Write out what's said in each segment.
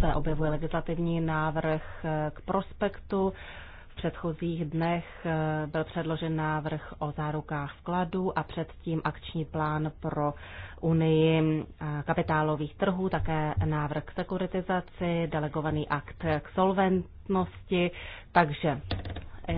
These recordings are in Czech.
se objevuje legislativní návrh eh, k prospektu. V předchozích dnech eh, byl předložen návrh o zárukách vkladu a předtím akční plán pro Unii eh, kapitálových trhů, také návrh k sekuritizaci, delegovaný akt k solventnosti. Takže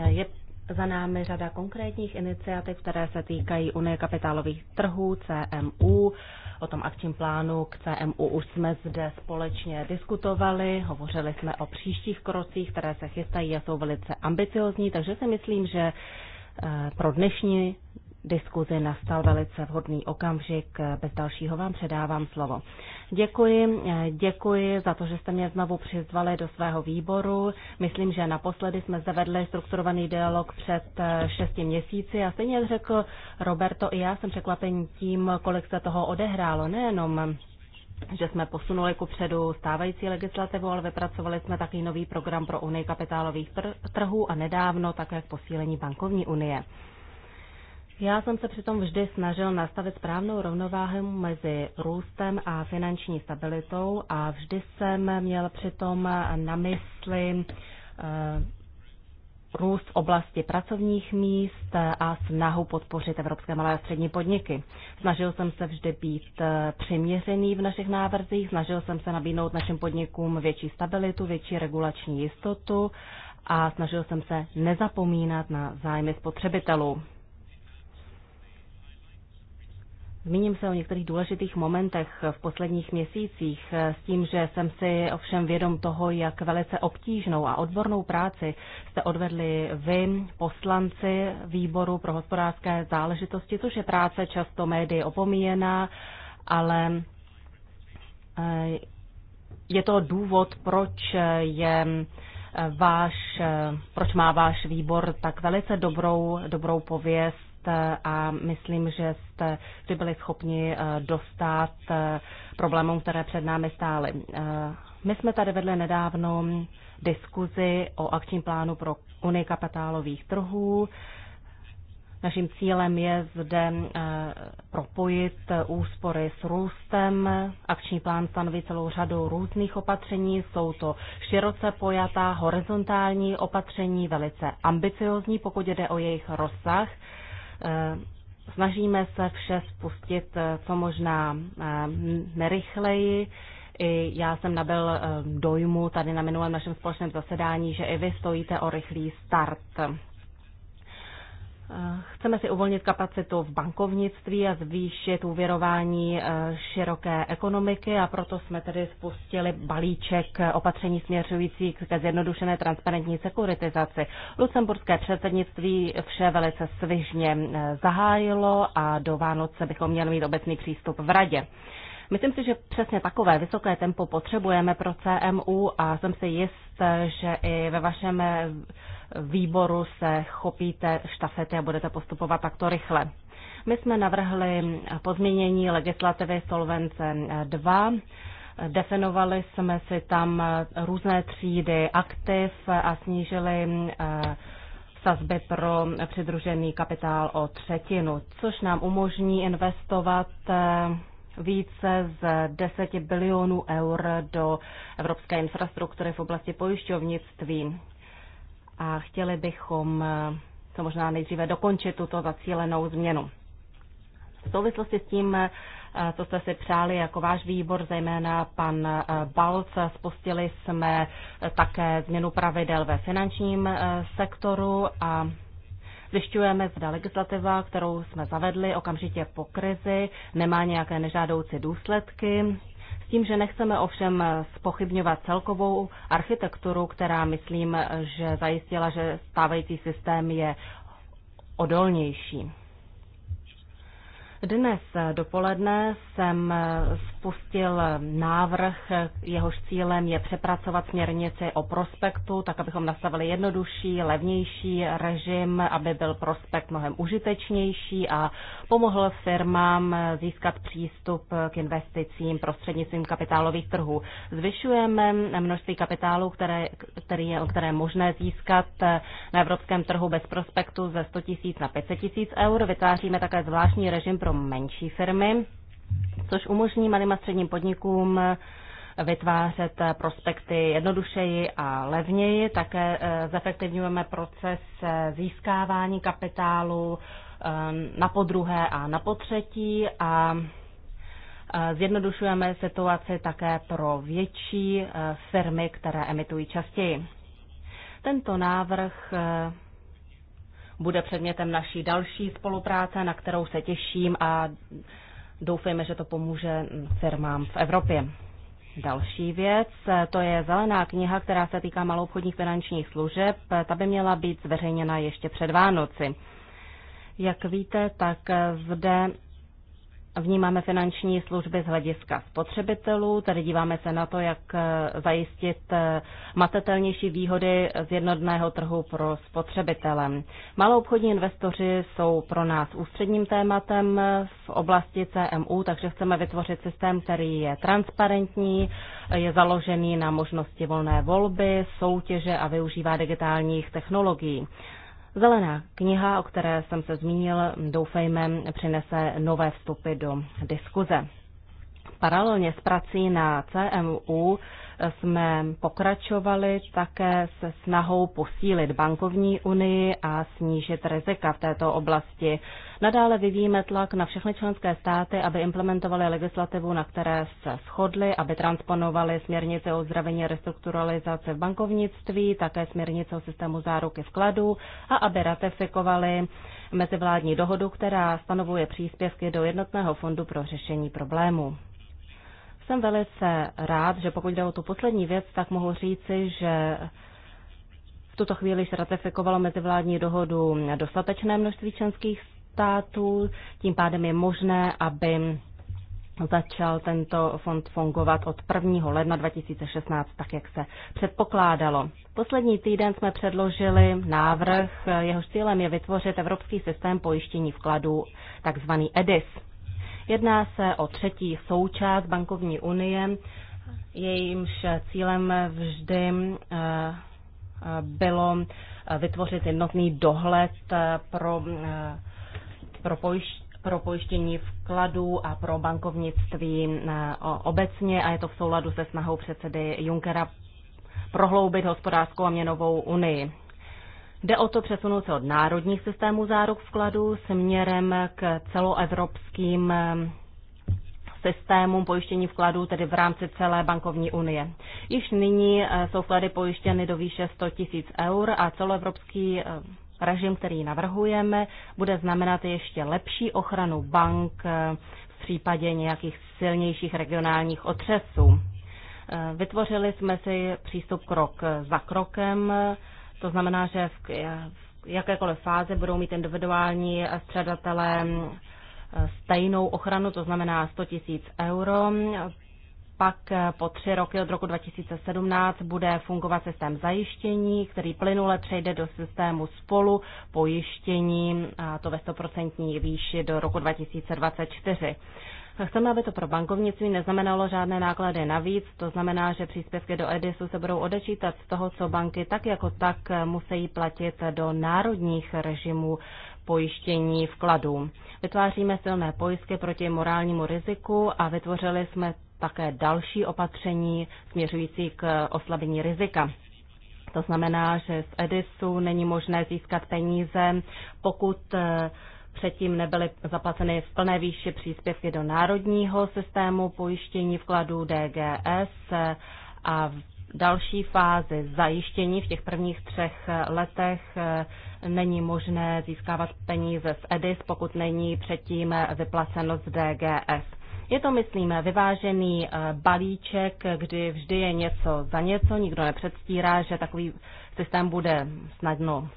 je za námi řada konkrétních iniciativ, které se týkají Unie kapitálových trhů, CMU. O tom akčním plánu k CMU už jsme zde společně diskutovali, hovořili jsme o příštích krocích, které se chystají a jsou velice ambiciozní, takže si myslím, že eh, pro dnešní diskuzi nastal velice vhodný okamžik. Bez dalšího vám předávám slovo. Děkuji, děkuji za to, že jste mě znovu přizvali do svého výboru. Myslím, že naposledy jsme zavedli strukturovaný dialog před eh, šesti měsíci a stejně jak řekl Roberto i já jsem překvapen tím, kolik se toho odehrálo. Nejenom že jsme posunuli ku předu stávající legislativu, ale vypracovali jsme taky nový program pro Unii kapitálových trhů a nedávno také posílení bankovní unie. Já jsem se přitom vždy snažil nastavit správnou rovnováhu mezi růstem a finanční stabilitou a vždy jsem měl přitom na mysli eh, růst v oblasti pracovních míst a snahu podpořit evropské malé a střední podniky. Snažil jsem se vždy být eh, přiměřený v našich návrzích, snažil jsem se nabídnout našim podnikům větší stabilitu, větší regulační jistotu a snažil jsem se nezapomínat na zájmy spotřebitelů. Zmíním se o některých důležitých momentech v posledních měsících eh, s tím, že jsem si ovšem vědom toho, jak velice obtížnou a odbornou práci jste odvedli vy, poslanci výboru pro hospodářské záležitosti, což je práce často médii opomíjená, ale eh, je to důvod, proč je eh, váš, proč má váš výbor tak velice dobrou, dobrou pověst Eh, a myslím, že jste že byli schopni eh, dostat eh, problémům, které před námi stály. My jsme tady vedli nedávno diskuzi o akčním plánu pro Unii kapitálových trhů. Naším cílem je zde propojit úspory s růstem. Akční plán stanoví celou řadu různých opatření. Jsou to široce pojatá horizontální opatření, velice ambiciozní, pokud jde o jejich rozsah. Eh, snažíme se vše spustit eh, co možná eh, nerychleji. I já jsem nabil dojmu tady na minulém našem společném zasedání, že i vy stojíte o rychlý start. Chceme si uvolnit kapacitu v bankovnictví a zvýšit úvěrování eh, široké ekonomiky a proto jsme tedy spustili balíček opatření směřující ke zjednodušené transparentní sekuritizaci. Lucemburské předsednictví vše velice svižně eh, zahájilo a do Vánoce bychom měli mít obecný přístup v radě. Myslím si, že přesně takové vysoké tempo potřebujeme pro CMU a jsem si jist, že i ve vašem výboru se chopíte štafety a budete postupovat takto rychle. My jsme navrhli pozměnění legislativy Solvence 2. Definovali jsme si tam různé třídy aktiv a snížili eh, sazby pro přidružený kapitál o třetinu, což nám umožní investovat eh, více z 10 bilionů eur do evropské infrastruktury v oblasti pojišťovnictví a chtěli bychom eh, co možná nejdříve dokončit tuto zacílenou změnu. V souvislosti s tím, eh, co jste si přáli jako váš výbor, zejména pan eh, Balc, spustili jsme také změnu pravidel ve finančním sektoru a Zjišťujeme, zda legislativa, kterou jsme zavedli okamžitě po krizi, nemá nějaké nežádoucí důsledky tím, že nechceme ovšem spochybňovat celkovou architekturu, která myslím, že zajistila, že stávající systém je odolnější. Dnes dopoledne jsem spustil návrh, jehož cílem je přepracovat směrnici o prospektu, tak abychom nastavili jednodušší, levnější režim, aby byl prospekt mnohem užitečnější a pomohl firmám získat přístup k investicím prostřednictvím kapitálových trhů. Zvyšujeme množství kapitálu, které, který je, které je možné získat na evropském trhu bez prospektu ze 100 000 na 500 000 eur. Vytváříme také zvláštní režim pro pro menší firmy, což umožní malým a středním podnikům vytvářet prospekty jednodušeji a levněji. Také eh, zefektivňujeme proces eh, získávání kapitálu eh, na podruhé a na potřetí a zjednodušujeme situaci také pro větší firmy, které emitují častěji. Tento návrh bude předmětem naší další spolupráce, na kterou se těším a doufejme, že to pomůže firmám v Evropě. Další věc, to je zelená kniha, která se týká maloobchodních finančních služeb. Ta by měla být zveřejněna ještě před Vánoci. Jak víte, tak zde vnímáme finanční služby z hlediska spotřebitelů, tedy díváme se na to, jak eh, zajistit eh, matetelnější výhody z jednotného trhu pro spotřebitele. Malou obchodní investoři jsou pro nás ústředním tématem eh, v oblasti CMU, takže chceme vytvořit systém, který je transparentní, je založený na možnosti volné volby, soutěže a využívá digitálních technologií. Zelená kniha, o které jsem se zmínil, doufejme, přinese nové vstupy do diskuze. Paralelně s prací na CMU jsme pokračovali také se snahou posílit bankovní unii a snížit rizika v této oblasti. Nadále vyvíjíme tlak na všechny členské státy, aby implementovaly legislativu, na které se shodly, aby transponovaly směrnice o zdravení restrukturalizace v bankovnictví, také směrnice o systému záruky vkladů a aby ratifikovali mezivládní dohodu, která stanovuje příspěvky do jednotného fondu pro řešení problémů. Jsem velice rád, že pokud jde o tu poslední věc, tak mohu říci, že v tuto chvíli se ratifikovalo mezivládní dohodu dostatečné množství členských států, tím pádem je možné, aby začal tento fond fungovat od 1. ledna 2016, tak jak se předpokládalo. Poslední týden jsme předložili návrh, jeho cílem je vytvořit evropský systém pojištění vkladů, takzvaný EDIS. Jedná se o třetí součást bankovní unie, jejímž cílem vždy eh, bylo eh, vytvořit jednotný dohled eh, pro, pro, pojišť, pro pojištění vkladů a pro bankovnictví obecně a je to v souladu se snahou předsedy Junckera prohloubit hospodářskou a měnovou unii. Jde o to přesunout se od národních systémů záruk vkladů směrem k celoevropským eh, systémům pojištění vkladů, tedy v rámci celé bankovní unie. Již nyní eh, jsou vklady pojištěny do výše 100 tisíc eur a celoevropský eh, režim, který navrhujeme, bude znamenat ještě lepší ochranu bank v případě nějakých silnějších regionálních otřesů. Vytvořili jsme si přístup krok za krokem to znamená, že v jakékoliv fázi budou mít individuální středatelé mm, stejnou ochranu, to znamená 100 tisíc euro. Pak eh, po tři roky od roku 2017 bude fungovat systém zajištění, který plynule přejde do systému spolu pojištění, a to ve 100% výši do roku 2024. Chceme, aby to pro bankovnictví neznamenalo žádné náklady navíc, to znamená, že příspěvky do EDISu se budou odečítat z toho, co banky tak jako tak musí platit do národních režimů pojištění vkladů. Vytváříme silné pojistky proti morálnímu riziku a vytvořili jsme také další opatření směřující k oslabení rizika. To znamená, že z Edisu není možné získat peníze, pokud eh, předtím nebyly zaplaceny v plné výši příspěvky do národního systému pojištění vkladů DGS a v další fázi zajištění v těch prvních třech letech eh, není možné získávat peníze z EDIS, pokud není předtím vyplaceno z DGS. Je to, myslím, vyvážený eh, balíček, kdy vždy je něco za něco, nikdo nepředstírá, že takový systém bude snadno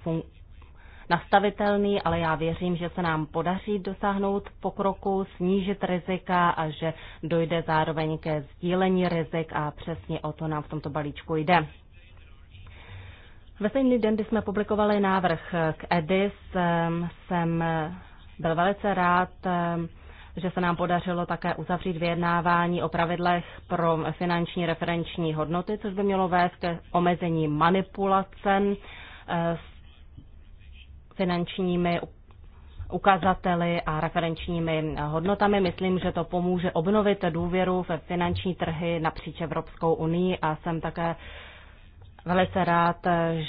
nastavitelný, ale já věřím, že se nám podaří dosáhnout pokroku, snížit rizika a že dojde zároveň ke sdílení rizik a přesně o to nám v tomto balíčku jde. Ve stejný den, kdy jsme publikovali návrh k EDIS, ehm, jsem eh, byl velice rád, ehm, že se nám podařilo také uzavřít vyjednávání o pravidlech pro finanční referenční hodnoty, což by mělo vést ke omezení manipulace eh, s finančními ukazateli a referenčními hodnotami. Myslím, že to pomůže obnovit důvěru ve finanční trhy napříč Evropskou unii a jsem také velice rád,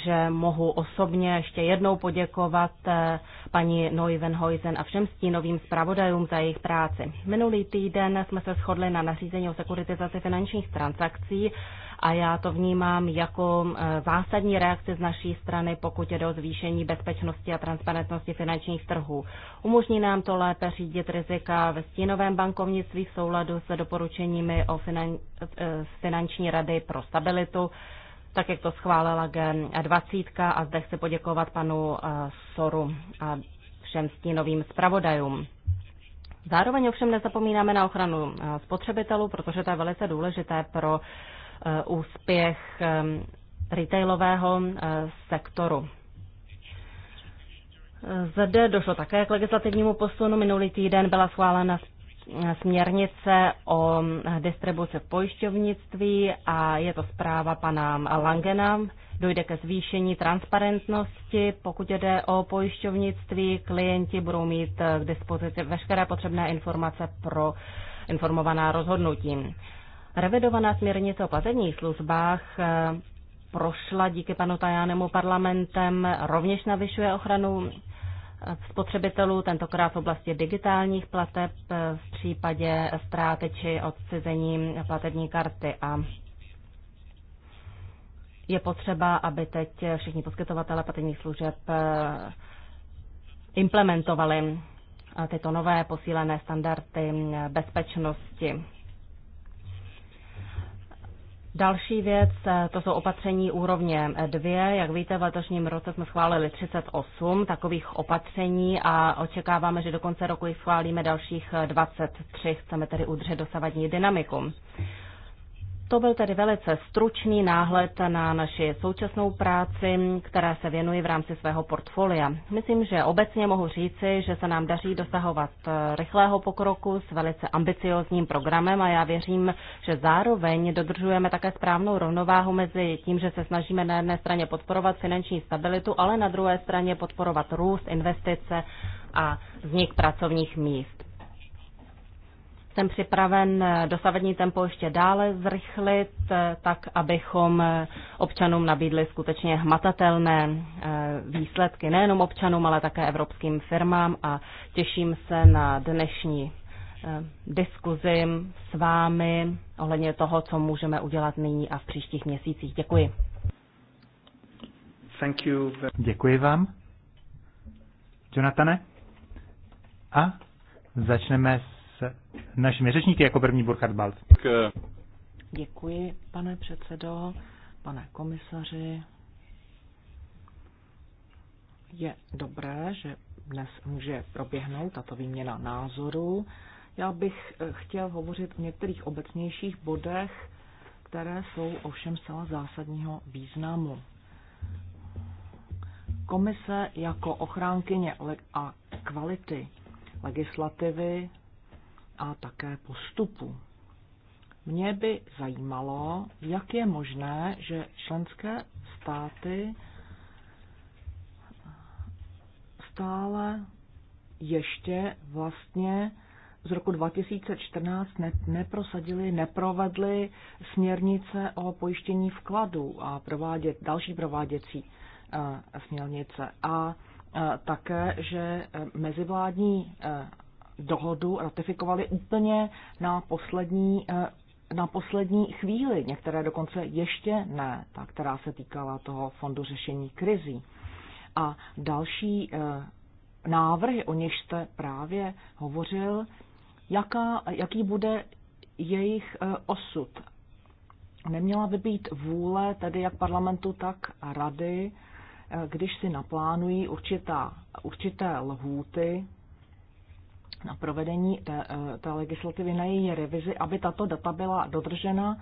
že mohu osobně ještě jednou poděkovat eh, paní Neuvenhuizen a všem stínovým zpravodajům za jejich práci. Minulý týden jsme se shodli na nařízení o sekuritizaci finančních transakcí a já to vnímám jako eh, zásadní reakci z naší strany, pokud jde o zvýšení bezpečnosti a transparentnosti finančních trhů. Umožní nám to lépe řídit rizika ve stínovém bankovnictví v souladu s doporučeními o finan, eh, finanční rady pro stabilitu, tak jak to schválila G20 a zde chci poděkovat panu eh, Soru a všem stínovým zpravodajům. Zároveň ovšem nezapomínáme na ochranu spotřebitelů, protože to je velice důležité pro Eh, úspěch eh, retailového eh, sektoru. Zde došlo také k legislativnímu posunu. Minulý týden byla schválena směrnice o distribuci v pojišťovnictví a je to zpráva pana Langena. Dojde ke zvýšení transparentnosti. Pokud jde o pojišťovnictví, klienti budou mít k dispozici veškeré potřebné informace pro informovaná rozhodnutí. Revidovaná směrnice o platebních službách eh, prošla díky panu Tajánemu parlamentem, rovněž navyšuje ochranu eh, spotřebitelů, tentokrát v oblasti digitálních plateb eh, v případě ztráty či odcizení platební karty. A je potřeba, aby teď všichni poskytovatele platebních služeb implementovali tyto nové posílené standardy bezpečnosti. Další věc, eh, to jsou opatření úrovně 2. Jak víte, v letošním roce jsme schválili 38 takových opatření a očekáváme, že do konce roku jich schválíme dalších 23. Chceme tedy udržet dosavadní dynamiku. To byl tedy velice stručný náhled na naši současnou práci, která se věnuje v rámci svého portfolia. Myslím, že obecně mohu říci, že se nám daří dosahovat eh, rychlého pokroku s velice ambiciozním programem a já věřím, že zároveň dodržujeme také správnou rovnováhu mezi tím, že se snažíme na jedné straně podporovat finanční stabilitu, ale na druhé straně podporovat růst, investice a vznik pracovních míst. Jsem připraven eh, dosavadní tempo ještě dále zrychlit, eh, tak abychom eh, občanům nabídli skutečně hmatatelné výsledky, nejenom občanům, ale také evropským firmám a těším se na dnešní diskuzi s vámi ohledně toho, co můžeme udělat nyní a v příštích měsících. Děkuji. Thank you. Děkuji vám. Jonathane? A začneme s našimi řečníky, jako první Burkhard Balt. Děkuji, pane předsedo, pane komisaři. Je dobré, že dnes může proběhnout tato výměna názorů. Já bych eh, chtěl hovořit o některých obecnějších bodech, které jsou ovšem zcela zásadního významu. Komise jako ochránkyně a kvality legislativy a také postupu. Mě by zajímalo, jak je možné, že členské státy stále ještě vlastně z roku 2014 ne, neprosadili, neprovedli směrnice o pojištění vkladu a provádět, další prováděcí uh, směrnice. A uh, také, že eh, mezivládní uh, dohodu ratifikovali úplně na poslední, eh, na poslední chvíli, některé dokonce ještě ne, ta, která se týkala toho fondu řešení krizí. A další eh, návrhy, o něž jste právě hovořil, jaká, jaký bude jejich eh, osud. Neměla by být vůle tedy jak parlamentu, tak rady, když si naplánují určitá, určité lhůty na provedení té, eh, té legislativy, na její revizi, aby tato data byla dodržena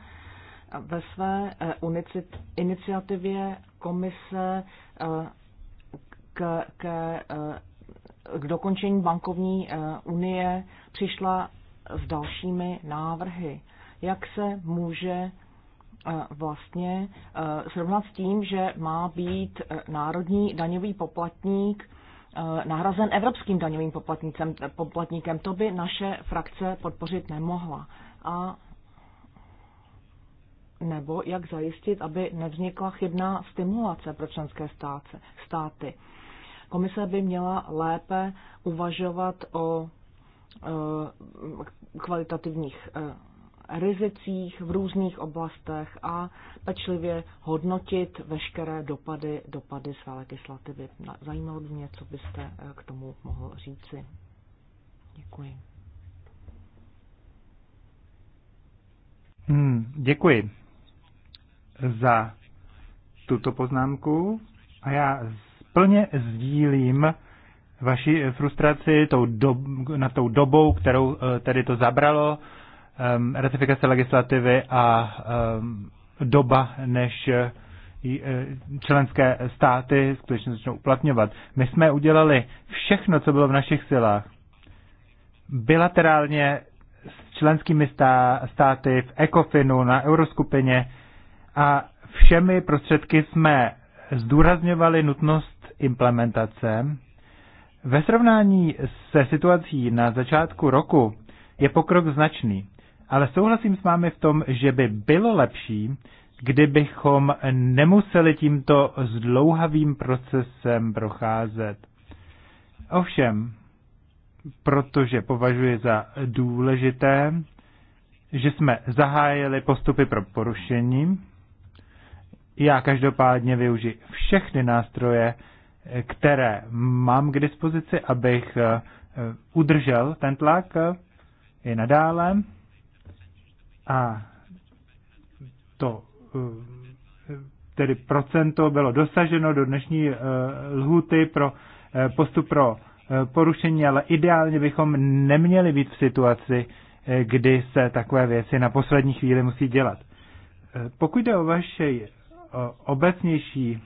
ve své eh, iniciativě komise eh, k, k, k dokončení bankovní unie přišla s dalšími návrhy. Jak se může vlastně srovnat s tím, že má být národní daňový poplatník Eh, nahrazen evropským daňovým poplatníkem, To by naše frakce podpořit nemohla. A nebo jak zajistit, aby nevznikla chybná stimulace pro členské státy. Komise by měla lépe uvažovat o eh, kvalitativních eh, rizicích v různých oblastech a pečlivě hodnotit veškeré dopady, dopady své legislativy. Zajímalo by mě, co byste eh, k tomu mohl říci. Děkuji. Hmm, děkuji za tuto poznámku a já plně sdílím vaši frustraci tou dob, na tou dobou, kterou eh, tedy to zabralo Ehm, ratifikace legislativy a ehm, doba, než e, e, členské státy skutečně začnou uplatňovat. My jsme udělali všechno, co bylo v našich silách. Bilaterálně s členskými státy v ECOFINu, na Euroskupině a všemi prostředky jsme zdůrazňovali nutnost implementace. Ve srovnání se situací na začátku roku je pokrok značný ale souhlasím s vámi v tom, že by bylo lepší, kdybychom nemuseli tímto zdlouhavým procesem procházet. Ovšem, protože považuji za důležité, že jsme zahájili postupy pro porušení. Já každopádně využiji všechny nástroje, které mám k dispozici, abych eh, udržel ten tlak i nadále. A to eh, tedy procento bylo dosaženo do dnešní eh, lhuty pro eh, postup pro porušení, ale ideálně bychom neměli být v situaci, kdy se takové věci na poslední chvíli musí dělat. Pokud jde o vaši obecnější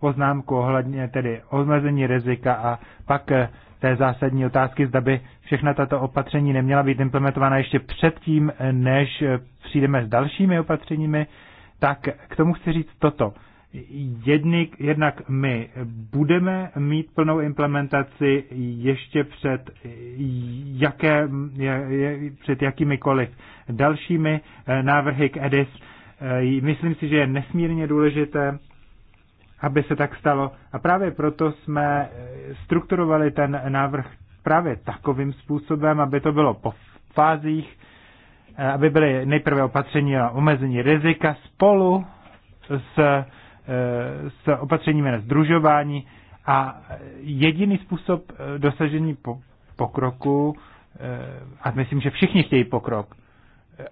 poznámku ohledně tedy omezení rizika a pak té zásadní otázky, zda by všechna tato opatření neměla být implementována ještě předtím, než přijdeme s dalšími opatřeními, tak k tomu chci říct toto. Jednik, jednak my budeme mít plnou implementaci ještě před, jaké, před jakýmikoliv dalšími eh, návrhy k EDIS. Eh, myslím si, že je nesmírně důležité, aby se tak stalo. A právě proto jsme eh, strukturovali ten návrh právě takovým způsobem, aby to bylo po fázích, eh, aby byly nejprve opatření a omezení rizika spolu s, eh, s opatřeními na združování a jediný způsob dosažení pokroku, a myslím, že všichni chtějí pokrok,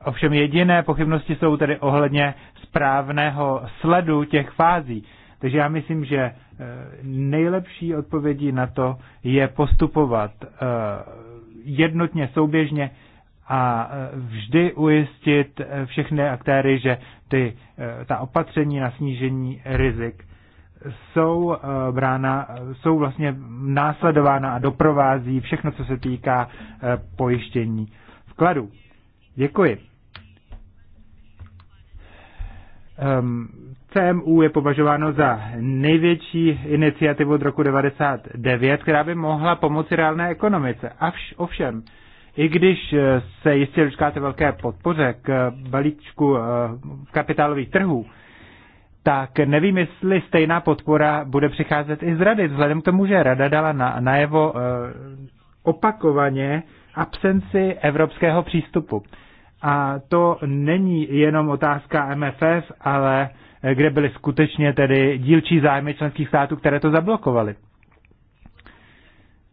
ovšem jediné pochybnosti jsou tedy ohledně správného sledu těch fází takže já myslím, že eh, nejlepší odpovědí na to je postupovat eh, jednotně, souběžně a eh, vždy ujistit všechny aktéry, že ty, ta opatření na snížení rizik jsou brána, jsou vlastně následována a doprovází všechno, co se týká pojištění vkladů. Děkuji. Ehm, CMU je považováno za největší iniciativu od roku 99, která by mohla pomoci reálné ekonomice. Avš, ovšem, i když eh, se jistě dočkáte velké podpoře k balíčku eh, kapitálových trhů, tak nevím, jestli stejná podpora bude přicházet i z rady, vzhledem k tomu, že rada dala na, najevo eh, opakovaně absenci evropského přístupu. A to není jenom otázka MFF, ale Eh, kde byly skutečně tedy dílčí zájmy členských států, které to zablokovaly.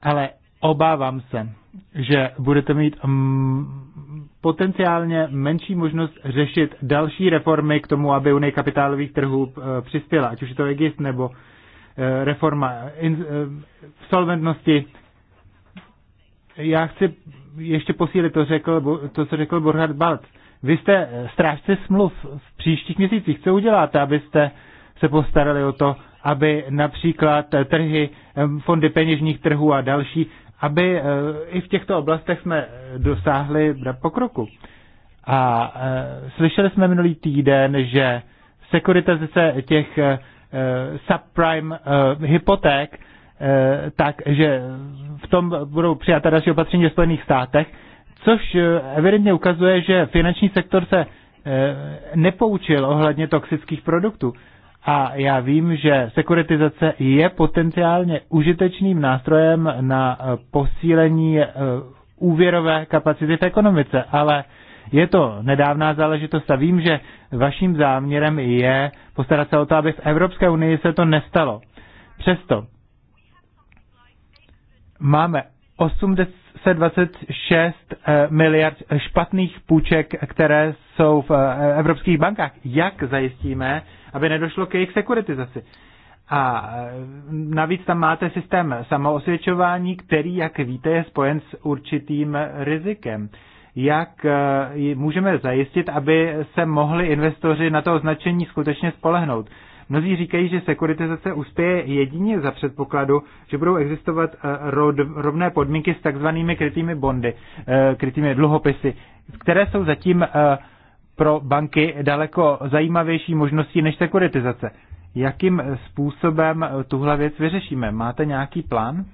Ale obávám se, že budete mít mm, potenciálně menší možnost řešit další reformy k tomu, aby Unie kapitálových trhů eh, přispěla, ať už je to EGIS nebo eh, reforma v solventnosti. Já chci ještě posílit to, řekl, to co řekl Burhard Balc vy jste strážce smluv v příštích měsících. Co uděláte, abyste se postarali o to, aby například trhy, fondy peněžních trhů a další, aby eh, i v těchto oblastech jsme dosáhli pokroku. A eh, slyšeli jsme minulý týden, že sekuritizace těch eh, subprime hypoték, takže v tom budou přijata další opatření ve Spojených státech, což eh, evidentně ukazuje, že finanční sektor se eh, nepoučil ohledně toxických produktů. A já vím, že sekuritizace je potenciálně užitečným nástrojem na eh, posílení úvěrové kapacity v ekonomice, ale je to nedávná záležitost a vím, že vaším záměrem je postarat se o to, aby v Evropské unii se to nestalo. Přesto máme 80, 626 eh, miliard špatných půjček, které jsou v eh, evropských bankách. Jak zajistíme, aby nedošlo k jejich sekuritizaci? A eh, navíc tam máte systém samoosvědčování, který, jak víte, je spojen s určitým rizikem. Jak můžeme zajistit, aby se mohli investoři na to označení skutečně spolehnout? Mnozí říkají, že sekuritizace uspěje jedině za předpokladu, že budou existovat eh, rovné podmínky s takzvanými krytými bondy, eh, krytými dluhopisy, které jsou zatím eh, pro banky daleko zajímavější možností než sekuritizace. Jakým způsobem tuhle věc vyřešíme? Máte nějaký plán?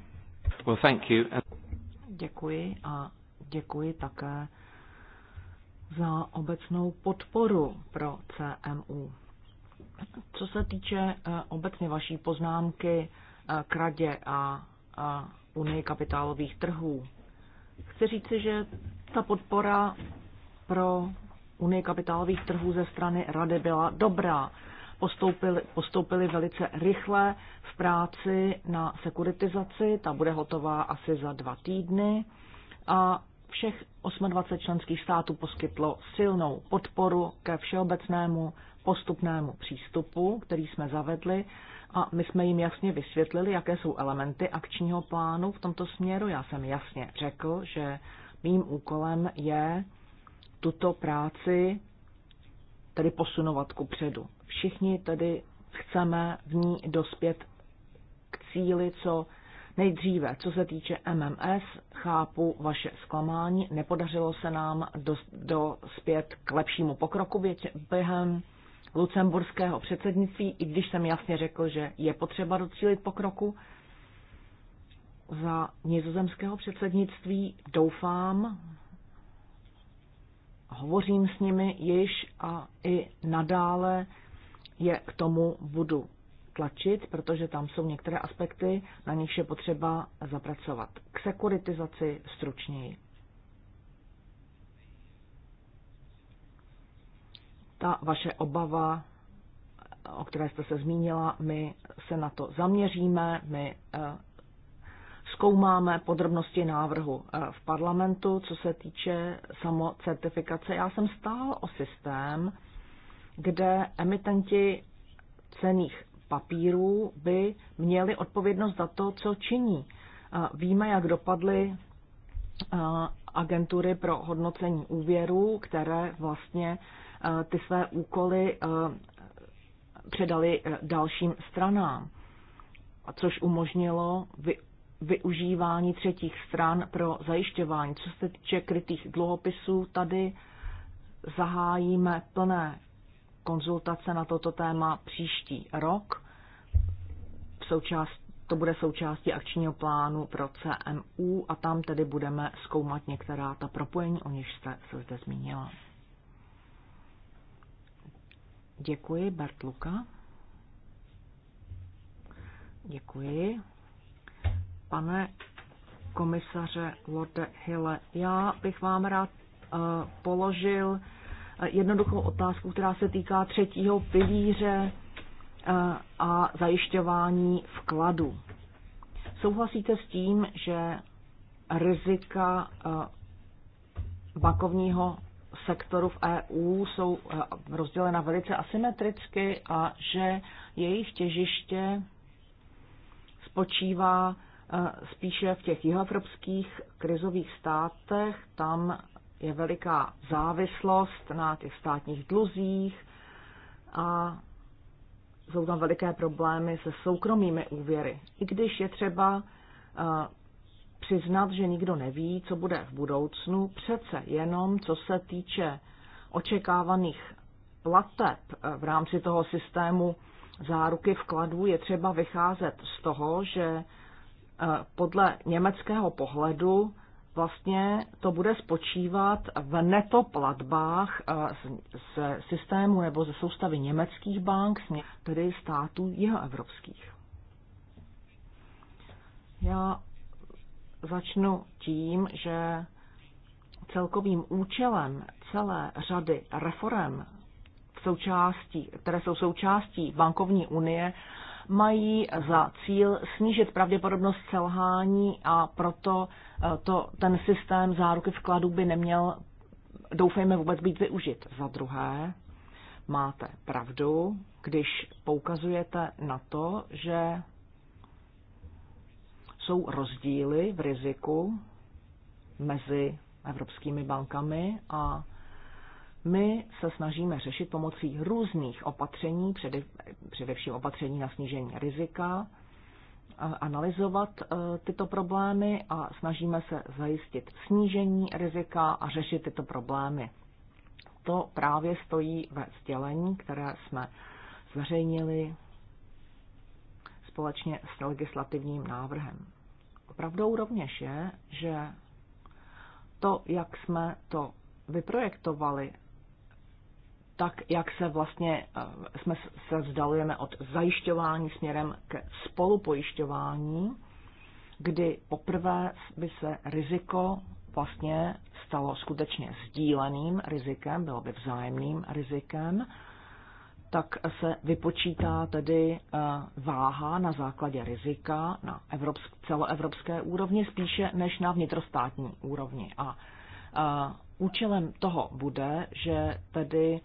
Well, thank you. Děkuji a děkuji také za obecnou podporu pro CMU. Co se týče eh, obecně vaší poznámky eh, k radě a Unii kapitálových trhů, chci říci, že ta podpora pro Unii kapitálových trhů ze strany rady byla dobrá. Postoupili, postoupili velice rychle v práci na sekuritizaci, ta bude hotová asi za dva týdny a všech 28 členských států poskytlo silnou podporu ke všeobecnému postupnému přístupu, který jsme zavedli a my jsme jim jasně vysvětlili, jaké jsou elementy akčního plánu v tomto směru. Já jsem jasně řekl, že mým úkolem je tuto práci tedy posunovat ku předu. Všichni tedy chceme v ní dospět k cíli, co Nejdříve, co se týče MMS, chápu vaše zklamání. Nepodařilo se nám dospět k lepšímu pokroku během lucemburského předsednictví, i když jsem jasně řekl, že je potřeba docílit pokroku. Za nizozemského předsednictví doufám, hovořím s nimi již a i nadále je k tomu budu tlačit, protože tam jsou některé aspekty, na nich je potřeba zapracovat. K sekuritizaci stručněji. Ta vaše obava, o které jste se zmínila, my se na to zaměříme, my eh, zkoumáme podrobnosti návrhu eh, v parlamentu, co se týče samocertifikace. Já jsem stál o systém, kde emitenti cených papírů by měli odpovědnost za to, co činí. Eh, víme, jak dopadly agentury pro hodnocení úvěrů, které vlastně Eh, ty své úkoly eh, předali eh, dalším stranám, což umožnilo vy, využívání třetích stran pro zajišťování. Co se týče krytých dluhopisů, tady zahájíme plné konzultace na toto téma příští rok. V součást, to bude součástí akčního plánu pro CMU a tam tedy budeme zkoumat některá ta propojení, o něž jste se zde zmínila. Děkuji, Bartluka, Děkuji. Pane komisaře Lorde Hille, já bych vám rád uh, položil eh, jednoduchou otázku, která se týká třetího pilíře uh, a zajišťování vkladu. Souhlasíte s tím, že rizika uh, bankovního sektoru v EU jsou eh, rozdělena velice asymetricky a že jejich těžiště spočívá eh, spíše v těch jihoevropských krizových státech. Tam je veliká závislost na těch státních dluzích a jsou tam veliké problémy se soukromými úvěry. I když je třeba eh, přiznat, že nikdo neví, co bude v budoucnu, přece jenom co se týče očekávaných plateb v rámci toho systému záruky vkladů, je třeba vycházet z toho, že eh, podle německého pohledu vlastně to bude spočívat v netoplatbách eh, z systému nebo ze soustavy německých bank, tedy států jeho evropských. Já Začnu tím, že celkovým účelem celé řady reform, v součástí, které jsou součástí bankovní unie, mají za cíl snížit pravděpodobnost selhání a proto eh, to, ten systém záruky vkladů by neměl, doufejme, vůbec být využit. Za druhé, máte pravdu, když poukazujete na to, že jsou rozdíly v riziku mezi evropskými bankami a my se snažíme řešit pomocí různých opatření, především opatření na snížení rizika, analyzovat e, tyto problémy a snažíme se zajistit snížení rizika a řešit tyto problémy. To právě stojí ve sdělení, které jsme zveřejnili společně s legislativním návrhem. Pravdou rovněž je, že to, jak jsme to vyprojektovali, tak jak se vlastně eh, jsme se vzdalujeme od zajišťování směrem k spolupojišťování, kdy poprvé by se riziko vlastně stalo skutečně sdíleným rizikem, bylo by vzájemným rizikem tak se vypočítá tedy eh, váha na základě rizika na evropsk, celoevropské úrovni spíše než na vnitrostátní úrovni. A, a eh, účelem toho bude, že tedy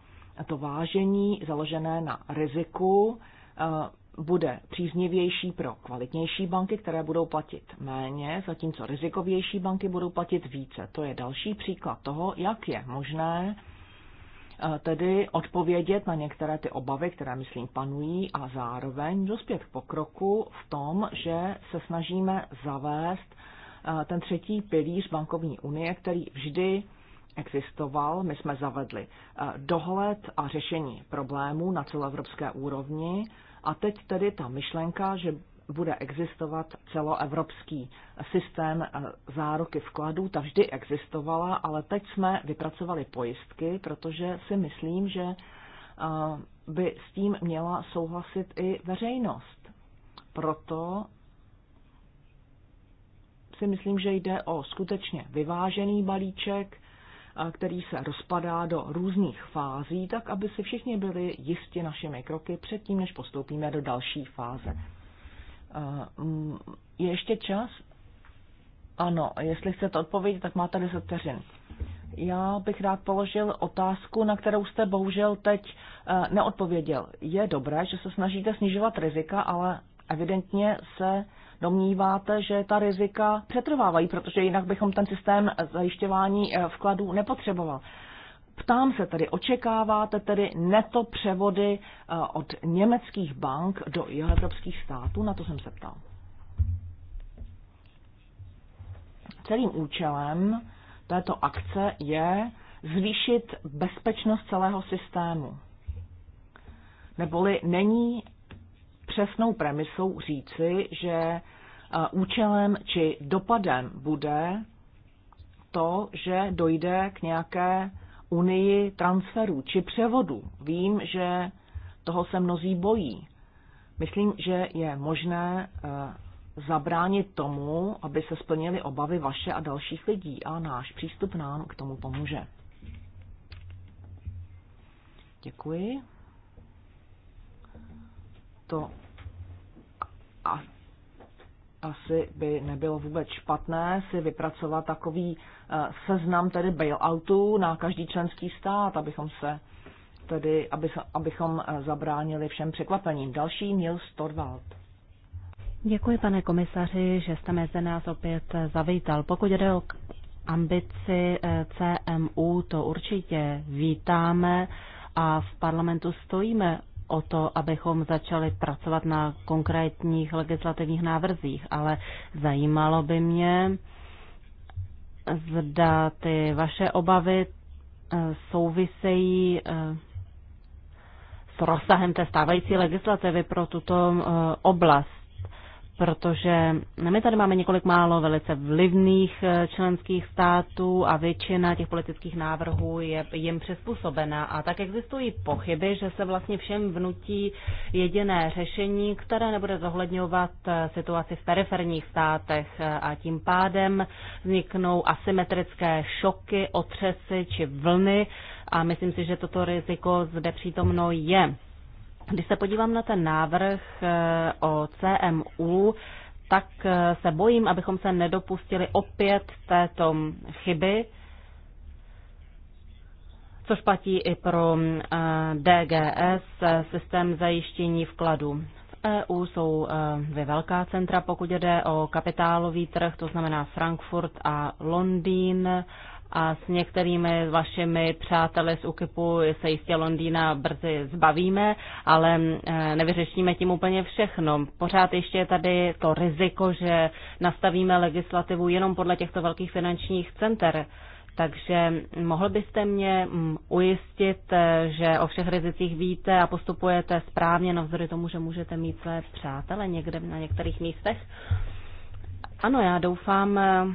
to vážení založené na riziku a, eh, bude příznivější pro kvalitnější banky, které budou platit méně, zatímco rizikovější banky budou platit více. To je další příklad toho, jak je možné tedy odpovědět na některé ty obavy, které, myslím, panují a zároveň dospět k pokroku v tom, že se snažíme zavést eh, ten třetí pilíř bankovní unie, který vždy existoval. My jsme zavedli eh, dohled a řešení problémů na celoevropské úrovni. A teď tedy ta myšlenka, že bude existovat celoevropský systém eh, záruky vkladů. Ta vždy existovala, ale teď jsme vypracovali pojistky, protože si myslím, že eh, by s tím měla souhlasit i veřejnost. Proto si myslím, že jde o skutečně vyvážený balíček, eh, který se rozpadá do různých fází, tak aby si všichni byli jisti našimi kroky předtím, než postoupíme do další fáze. Eh, mm, je ještě čas? Ano, jestli chcete odpovědět, tak máte 10 vteřin. Já bych rád položil otázku, na kterou jste bohužel teď eh, neodpověděl. Je dobré, že se snažíte snižovat rizika, ale evidentně se domníváte, že ta rizika přetrvávají, protože jinak bychom ten systém zajišťování eh, vkladů nepotřeboval. Ptám se tedy, očekáváte tedy neto převody eh, od německých bank do evropských států? Na to jsem se ptal. Celým účelem této akce je zvýšit bezpečnost celého systému. Neboli není přesnou premisou říci, že eh, účelem či dopadem bude to, že dojde k nějaké unii transferů či převodu. Vím, že toho se mnozí bojí. Myslím, že je možné eh, zabránit tomu, aby se splnily obavy vaše a dalších lidí a náš přístup nám k tomu pomůže. Děkuji. To a asi by nebylo vůbec špatné si vypracovat takový eh, seznam tedy bailoutů na každý členský stát, abychom se tedy, aby, abychom eh, zabránili všem překvapením. Další Nils Torvald. Děkuji, pane komisaři, že jste mezi nás opět eh, zavítal. Pokud jde o ambici CMU, to určitě vítáme a v parlamentu stojíme o to, abychom začali pracovat na konkrétních legislativních návrzích, ale zajímalo by mě, zda ty vaše obavy eh, souvisejí eh, s rozsahem té stávající legislativy pro tuto eh, oblast protože my tady máme několik málo velice vlivných eh, členských států a většina těch politických návrhů je jim přizpůsobena. A tak existují pochyby, že se vlastně všem vnutí jediné řešení, které nebude zohledňovat eh, situaci v periferních státech eh, a tím pádem vzniknou asymetrické šoky, otřesy či vlny a myslím si, že toto riziko zde přítomno je. Když se podívám na ten návrh eh, o CMU, tak eh, se bojím, abychom se nedopustili opět této chyby, což platí i pro eh, DGS, systém zajištění vkladu. V EU jsou dvě velká centra, pokud jde o kapitálový trh, to znamená Frankfurt a Londýn a s některými vašimi přáteli z UKIPu se jistě Londýna brzy zbavíme, ale eh, nevyřešíme tím úplně všechno. Pořád ještě je tady to riziko, že nastavíme legislativu jenom podle těchto velkých finančních center. Takže mohl byste mě mm, ujistit, eh, že o všech rizicích víte a postupujete správně navzdory tomu, že můžete mít své přátele někde na některých místech? Ano, já doufám, eh,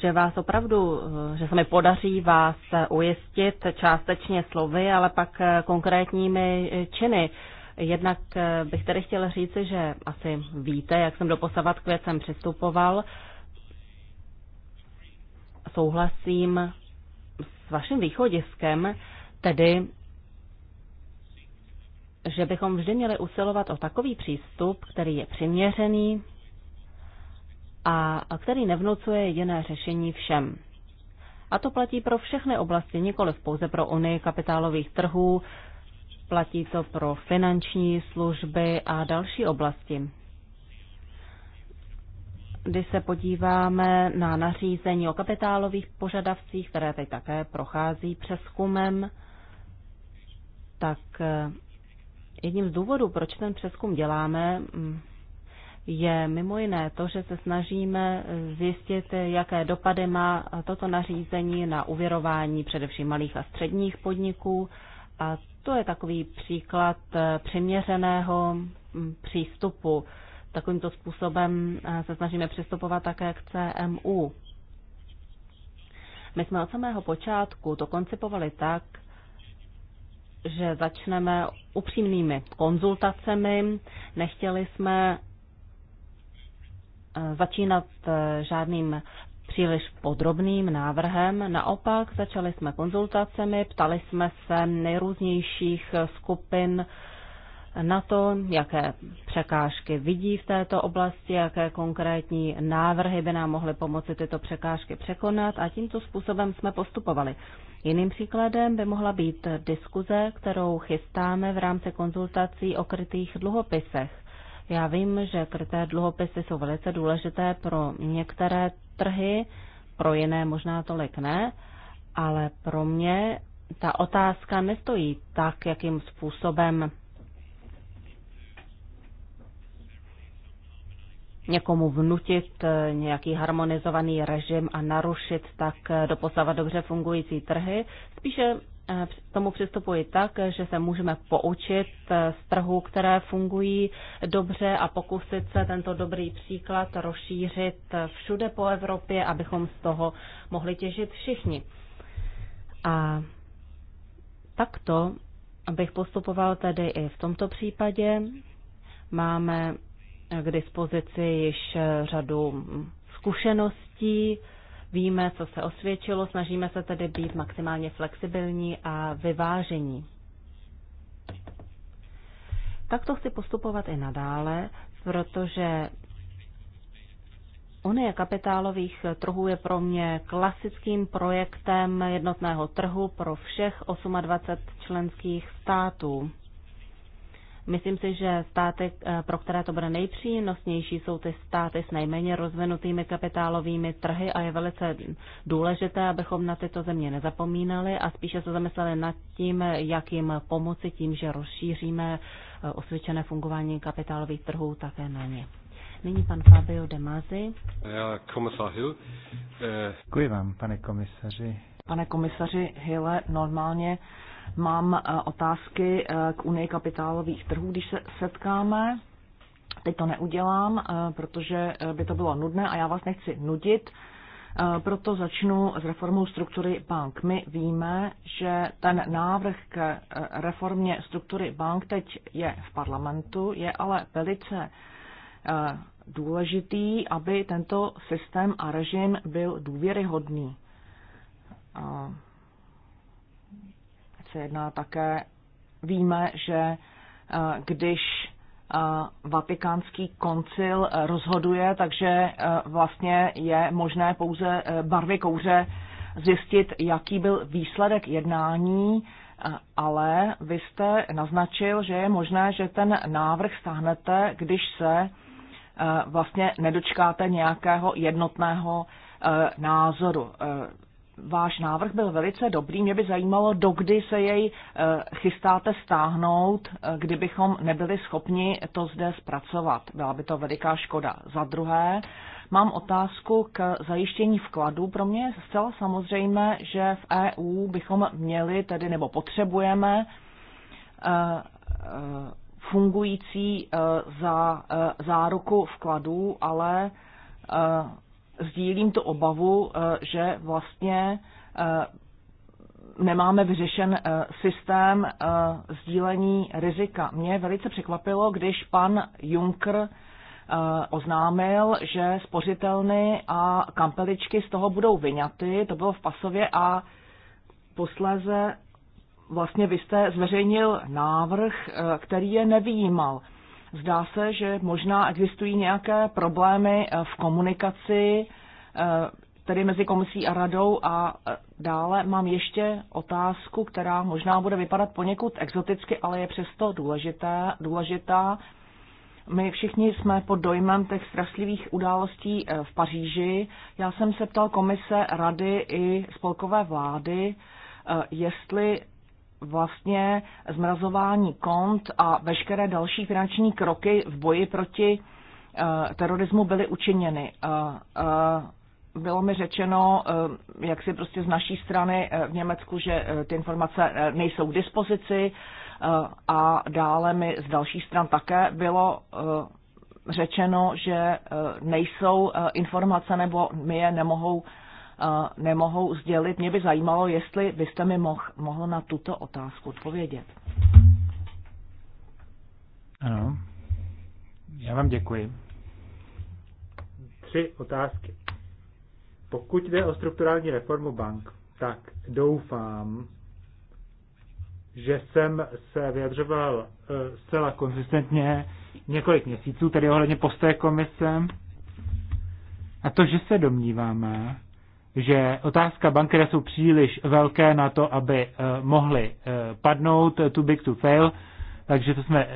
že vás opravdu, eh, že se mi podaří vás eh, ujistit částečně slovy, ale pak eh, konkrétními činy. Jednak bych tedy chtěl říci, že asi víte, jak jsem doposavat k věcem přistupoval. Souhlasím s vaším východiskem, tedy že bychom vždy měli usilovat o takový přístup, který je přiměřený, a který nevnocuje jiné řešení všem. A to platí pro všechny oblasti, nikoliv pouze pro Unii kapitálových trhů, platí to pro finanční služby a další oblasti. Když se podíváme na nařízení o kapitálových požadavcích, které teď také prochází přeskumem, tak eh, jedním z důvodů, proč ten přeskum děláme, mm, je mimo jiné to, že se snažíme zjistit, jaké dopady má toto nařízení na uvěrování především malých a středních podniků. A to je takový příklad eh, přiměřeného mm, přístupu. Takovýmto způsobem eh, se snažíme přistupovat také k CMU. My jsme od samého počátku to koncipovali tak, že začneme upřímnými konzultacemi. Nechtěli jsme začínat eh, žádným příliš podrobným návrhem. Naopak začali jsme konzultacemi, ptali jsme se nejrůznějších skupin na to, jaké překážky vidí v této oblasti, jaké konkrétní návrhy by nám mohly pomoci tyto překážky překonat a tímto způsobem jsme postupovali. Jiným příkladem by mohla být diskuze, kterou chystáme v rámci konzultací o krytých dluhopisech. Já vím, že kryté dluhopisy jsou velice důležité pro některé trhy, pro jiné možná tolik ne, ale pro mě ta otázka nestojí tak, jakým způsobem někomu vnutit nějaký harmonizovaný režim a narušit tak doposavat dobře fungující trhy. Spíše Eh, tomu přistupuji tak, že se můžeme poučit eh, z trhů, které fungují dobře a pokusit se tento dobrý příklad rozšířit eh, všude po Evropě, abychom z toho mohli těžit všichni. A takto bych postupoval tedy i v tomto případě. Máme k dispozici již řadu mm, zkušeností, Víme, co se osvědčilo, snažíme se tedy být maximálně flexibilní a vyvážení. Takto chci postupovat i nadále, protože Unie kapitálových trhů je pro mě klasickým projektem jednotného trhu pro všech 28 členských států. Myslím si, že státy, eh, pro které to bude nejpřínosnější, jsou ty státy s nejméně rozvinutými kapitálovými trhy a je velice důležité, abychom na tyto země nezapomínali a spíše se zamysleli nad tím, jak jim pomoci tím, že rozšíříme eh, osvědčené fungování kapitálových trhů také na ně. Nyní pan Fabio De Mazi. Eh, Děkuji vám, pane komisaři. Pane komisaři Hille, normálně Mám eh, otázky eh, k Unii kapitálových trhů, když se setkáme. Teď to neudělám, eh, protože by to bylo nudné a já vás nechci nudit. Proto začnu s reformou struktury bank. My víme, že ten návrh k reformě struktury bank teď je v parlamentu, je ale velice důležitý, aby tento systém a režim byl důvěryhodný se jedná no také, víme, že eh, když eh, vatikánský koncil eh, rozhoduje, takže vlastně je možné pouze barvy kouře zjistit, jaký byl výsledek jednání, ale vy jste naznačil, že je možné, že ten návrh stáhnete, když se vlastně nedočkáte nějakého jednotného názoru váš návrh byl velice dobrý. Mě by zajímalo, dokdy se jej eh, chystáte stáhnout, eh, kdybychom nebyli schopni to zde zpracovat. Byla by to veliká škoda. Za druhé, mám otázku k zajištění vkladů. Pro mě je zcela samozřejmé, že v EU bychom měli tedy nebo potřebujeme eh, fungující za záruku vkladů, ale sdílím tu obavu, eh, že vlastně eh, nemáme vyřešen eh, systém sdílení rizika. Mě velice překvapilo, když pan Juncker oznámil, že spořitelny a kampeličky z toho budou vyňaty. To bylo v Pasově a posléze vlastně vy jste zveřejnil návrh, který je nevýjímal. Zdá se, že možná existují nějaké problémy eh, v komunikaci, eh, tedy mezi komisí a radou. A eh, dále mám ještě otázku, která možná bude vypadat poněkud exoticky, ale je přesto důležitá. důležitá. My všichni jsme pod dojmem těch strašlivých událostí v Paříži. Já jsem se ptal komise, rady i spolkové vlády, jestli vlastně zmrazování kont a veškeré další finanční kroky v boji proti eh, terorismu byly učiněny. Eh, eh, bylo mi řečeno, jak si prostě z naší strany v Německu, že ty informace nejsou k dispozici a dále mi z další stran také bylo řečeno, že nejsou informace nebo my je nemohou nemohou sdělit. Mě by zajímalo, jestli byste mi mohl, mohl na tuto otázku odpovědět. Ano, já vám děkuji. Tři otázky. Pokud jde o strukturální reformu bank, tak doufám, že jsem se vyjadřoval e, zcela konzistentně několik měsíců, tedy ohledně postoje komise. A to, že se domníváme, že otázka bankera jsou příliš velké na to, aby eh, mohly eh, padnout, eh, too big to fail, takže to jsme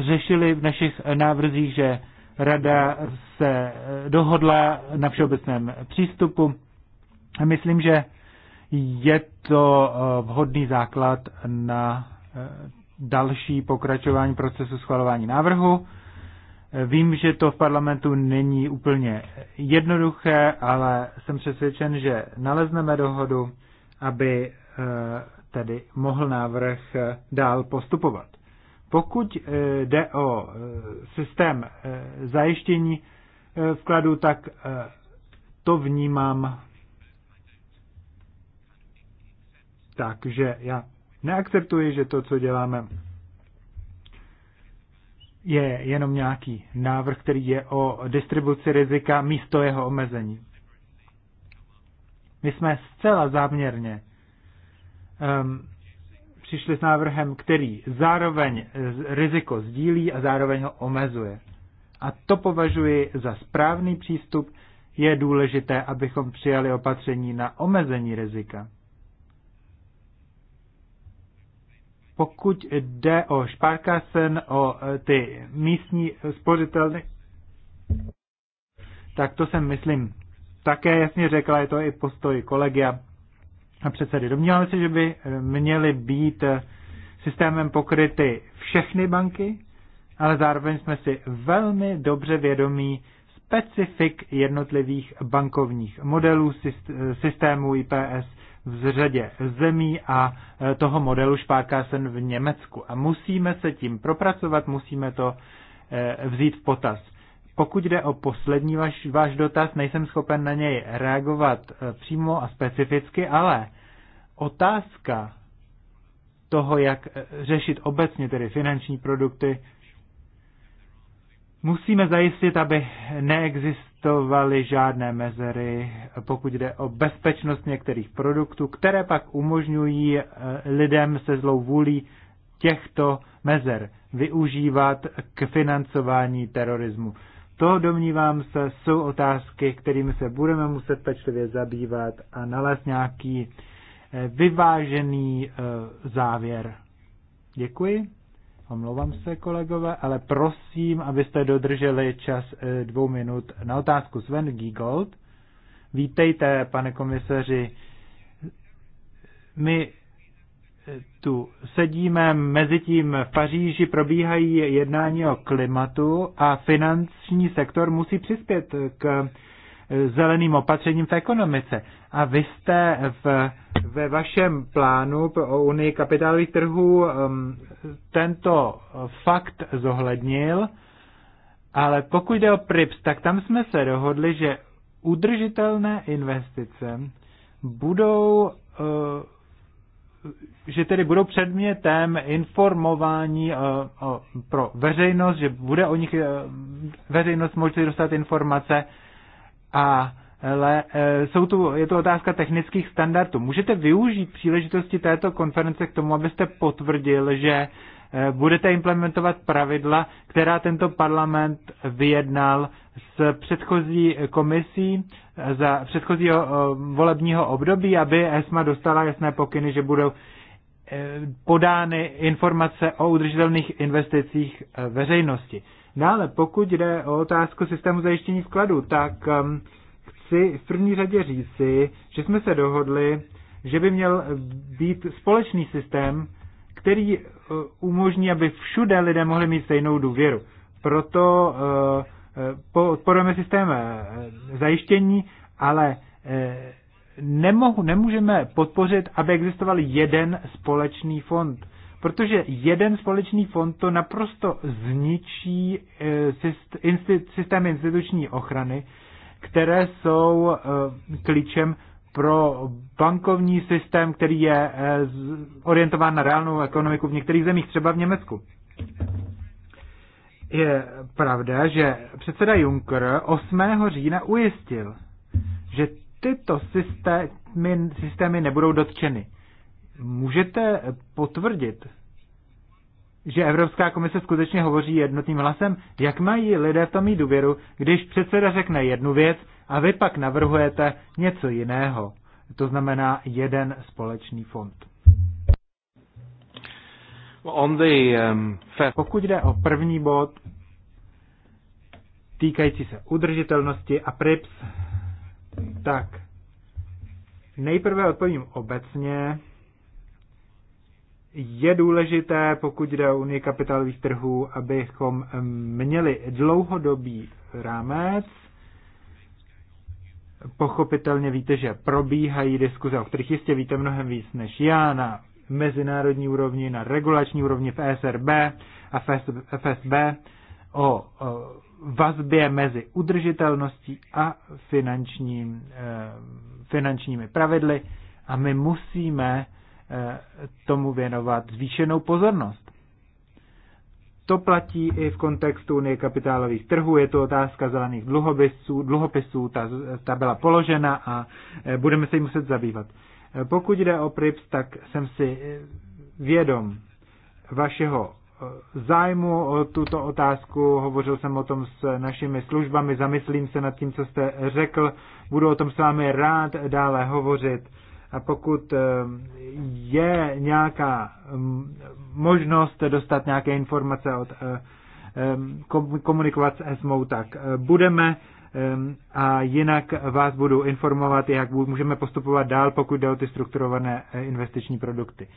řešili v našich návrzích, že rada se dohodla na všeobecném přístupu. Myslím, že je to vhodný základ na další pokračování procesu schvalování návrhu. Vím, že to v parlamentu není úplně jednoduché, ale jsem přesvědčen, že nalezneme dohodu, aby eh, tedy mohl návrh eh, dál postupovat. Pokud eh, jde o systém zajištění vkladu, tak to vnímám tak, že já neakceptuji, že to, co děláme je jenom nějaký návrh, který je o distribuci rizika místo jeho omezení. My jsme zcela záměrně um, přišli s návrhem, který zároveň riziko sdílí a zároveň ho omezuje. A to považuji za správný přístup. Je důležité, abychom přijali opatření na omezení rizika. Pokud jde o Šparkasen, o e, ty místní spořitelny, tak to jsem, myslím, také jasně řekla, je to i postoj kolegia a předsedy. Domníváme se, že by e, měly být e, systémem pokryty všechny banky, ale zároveň jsme si velmi dobře vědomí specifik jednotlivých bankovních modelů, systému IPS v řadě zemí a e, toho modelu Sparkassen v Německu. A musíme se tím propracovat, musíme to e, vzít v potaz. Pokud jde o poslední váš, váš dotaz, nejsem schopen na něj reagovat e, přímo a specificky, ale otázka toho, jak řešit obecně tedy finanční produkty, musíme zajistit, aby neexist, neexistovaly žádné mezery, pokud jde o bezpečnost některých produktů, které pak umožňují eh, lidem se zlou vůlí těchto mezer využívat k financování terorismu. To, domnívám se, jsou otázky, kterými se budeme muset pečlivě zabývat a nalézt nějaký eh, vyvážený eh, závěr. Děkuji. Omlouvám se, kolegové, ale prosím, abyste dodrželi čas eh, dvou minut na otázku. Sven Giegold. Vítejte, pane komisaři. My eh, tu sedíme, mezi tím v Paříži probíhají jednání o klimatu a finanční sektor musí přispět k eh, zeleným opatřením v ekonomice. A vy jste v, ve vašem plánu o Unii kapitálových trhů um, tento fakt zohlednil, ale pokud jde o PRIPS, tak tam jsme se dohodli, že udržitelné investice budou, eh, že tedy budou předmětem informování eh, pro veřejnost, že bude o nich eh, veřejnost moci dostat informace a ale eh, jsou tu, je to otázka technických standardů. Můžete využít příležitosti této konference k tomu, abyste potvrdil, že eh, budete implementovat pravidla, která tento parlament vyjednal s předchozí komisí za předchozího eh, volebního období, aby ESMA dostala jasné pokyny, že budou podány informace o udržitelných investicích veřejnosti. Dále, pokud jde o otázku systému zajištění vkladu, tak ehm, chci v první řadě říci, že jsme se dohodli, že by měl být společný systém, který eh, umožní, aby všude lidé mohli mít stejnou důvěru. Proto eh, podporujeme systém eh, zajištění, ale nemohu, nemůžeme podpořit, aby existoval jeden společný fond. Protože jeden společný fond to naprosto zničí systém instituční ochrany které jsou eh, klíčem pro bankovní systém, který je eh, orientován na reálnou ekonomiku v některých zemích, třeba v Německu. Je pravda, že předseda Juncker 8. října ujistil, že tyto systémy, systémy nebudou dotčeny. Můžete potvrdit, že Evropská komise skutečně hovoří jednotným hlasem? Jak mají lidé v tom mít důvěru, když předseda řekne jednu věc a vy pak navrhujete něco jiného? To znamená jeden společný fond. On the, um, Pokud jde o první bod týkající se udržitelnosti a PRIPS, tak nejprve odpovím obecně je důležité, pokud jde o Unii kapitálových trhů, abychom měli dlouhodobý rámec. Pochopitelně víte, že probíhají diskuze, o kterých jistě víte mnohem víc než já, na mezinárodní úrovni, na regulační úrovni v ESRB a FSB o vazbě mezi udržitelností a finančním, eh, finančními pravidly. A my musíme Eh, tomu věnovat zvýšenou pozornost. To platí i v kontextu unie kapitálových trhů, je to otázka zelených dluhopisů, dluhopisů ta, ta byla položena a eh, budeme se jí muset zabývat. Eh, pokud jde o PRIPS, tak jsem si vědom vašeho zájmu o tuto otázku, hovořil jsem o tom s našimi službami, zamyslím se nad tím, co jste řekl, budu o tom s vámi rád dále hovořit a pokud eh, je nějaká mm, možnost dostat nějaké informace od eh, komunikovat s ESMou, tak eh, budeme a jinak vás budu informovat, jak můžeme postupovat dál, pokud jde o ty strukturované investiční produkty.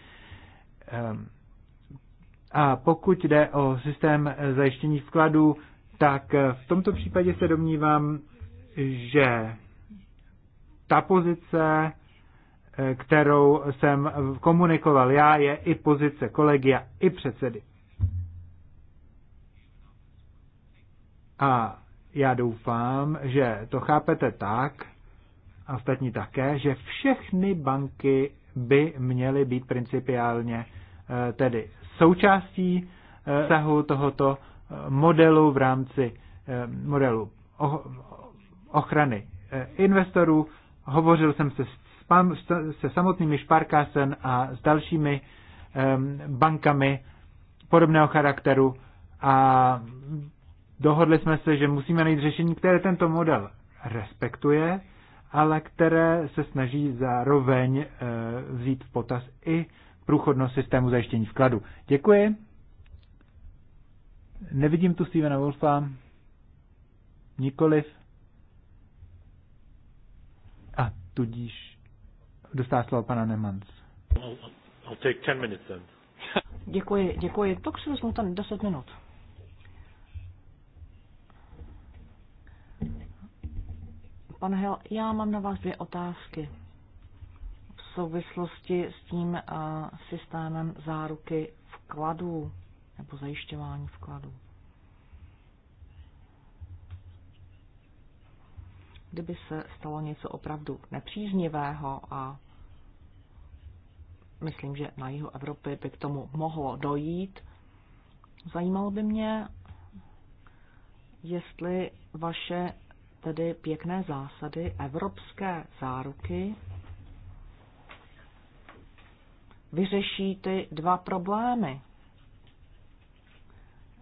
A pokud jde o systém zajištění vkladů, tak v tomto případě se domnívám, že ta pozice kterou jsem komunikoval já, je i pozice kolegia, i předsedy. A já doufám, že to chápete tak, a ostatní také, že všechny banky by měly být principiálně eh, tedy součástí sahu eh, tohoto eh, modelu v rámci modelu ochrany investorů. Hovořil jsem se s se samotnými Sparkassen a s dalšími bankami podobného charakteru a dohodli jsme se, že musíme najít řešení, které tento model respektuje, ale které se snaží zároveň eh, vzít v potaz i průchodnost systému zajištění vkladu. Děkuji. Nevidím tu Stevena Wolfa. Nikoliv. A tudíž dostává slovo pana Nemans. I'll take 10 minutes then. děkuji, děkuji. Tak si vezmu tam 10 minut. Pane Hel, já mám na vás dvě otázky v souvislosti s tím uh, systémem záruky vkladů nebo zajišťování vkladů. kdyby se stalo něco opravdu nepříznivého a myslím, že na jihu Evropy by k tomu mohlo dojít, zajímalo by mě, jestli vaše tedy pěkné zásady evropské záruky vyřeší ty dva problémy.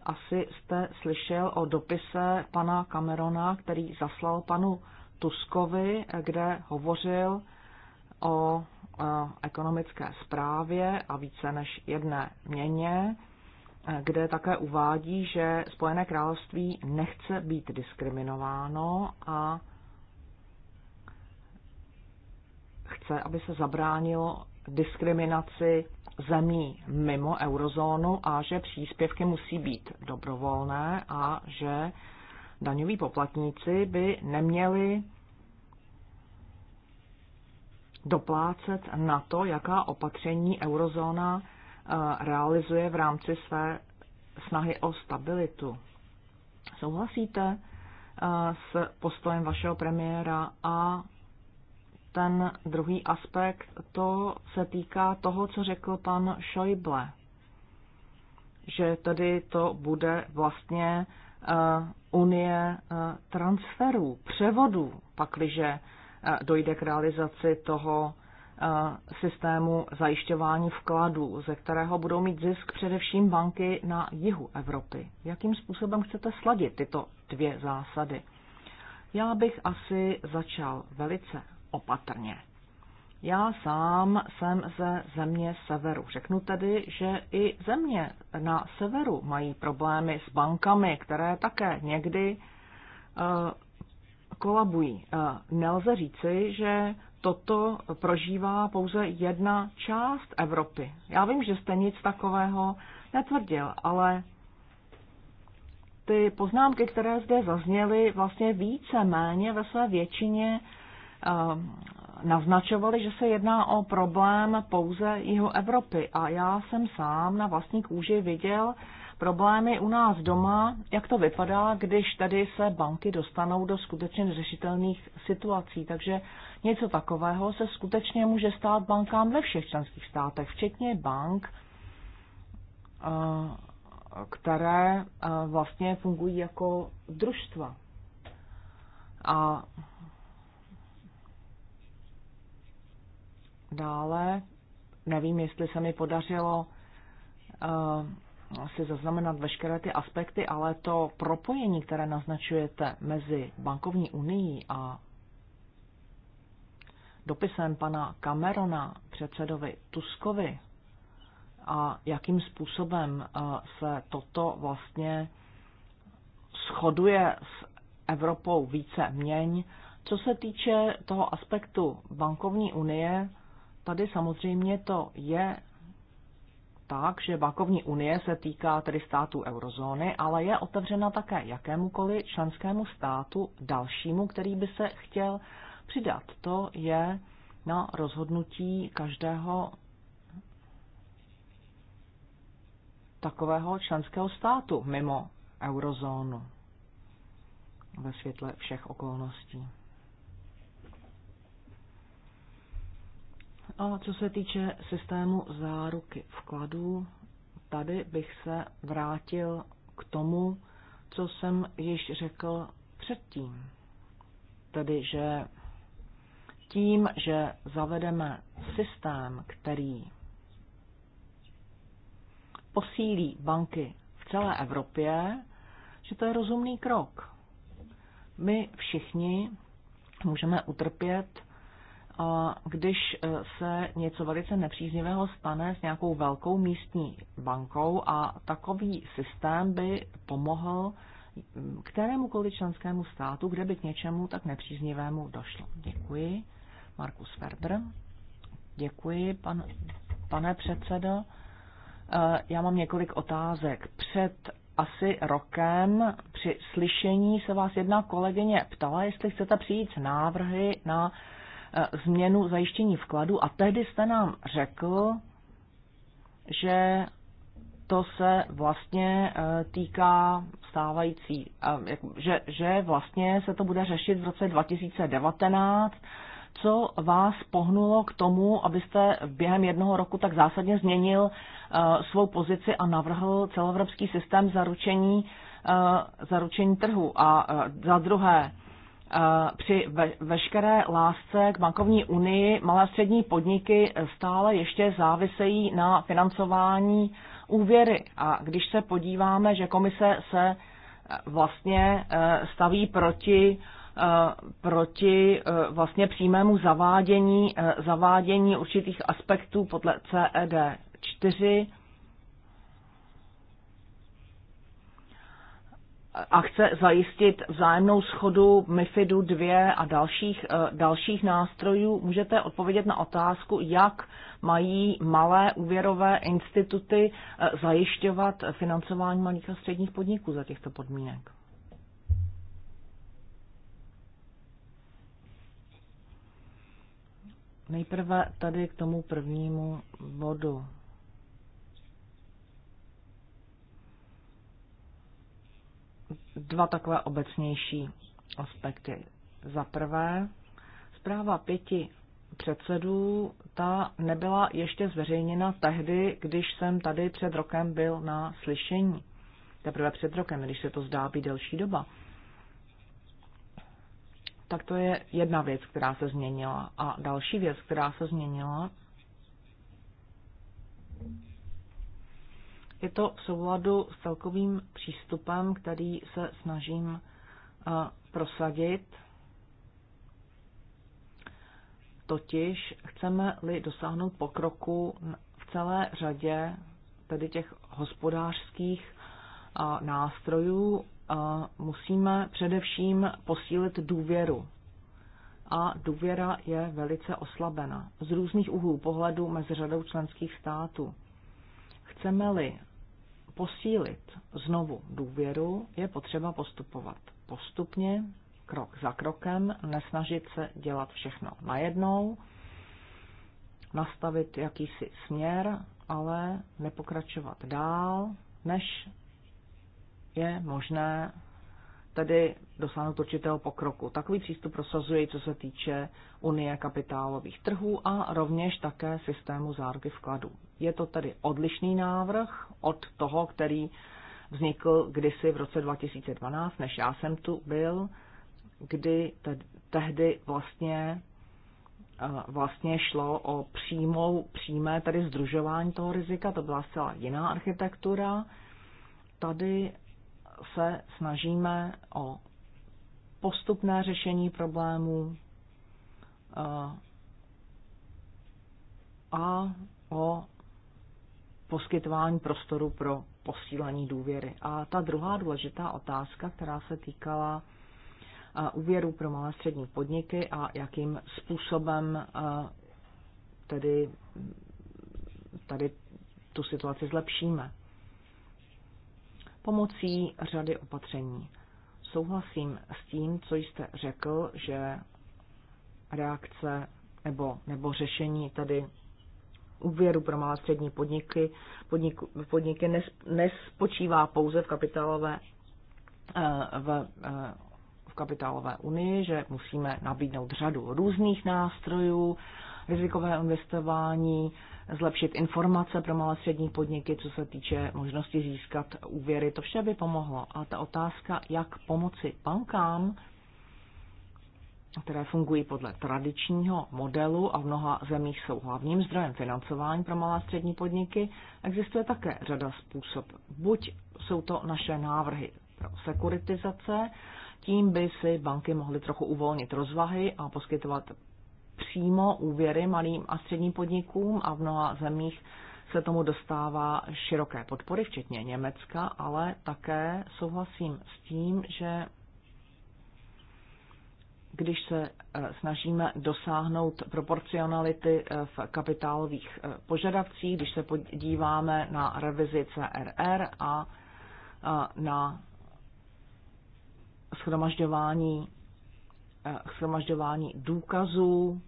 Asi jste slyšel o dopise pana Camerona, který zaslal panu Tuskovi, kde hovořil o e, ekonomické zprávě a více než jedné měně, e, kde také uvádí, že Spojené království nechce být diskriminováno a chce, aby se zabránilo diskriminaci zemí mimo eurozónu a že příspěvky musí být dobrovolné a že daňoví poplatníci by neměli doplácet na to, jaká opatření eurozóna eh, realizuje v rámci své snahy o stabilitu. Souhlasíte eh, s postojem vašeho premiéra a ten druhý aspekt, to se týká toho, co řekl pan Schäuble, že tady to bude vlastně uh, unie uh, transferů, převodů, pakliže uh, dojde k realizaci toho systému zajišťování vkladů, ze kterého budou mít zisk především banky na jihu Evropy. Jakým způsobem chcete sladit tyto dvě zásady? Já bych asi začal velice opatrně. Já sám jsem ze země severu. Řeknu tedy, že i země na severu mají problémy s bankami, které také někdy uh, kolabují. Uh, nelze říci, že toto prožívá pouze jedna část Evropy. Já vím, že jste nic takového netvrdil, ale ty poznámky, které zde zazněly, vlastně více méně ve své většině Ehm, naznačovali, že se jedná o problém pouze jeho Evropy. A já jsem sám na vlastní kůži viděl problémy u nás doma, jak to vypadá, když tady se banky dostanou do skutečně řešitelných situací. Takže něco takového se skutečně může stát bankám ve všech členských státech, včetně bank, eh, které eh, vlastně fungují jako družstva. A dále. Nevím, jestli se mi podařilo eh, si zaznamenat veškeré ty aspekty, ale to propojení, které naznačujete mezi bankovní unii a dopisem pana Camerona, předsedovi Tuskovi, a jakým způsobem eh, se toto vlastně shoduje s Evropou více měň. Co se týče toho aspektu bankovní unie, tady samozřejmě to je tak, že bankovní unie se týká tedy států eurozóny, ale je otevřena také jakémukoliv členskému státu dalšímu, který by se chtěl přidat. To je na rozhodnutí každého takového členského státu mimo eurozónu ve světle všech okolností. A co se týče systému záruky vkladů, tady bych se vrátil k tomu, co jsem již řekl předtím. Tedy, že tím, že zavedeme systém, který posílí banky v celé Evropě, že to je rozumný krok. My všichni můžeme utrpět když e, se něco velice nepříznivého stane s nějakou velkou místní bankou a takový systém by pomohl kterémukoliv členskému státu, kde by k něčemu tak nepříznivému došlo. Děkuji. Markus Ferber. Děkuji, pan, pane předsedo. E, já mám několik otázek. Před asi rokem při slyšení se vás jedna kolegyně ptala, jestli chcete přijít s návrhy na Eh, změnu zajištění vkladu a tehdy jste nám řekl, že to se vlastně eh, týká stávající, eh, že, že vlastně se to bude řešit v roce 2019. Co vás pohnulo k tomu, abyste během jednoho roku tak zásadně změnil svou pozici a navrhl celoevropský systém zaručení, zaručení trhu? A za druhé, při ve, veškeré lásce k bankovní unii malé a střední podniky stále ještě závisejí na financování úvěry. A když se podíváme, že komise se eh, vlastně eh, staví proti eh, proti vlastně přímému zavádění, zavádění určitých aspektů podle CED 4, a chce zajistit vzájemnou schodu MIFIDu 2 a dalších, eh, dalších nástrojů. Můžete odpovědět na otázku, jak mají malé úvěrové instituty eh, zajišťovat financování malých a středních podniků za těchto podmínek? Nejprve tady k tomu prvnímu bodu. dva takové obecnější aspekty. Za prvé, zpráva pěti předsedů, ta nebyla ještě zveřejněna tehdy, když jsem tady před rokem byl na slyšení. Teprve před rokem, když se to zdá být delší doba. Tak to je jedna věc, která se změnila. A další věc, která se změnila, Je to v souladu s celkovým přístupem, který se snažím eh, prosadit. Totiž chceme-li dosáhnout pokroku v celé řadě tedy těch hospodářských eh, nástrojů, eh, musíme především posílit důvěru. A důvěra je velice oslabena z různých úhlů pohledu mezi řadou členských států. Chceme-li posílit znovu důvěru, je potřeba postupovat postupně, krok za krokem, nesnažit se dělat všechno najednou, nastavit jakýsi směr, ale nepokračovat dál, než je možné tedy dosáhnout určitého pokroku. Takový přístup prosazuje, co se týče Unie kapitálových trhů a rovněž také systému záruky vkladů. Je to tedy odlišný návrh od toho, který vznikl kdysi v roce 2012, než já jsem tu byl, kdy te- tehdy vlastně eh, vlastně šlo o přímou, přímé tady združování toho rizika, to byla zcela jiná architektura. Tady se snažíme o postupné řešení problémů eh, a o poskytování prostoru pro posílení důvěry. A ta druhá důležitá otázka, která se týkala eh, úvěru pro malé střední podniky a jakým způsobem eh, tedy tady tu situaci zlepšíme pomocí řady opatření. Souhlasím s tím, co jste řekl, že reakce nebo, nebo řešení tedy úvěru pro malé střední podniky, podnik, podniky nes, nespočívá pouze v kapitálové, eh, v, eh, v kapitálové unii, že musíme nabídnout řadu různých nástrojů, rizikové investování, zlepšit informace pro malé střední podniky, co se týče možnosti získat úvěry. To vše by pomohlo. A ta otázka, jak pomoci bankám, které fungují podle tradičního modelu a v mnoha zemích jsou hlavním zdrojem financování pro malé střední podniky, existuje také řada způsob. Buď jsou to naše návrhy pro sekuritizace, tím by si banky mohly trochu uvolnit rozvahy a poskytovat přímo úvěry malým a středním podnikům a v mnoha zemích se tomu dostává široké podpory, včetně Německa, ale také souhlasím s tím, že když se eh, snažíme dosáhnout proporcionality eh, v kapitálových eh, požadavcích, když se podíváme na revizi CRR a na schromažďování Eh, schromažďování důkazů,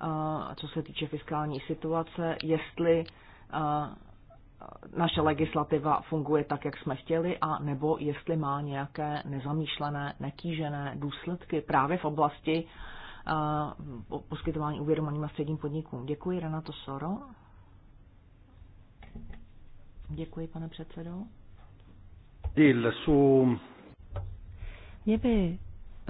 eh, co se týče fiskální situace, jestli eh, naše legislativa funguje tak, jak jsme chtěli, a nebo jestli má nějaké nezamýšlené, netížené důsledky právě v oblasti poskytování úvěru malým a středním podnikům. Děkuji, Renato Soro. Děkuji, pane předsedo. Mě by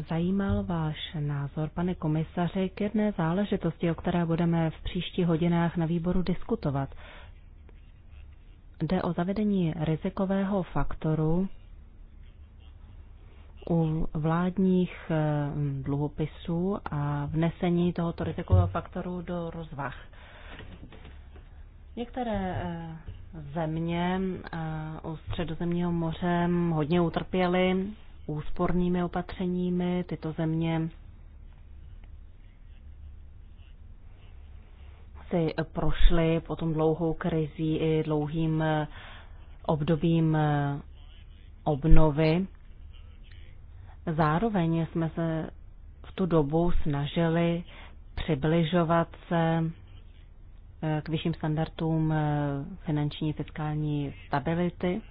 zajímal váš názor, pane komisaři, k jedné záležitosti, o které budeme v příštích hodinách na výboru diskutovat. Jde o zavedení rizikového faktoru u vládních eh, dluhopisů a vnesení tohoto rizikového faktoru do rozvah. Některé eh, země eh, u Středozemního moře hodně utrpěly úspornými opatřeními. Tyto země si prošly potom dlouhou krizí i dlouhým obdobím obnovy. Zároveň jsme se v tu dobu snažili přibližovat se eh, k vyšším standardům eh, finanční fiskální stability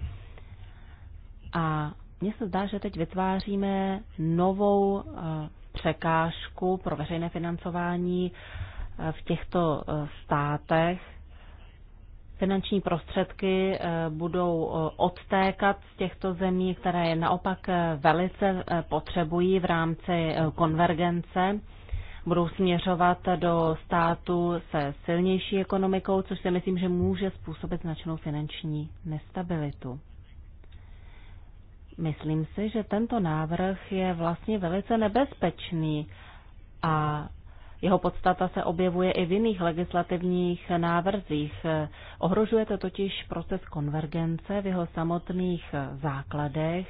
a mně se zdá, že teď vytváříme novou eh, překážku pro veřejné financování eh, v těchto eh, státech. Finanční prostředky budou odtékat z těchto zemí, které je naopak velice potřebují v rámci konvergence budou směřovat do státu se silnější ekonomikou, což si myslím, že může způsobit značnou finanční nestabilitu. Myslím si, že tento návrh je vlastně velice nebezpečný a jeho podstata se objevuje i v jiných legislativních návrzích. Ohrožuje to totiž proces konvergence v jeho samotných základech.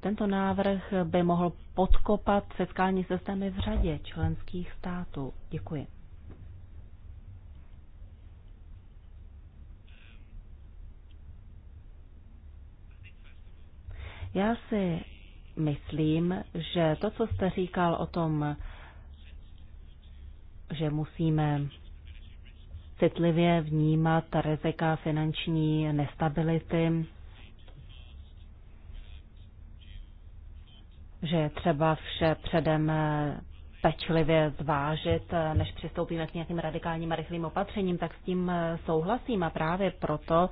Tento návrh by mohl podkopat fiskální systémy v řadě členských států. Děkuji. Já si myslím, že to, co jste říkal o tom, že musíme citlivě vnímat rizika finanční nestability, že třeba vše předem pečlivě zvážit, než přistoupíme k nějakým radikálním a rychlým opatřením, tak s tím souhlasím a právě proto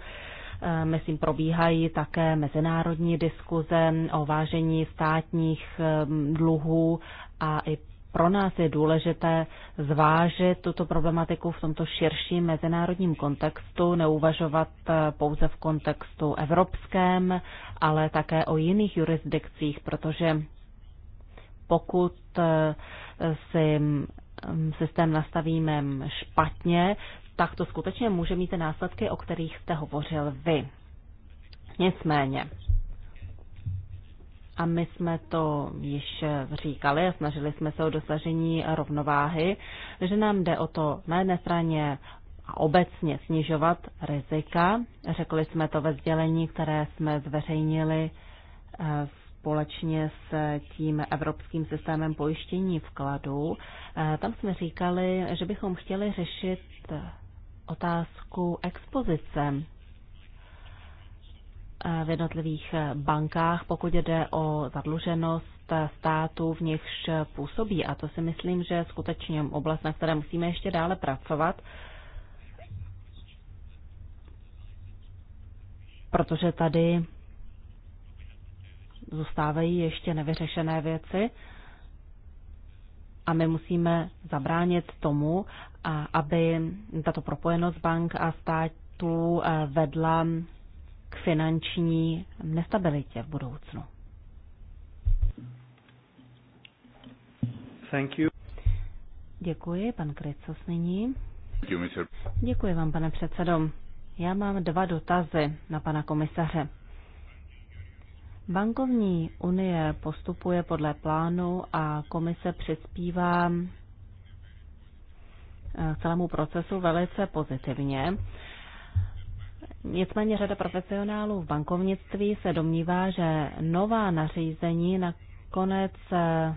Eh, myslím, probíhají také mezinárodní diskuze o vážení státních eh, dluhů a i pro nás je důležité zvážit tuto problematiku v tomto širším mezinárodním kontextu, neuvažovat eh, pouze v kontextu evropském, ale také o jiných jurisdikcích, protože pokud si mm, systém nastavíme špatně, tak to skutečně může mít následky, o kterých jste hovořil vy. Nicméně, a my jsme to již říkali a snažili jsme se o dosažení rovnováhy, že nám jde o to na jedné straně a obecně snižovat rizika. Řekli jsme to ve sdělení, které jsme zveřejnili eh, společně s tím Evropským systémem pojištění vkladů. Eh, tam jsme říkali, že bychom chtěli řešit otázku expozice eh, v jednotlivých eh, bankách, pokud jde o zadluženost eh, států, v nichž působí. A to si myslím, že je skutečně oblast, na které musíme ještě dále pracovat, protože tady zůstávají ještě nevyřešené věci a my musíme zabránit tomu, aby tato propojenost bank a státu e, vedla k finanční nestabilitě v budoucnu. Thank you. Děkuji, pan Krycos nyní. Děkuji vám, pane předsedo. Já mám dva dotazy na pana komisaře. Bankovní unie postupuje podle plánu a komise přispívá eh, celému procesu velice pozitivně. Nicméně řada profesionálů v bankovnictví se domnívá, že nová nařízení nakonec eh,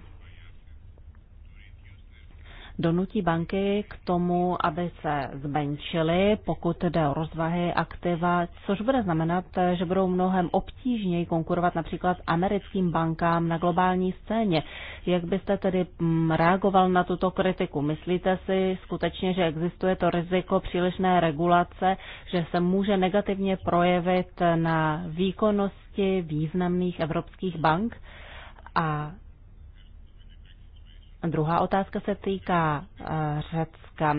donutí banky k tomu, aby se zmenšily, pokud jde o rozvahy aktiva, což bude znamenat, že budou mnohem obtížněji konkurovat například americkým bankám na globální scéně. Jak byste tedy mm, reagoval na tuto kritiku? Myslíte si skutečně, že existuje to riziko přílišné regulace, že se může negativně projevit na výkonnosti významných evropských bank? A Druhá otázka se týká eh, Řecka.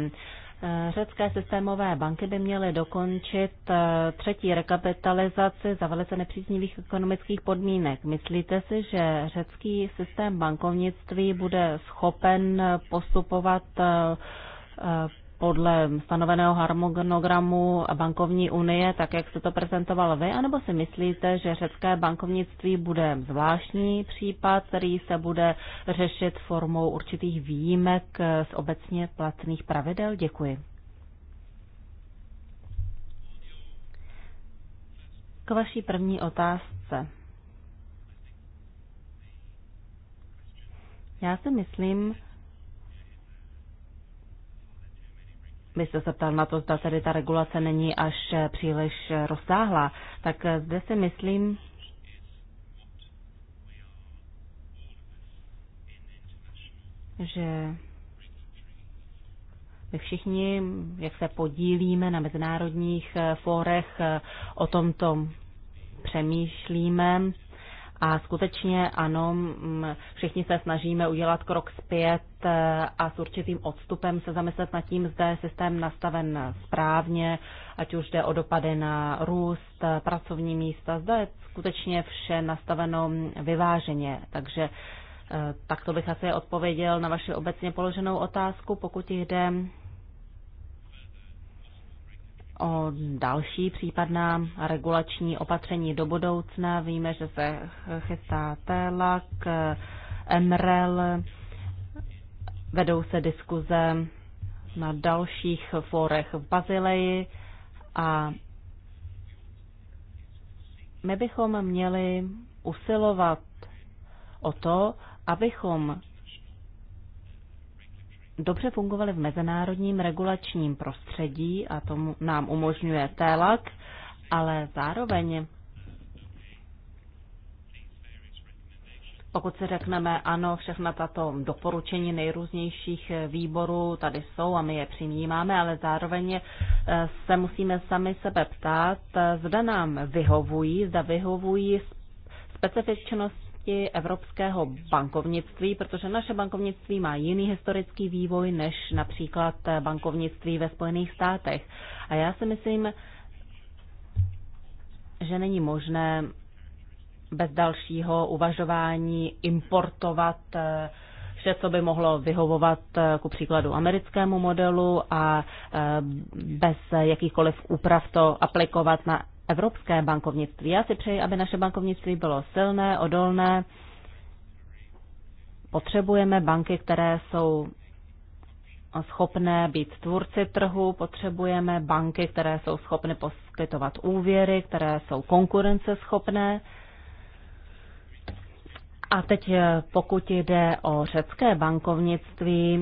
Eh, Řecké systémové banky by měly dokončit eh, třetí rekapitalizaci za velice nepříznivých ekonomických podmínek. Myslíte si, že řecký systém bankovnictví bude schopen postupovat podle stanoveného harmonogramu bankovní unie, tak jak se to prezentoval vy, anebo si myslíte, že řecké bankovnictví bude zvláštní případ, který se bude řešit formou určitých výjimek z obecně platných pravidel? Děkuji. K vaší první otázce. Já si myslím, Vy jste se ptal na to, zda tedy ta regulace není až příliš rozsáhlá. Tak zde si myslím, že my všichni, jak se podílíme na mezinárodních fórech, o tomto přemýšlíme. A skutečně ano, mm, všichni se snažíme udělat krok zpět eh, a s určitým odstupem se zamyslet nad tím, zda je systém nastaven správně, ať už jde o dopady na růst, eh, pracovní místa, zda je skutečně vše nastaveno vyváženě. Takže eh, takto bych asi odpověděl na vaši obecně položenou otázku, pokud jde o další případná regulační opatření do budoucna. Víme, že se chystá TELAK, MREL, vedou se diskuze na dalších fórech v Bazileji a my bychom měli usilovat o to, abychom dobře fungovaly v mezinárodním regulačním prostředí a tomu nám umožňuje TELAC, ale zároveň pokud si řekneme, ano, všechna tato doporučení nejrůznějších výborů tady jsou a my je přijímáme, ale zároveň eh, se musíme sami sebe ptát, eh, zda nám vyhovují, zda vyhovují specifičnosti části evropského bankovnictví, protože naše bankovnictví má jiný historický vývoj než například bankovnictví ve Spojených státech. A já si myslím, že není možné bez dalšího uvažování importovat eh, vše, co by mohlo vyhovovat eh, ku příkladu americkému modelu a eh, bez jakýchkoliv úprav to aplikovat na evropské bankovnictví. Já si přeji, aby naše bankovnictví bylo silné, odolné. Potřebujeme banky, které jsou schopné být tvůrci trhu, potřebujeme banky, které jsou schopny poskytovat úvěry, které jsou konkurenceschopné. A teď pokud jde o řecké bankovnictví,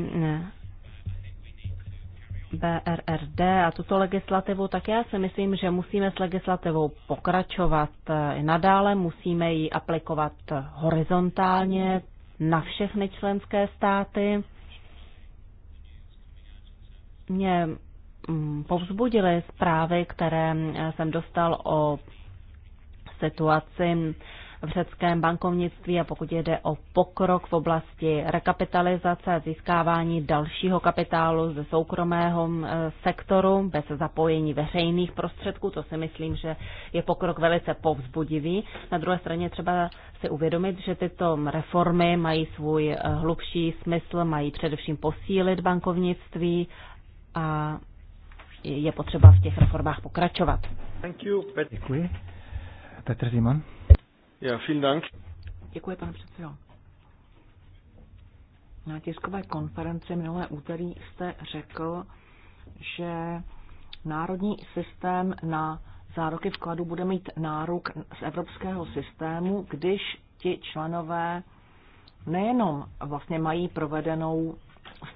BRRD a tuto legislativu, tak já si myslím, že musíme s legislativou pokračovat i nadále, musíme ji aplikovat horizontálně na všechny členské státy. Mě mm, povzbudily zprávy, které eh, jsem dostal o situaci v řeckém bankovnictví a pokud jde o pokrok v oblasti rekapitalizace a získávání dalšího kapitálu ze soukromého e, sektoru bez zapojení veřejných prostředků, to si myslím, že je pokrok velice povzbudivý. Na druhé straně třeba si uvědomit, že tyto reformy mají svůj e, hlubší smysl, mají především posílit bankovnictví a je potřeba v těch reformách pokračovat. Thank you, Petr. Děkuji. Petr Ziman. Ja, vielen Dank. Děkuji, pane předsedo. Na tiskové konferenci minulé úterý jste řekl, že národní systém na záruky vkladu bude mít nárok z evropského systému, když ti členové nejenom vlastně mají provedenou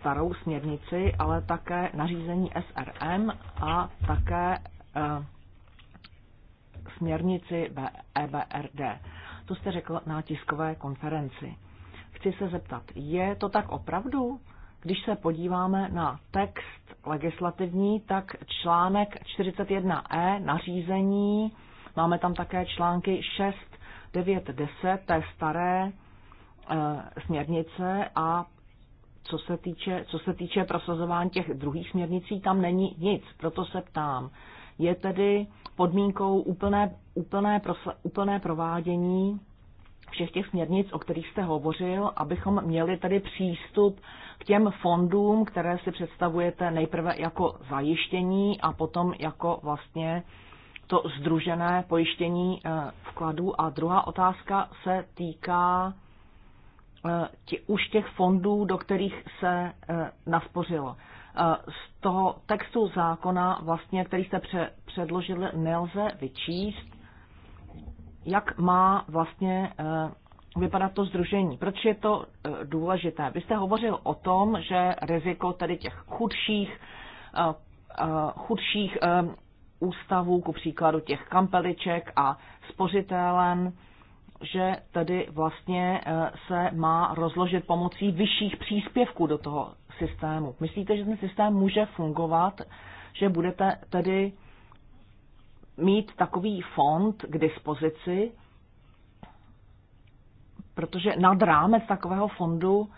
starou směrnici, ale také nařízení SRM a také eh, směrnici EBRD. E to jste řekl na tiskové konferenci. Chci se zeptat, je to tak opravdu? Když se podíváme na text legislativní, tak článek 41e nařízení, máme tam také články 6, 9, 10 té staré e, směrnice a co se, týče, co se týče prosazování těch druhých směrnicí, tam není nic. Proto se ptám, je tedy podmínkou úplné, úplné, prosle, úplné provádění všech těch směrnic, o kterých jste hovořil, abychom měli tady přístup k těm fondům, které si představujete nejprve jako zajištění a potom jako vlastně to združené pojištění eh, vkladů. A druhá otázka se týká eh, tě, už těch fondů, do kterých se eh, naspořilo. Eh, z toho textu zákona, vlastně, který jste předložili, nelze vyčíst, jak má vlastně eh, vypadat to združení. Proč je to eh, důležité? Vy jste hovořil o tom, že riziko tady těch chudších, chudších ústavů, ku příkladu těch kampeliček a spořitelen, že tedy vlastně se má rozložit pomocí vyšších příspěvků do toho systému. Myslíte, že ten systém může fungovat, že budete tedy mít takový fond k dispozici, protože nad rámec takového fondu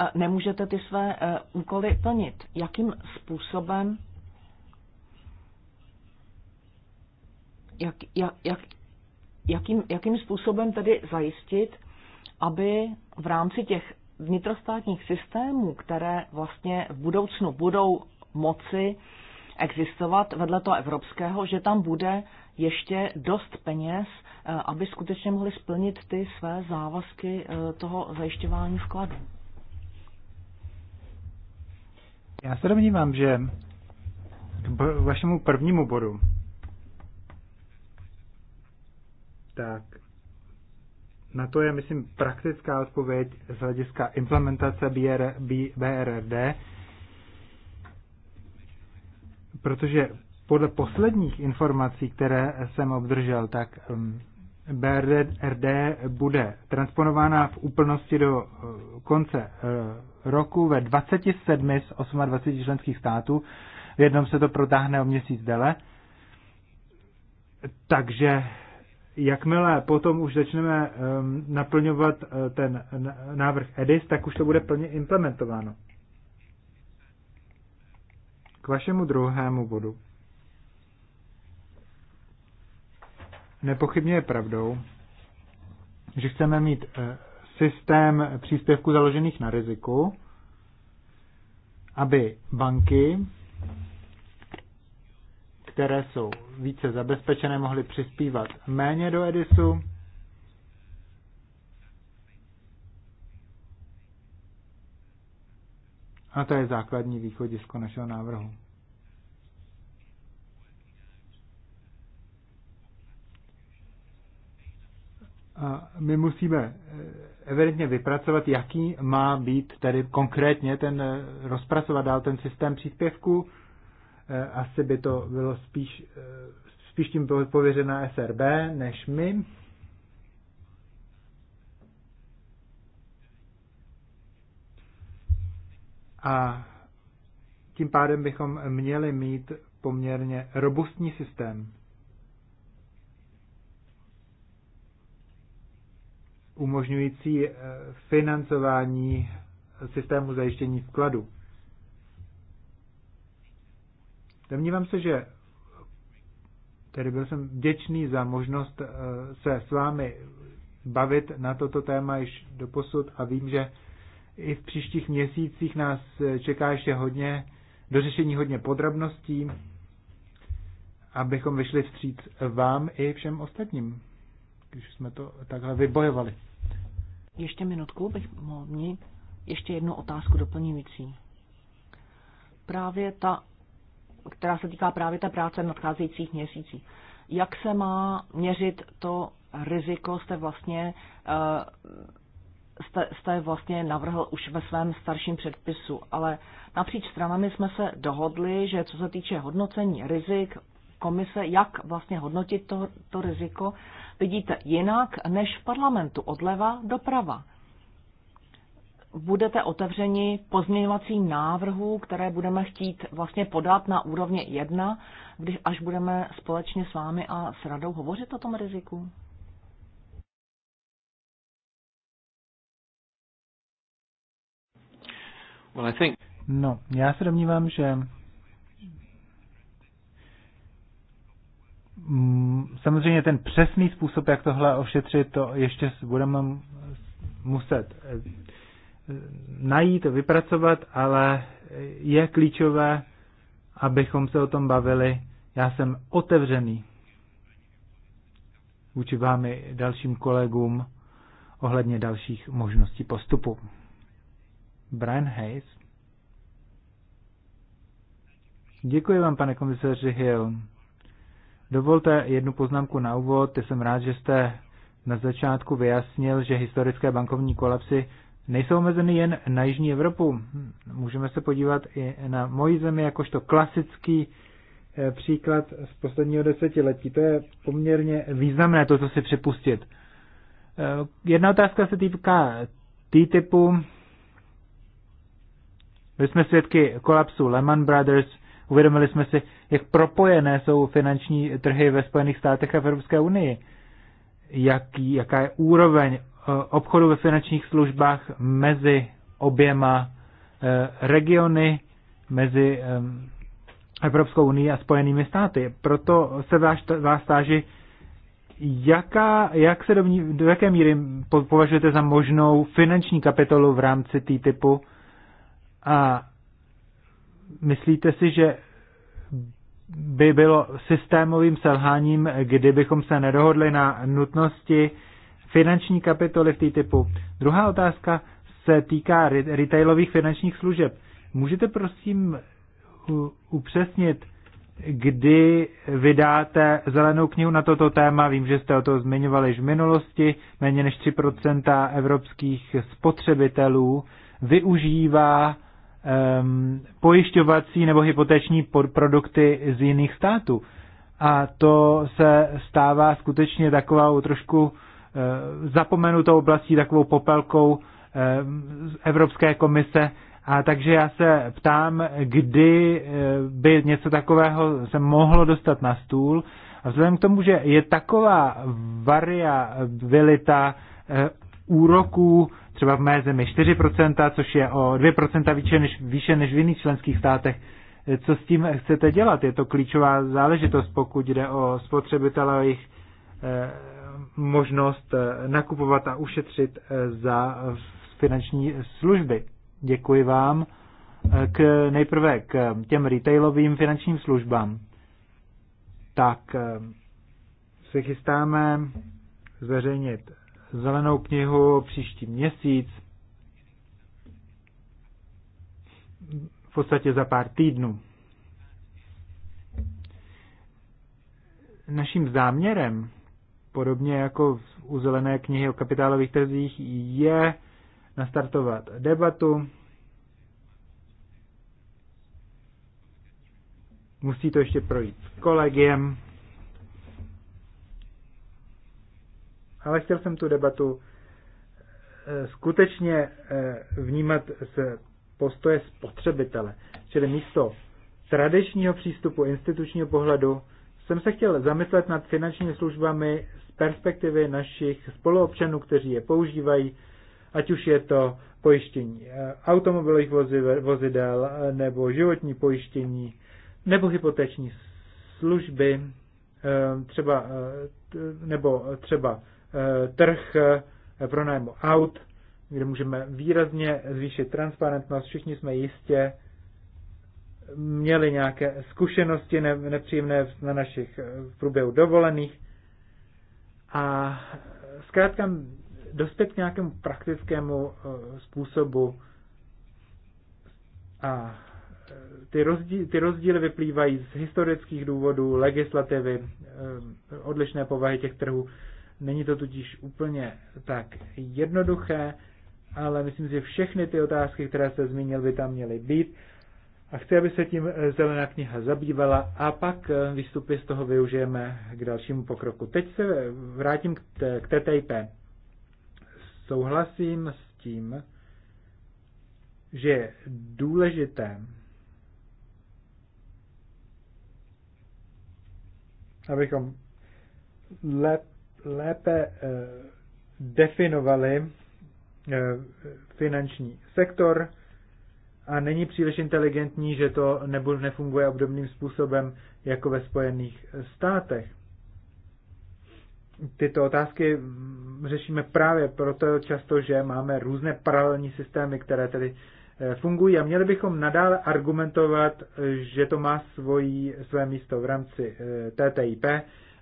eh, nemůžete ty své eh, úkoly plnit. Jakým způsobem, jak, jak, jak, jakým, jakým způsobem tedy zajistit, aby v rámci těch vnitrostátních systémů, které vlastně v budoucnu budou moci existovat vedle toho evropského, že tam bude ještě dost peněz, eh, aby skutečně mohli splnit ty své závazky eh, toho zajišťování vkladu. Já se domnívám, že k vašemu prvnímu bodu, tak na to je, myslím, praktická odpověď z hlediska implementace BR, BRD, protože podle posledních informací, které jsem obdržel, tak um, BRD bude transponována v úplnosti do uh, konce uh, roku ve 27 z 28 členských států. V jednom se to protáhne o měsíc dele. Takže jakmile potom už začneme naplňovat eh, ten návrh EDIS, tak už to bude plně implementováno. K vašemu druhému bodu. Nepochybně je pravdou, že chceme mít eh, systém příspěvků založených na riziku, aby banky které jsou více zabezpečené, mohly přispívat méně do Edisu. A to je základní východisko našeho návrhu. A my musíme eh, evidentně vypracovat, jaký má být tedy konkrétně ten, eh, rozpracovat dál ten systém příspěvku, Eh, asi by to bylo spíš, eh, spíš tím pověřená SRB než my. A tím pádem bychom měli mít poměrně robustní systém. umožňující eh, financování systému zajištění vkladu. Domnívám se, že tedy byl jsem vděčný za možnost eh, se s vámi bavit na toto téma již do posud a vím, že i v příštích měsících nás eh, čeká ještě hodně dořešení hodně podrobností, abychom vyšli vstříc vám i všem ostatním, když jsme to takhle vybojovali. Ještě minutku bych mohl mít ještě jednu otázku doplňující. Právě ta která se týká právě té práce v nadcházejících měsících. Jak se má měřit to riziko, jste vlastně, eh, jste, jste vlastně navrhl už ve svém starším předpisu, ale napříč stranami jsme se dohodli, že co se týče hodnocení rizik, komise, jak vlastně hodnotit to, to riziko, vidíte jinak než v parlamentu, odleva doprava budete otevřeni pozměňovacím návrhu, které budeme chtít vlastně podat na úrovně 1, když až budeme společně s vámi a s radou hovořit o tom riziku? Well, I think... No, já se domnívám, že mm, samozřejmě ten přesný způsob, jak tohle ošetřit, to ještě budeme muset eh, najít, vypracovat, ale je klíčové, abychom se o tom bavili. Já jsem otevřený vůči vám i dalším kolegům ohledně dalších možností postupu. Brian Hayes. Děkuji vám, pane komisaři Hill. Dovolte jednu poznámku na úvod. Jsem rád, že jste na začátku vyjasnil, že historické bankovní kolapsy nejsou omezeny jen na Jižní Evropu. Můžeme se podívat i na moji zemi jakožto klasický eh, příklad z posledního desetiletí. To je poměrně významné to, co si připustit. Eh, jedna otázka se týká T-typu. Byli jsme svědky kolapsu Lehman Brothers, uvědomili jsme si, jak propojené jsou finanční trhy ve Spojených státech a v Evropské unii. Jaký, jaká je úroveň obchodu ve finančních službách mezi oběma eh, regiony, mezi eh, Evropskou unii a Spojenými státy. Proto se vás, vás táži, jaká, jak se ní, do jaké míry považujete za možnou finanční kapitolu v rámci TTIPu a myslíte si, že by bylo systémovým selháním, kdybychom se nedohodli na nutnosti finanční kapitoly v typu. Druhá otázka se týká retailových finančních služeb. Můžete prosím upřesnit, kdy vydáte zelenou knihu na toto téma. Vím, že jste o to zmiňovali již v minulosti. Méně než 3% evropských spotřebitelů využívá um, pojišťovací nebo hypoteční produkty z jiných států. A to se stává skutečně takovou trošku Eh, zapomenutou oblastí, takovou popelkou eh, z Evropské komise. A takže já se ptám, kdy eh, by něco takového se mohlo dostat na stůl. A vzhledem k tomu, že je taková variabilita úroků, třeba v mé zemi 4%, což je o 2% výše než, výše než v jiných členských státech, co s tím chcete dělat? Je to klíčová záležitost, pokud jde o spotřebitele jejich možnost eh, nakupovat a ušetřit eh, za finanční služby. Děkuji vám. Eh, k, nejprve k těm retailovým finančním službám. Tak se chystáme zveřejnit zelenou knihu příští měsíc. V podstatě za pár týdnů. Naším záměrem podobně jako u zelené knihy o kapitálových trzích, je nastartovat debatu. Musí to ještě projít s kolegiem. Ale chtěl jsem tu debatu eh, skutečně eh, vnímat z postoje spotřebitele. Čili místo tradičního přístupu, institučního pohledu, jsem se chtěl zamyslet nad finančními službami perspektivy našich spoluobčanů, kteří je používají, ať už je to pojištění eh, automobilových vozidel, eh, nebo životní pojištění, nebo hypoteční služby, eh, třeba, nebo třeba trh pronájmu aut, kde můžeme výrazně zvýšit transparentnost. Všichni jsme jistě měli nějaké zkušenosti nepříjemné na našich v průběhu dovolených. A zkrátka dospět k nějakému praktickému eh, způsobu a eh, ty, rozdíly, ty rozdíly vyplývají z historických důvodů, legislativy, eh, odlišné povahy těch trhů. Není to tudíž úplně tak jednoduché, ale myslím si, že všechny ty otázky, které jste zmínil, by tam měly být. A chci, aby se tím eh, zelená kniha zabývala a pak eh, výstupy z toho využijeme k dalšímu pokroku. Teď se vrátím k, TTIP. Souhlasím s tím, že je důležité, abychom lépe eh, definovali finanční sektor, a není příliš inteligentní, že to nebo nefunguje obdobným způsobem jako ve Spojených státech. Tyto otázky řešíme právě proto často, že máme různé paralelní systémy, které tedy eh, fungují a měli bychom nadále argumentovat, že to má svojí, své místo v rámci eh, TTIP.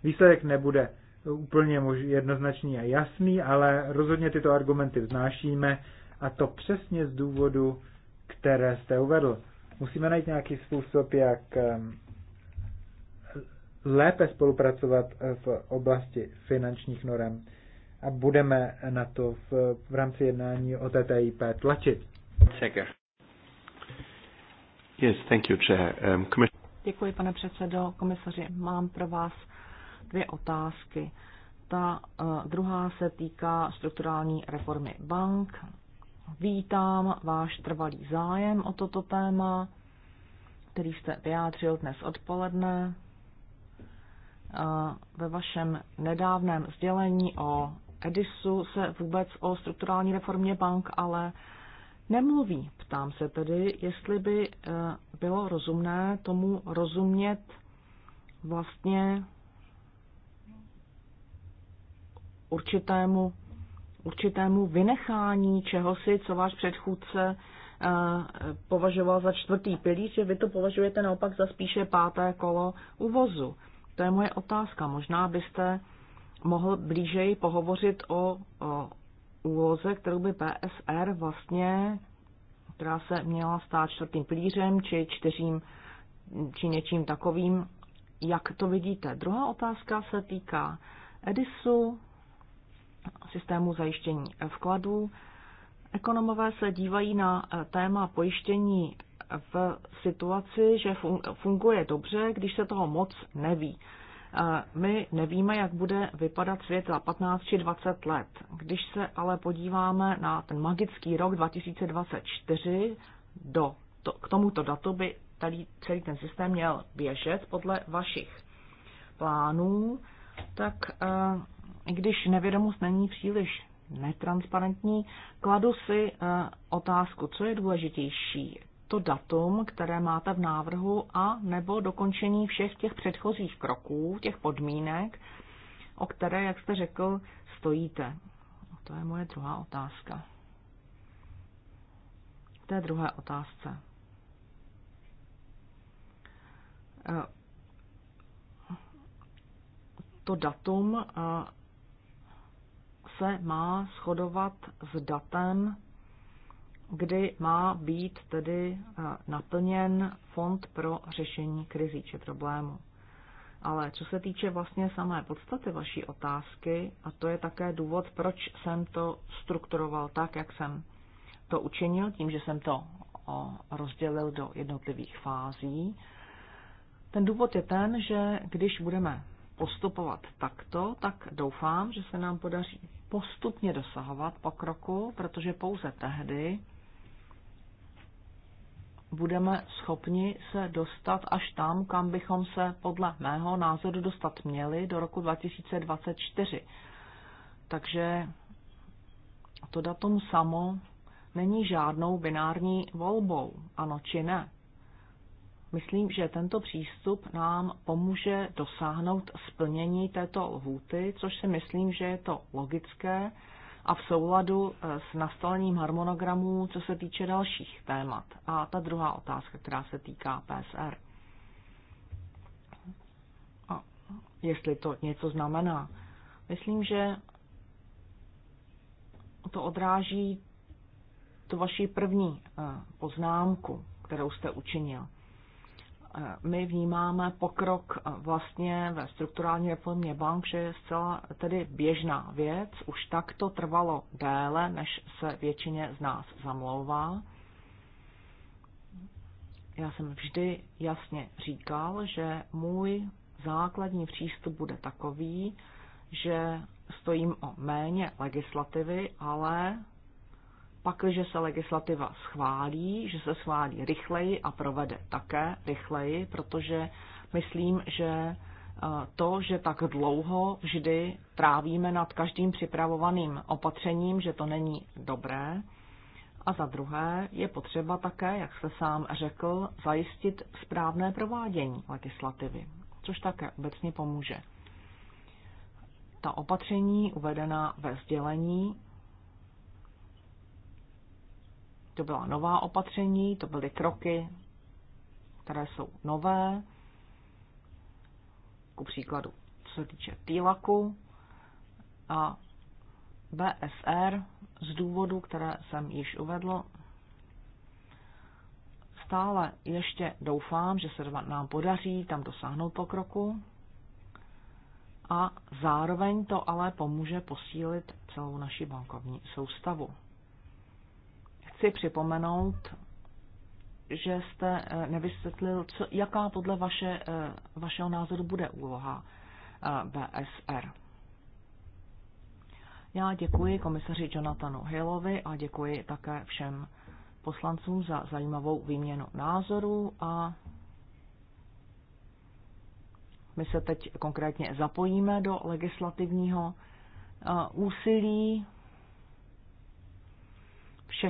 Výsledek nebude úplně jednoznačný a jasný, ale rozhodně tyto argumenty vznášíme a to přesně z důvodu, které jste uvedl. Musíme najít nějaký způsob, jak lépe spolupracovat eh, v oblasti finančních norem a budeme na to v, v rámci jednání o TTIP tlačit. Seger. Yes, thank you, Chair. Um, komis- Děkuji, pane předsedo. Komisaři, mám pro vás dvě otázky. Ta uh, druhá se týká strukturální reformy bank. Vítám váš trvalý zájem o toto téma, který jste vyjádřil dnes odpoledne. Ve vašem nedávném sdělení o Edisu se vůbec o strukturální reformě bank ale nemluví. Ptám se tedy, jestli by e, bylo rozumné tomu rozumět vlastně určitému určitému vynechání čehosi, co váš předchůdce eh, považoval za čtvrtý pilíř, že vy to považujete naopak za spíše páté kolo uvozu. To je moje otázka. Možná byste mohl blížeji pohovořit o, o úloze, kterou by PSR vlastně, která se měla stát čtvrtým pilířem či čtyřím či něčím takovým. Jak to vidíte? Druhá otázka se týká Edisu, systému zajištění vkladů. Ekonomové se dívají na eh, téma pojištění v situaci, že funguje dobře, když se toho moc neví. Eh, my nevíme, jak bude vypadat svět za 15 či 20 let. Když se ale podíváme na ten magický rok 2024, do, to, k tomuto datu by tady celý ten systém měl běžet podle vašich plánů, tak eh, když nevědomost není příliš netransparentní, kladu si eh, otázku, co je důležitější, to datum, které máte v návrhu a nebo dokončení všech těch předchozích kroků, těch podmínek, o které, jak jste řekl, stojíte. To je moje druhá otázka. V té druhé otázce. Eh, to datum eh, se má shodovat s datem, kdy má být tedy eh, naplněn fond pro řešení krizí či problémů. Ale co se týče vlastně samé podstaty vaší otázky, a to je také důvod, proč jsem to strukturoval tak, jak jsem to učinil, tím, že jsem to rozdělil do jednotlivých fází, ten důvod je ten, že když budeme postupovat takto, tak doufám, že se nám podaří postupně dosahovat pokroku, protože pouze tehdy budeme schopni se dostat až tam, kam bychom se podle mého názoru dostat měli do roku 2024. Takže to datum samo není žádnou binární volbou, ano či ne. Myslím, že tento přístup nám pomůže dosáhnout splnění této lhůty, což si myslím, že je to logické a v souladu eh, s nastolením harmonogramů, co se týče dalších témat. A ta druhá otázka, která se týká PSR. A jestli to něco znamená. Myslím, že to odráží tu vaši první eh, poznámku, kterou jste učinil my vnímáme pokrok vlastně ve strukturální reformě bank, že je zcela tedy běžná věc. Už tak to trvalo déle, než se většině z nás zamlouvá. Já jsem vždy jasně říkal, že můj základní přístup bude takový, že stojím o méně legislativy, ale pakliže se legislativa schválí, že se schválí rychleji a provede také rychleji, protože myslím, že eh, to, že tak dlouho vždy trávíme nad každým připravovaným opatřením, že to není dobré. A za druhé je potřeba také, jak se sám řekl, zajistit správné provádění legislativy, což také obecně pomůže. Ta opatření uvedená ve sdělení To byla nová opatření, to byly kroky, které jsou nové. Ku příkladu, co se týče týlaku a BSR z důvodu, které jsem již uvedl, stále ještě doufám, že se nám podaří tam dosáhnout pokroku a zároveň to ale pomůže posílit celou naši bankovní soustavu chci připomenout, že jste eh, nevysvětlil, co, jaká podle vaše, eh, vašeho názoru bude úloha eh, BSR. Já děkuji komisaři Jonathanu Hillovi a děkuji také všem poslancům za zajímavou výměnu názorů a my se teď konkrétně zapojíme do legislativního úsilí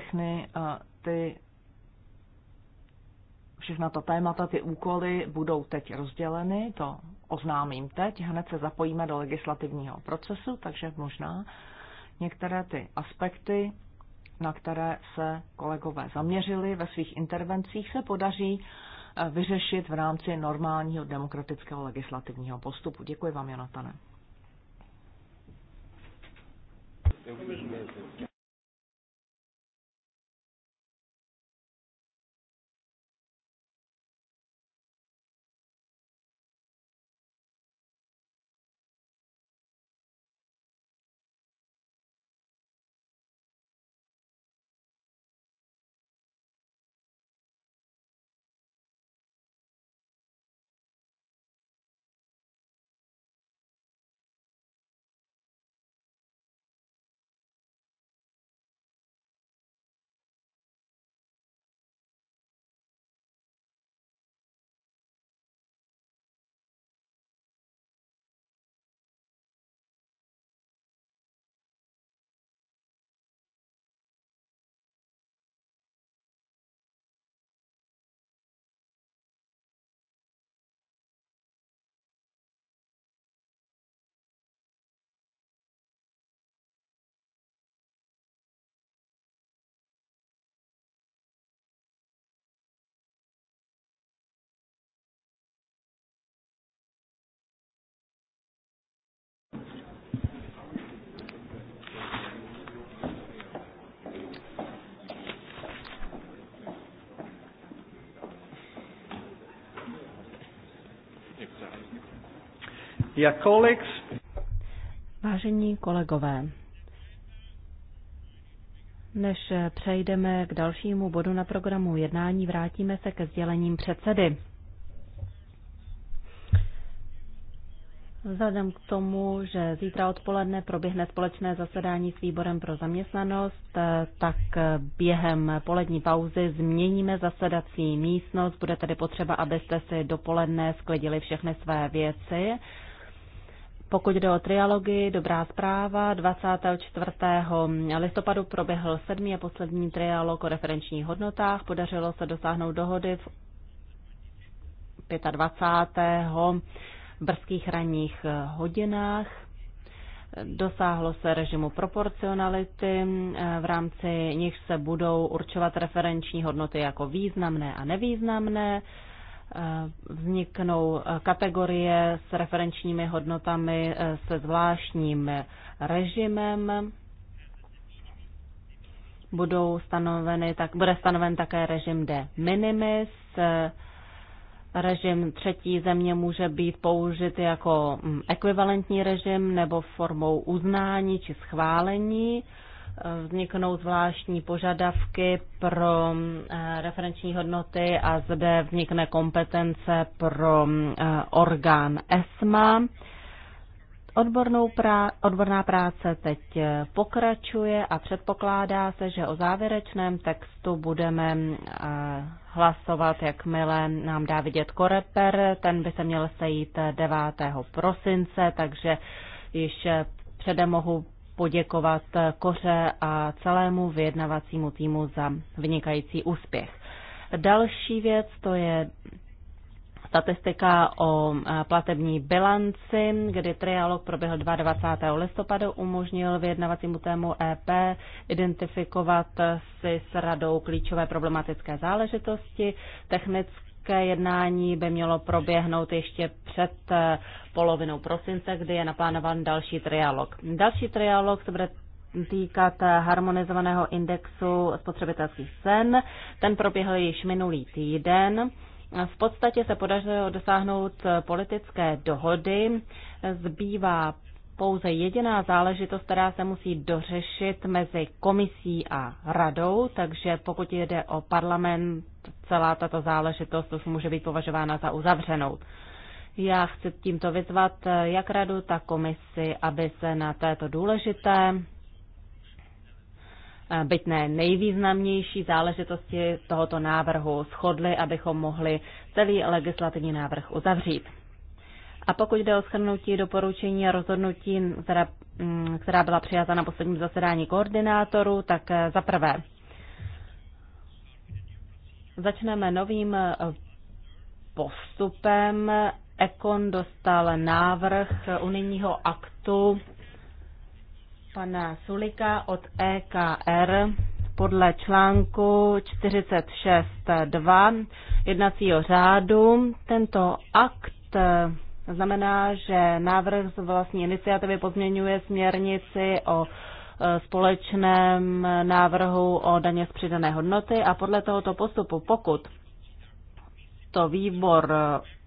všechny ty všechna ta témata, ty úkoly budou teď rozděleny, to oznámím teď, hned se zapojíme do legislativního procesu, takže možná některé ty aspekty, na které se kolegové zaměřili ve svých intervencích, se podaří e, vyřešit v rámci normálního demokratického legislativního postupu. Děkuji vám, Jonatane. colleagues, Vážení kolegové, než přejdeme k dalšímu bodu na programu jednání, vrátíme se ke sdělením předsedy. Vzhledem k tomu, že zítra odpoledne proběhne společné zasedání s výborem pro zaměstnanost, tak během polední pauzy změníme zasedací místnost. Bude tedy potřeba, abyste si dopoledne sklidili všechny své věci pokud jde o trialogy, dobrá zpráva. 24. listopadu proběhl sedmý a poslední trialog o referenčních hodnotách. Podařilo se dosáhnout dohody v 25. brzkých ranních hodinách. Dosáhlo se režimu proporcionality, v rámci nich se budou určovat referenční hodnoty jako významné a nevýznamné. Eh, vzniknou eh, kategorie s referenčními hodnotami eh, se zvláštním režimem. Budou stanoveny, tak, bude stanoven také režim de minimis. Režim třetí země může být použit jako mm, ekvivalentní režim nebo formou uznání či schválení vzniknou zvláštní požadavky pro eh, referenční hodnoty a zde vznikne kompetence pro eh, orgán ESMA. Odbornou prá- odborná práce teď eh, pokračuje a předpokládá se, že o závěrečném textu budeme hlasovat, jakmile nám dá vidět koreper. Ten by se měl sejít 9. prosince, takže již předem mohu poděkovat Koře a celému vyjednavacímu týmu za vynikající úspěch. Další věc to je statistika o eh, platební bilanci, kdy trialog proběhl 22. listopadu, umožnil vyjednavacímu tému EP identifikovat si s radou klíčové problematické záležitosti, technické Politické jednání by mělo proběhnout ještě před eh, polovinou prosince, kdy je naplánován další trialog. Další trialog se bude týkat eh, harmonizovaného indexu spotřebitelských cen. Ten proběhl již minulý týden. V podstatě se podařilo dosáhnout eh, politické dohody. Zbývá pouze jediná záležitost, která se musí dořešit mezi komisí a radou, takže pokud jde o parlament, celá tato záležitost už může být považována za uzavřenou. Já chci tímto vyzvat jak radu, tak komisi, aby se na této důležité, byť ne nejvýznamnější záležitosti tohoto návrhu shodly, abychom mohli celý legislativní návrh uzavřít. A pokud jde o shrnutí doporučení a rozhodnutí, která, mm, která byla přijata na posledním zasedání koordinátorů, tak eh, za prvé Začneme novým eh, postupem. Ekon dostal návrh eh, unijního aktu pana Sulika od EKR podle článku 46.2 jednacího řádu. Tento akt eh, znamená, že návrh z vlastní iniciativy pozměňuje směrnici o Eh, společném návrhu o daně z přidané hodnoty a podle tohoto postupu, pokud to výbor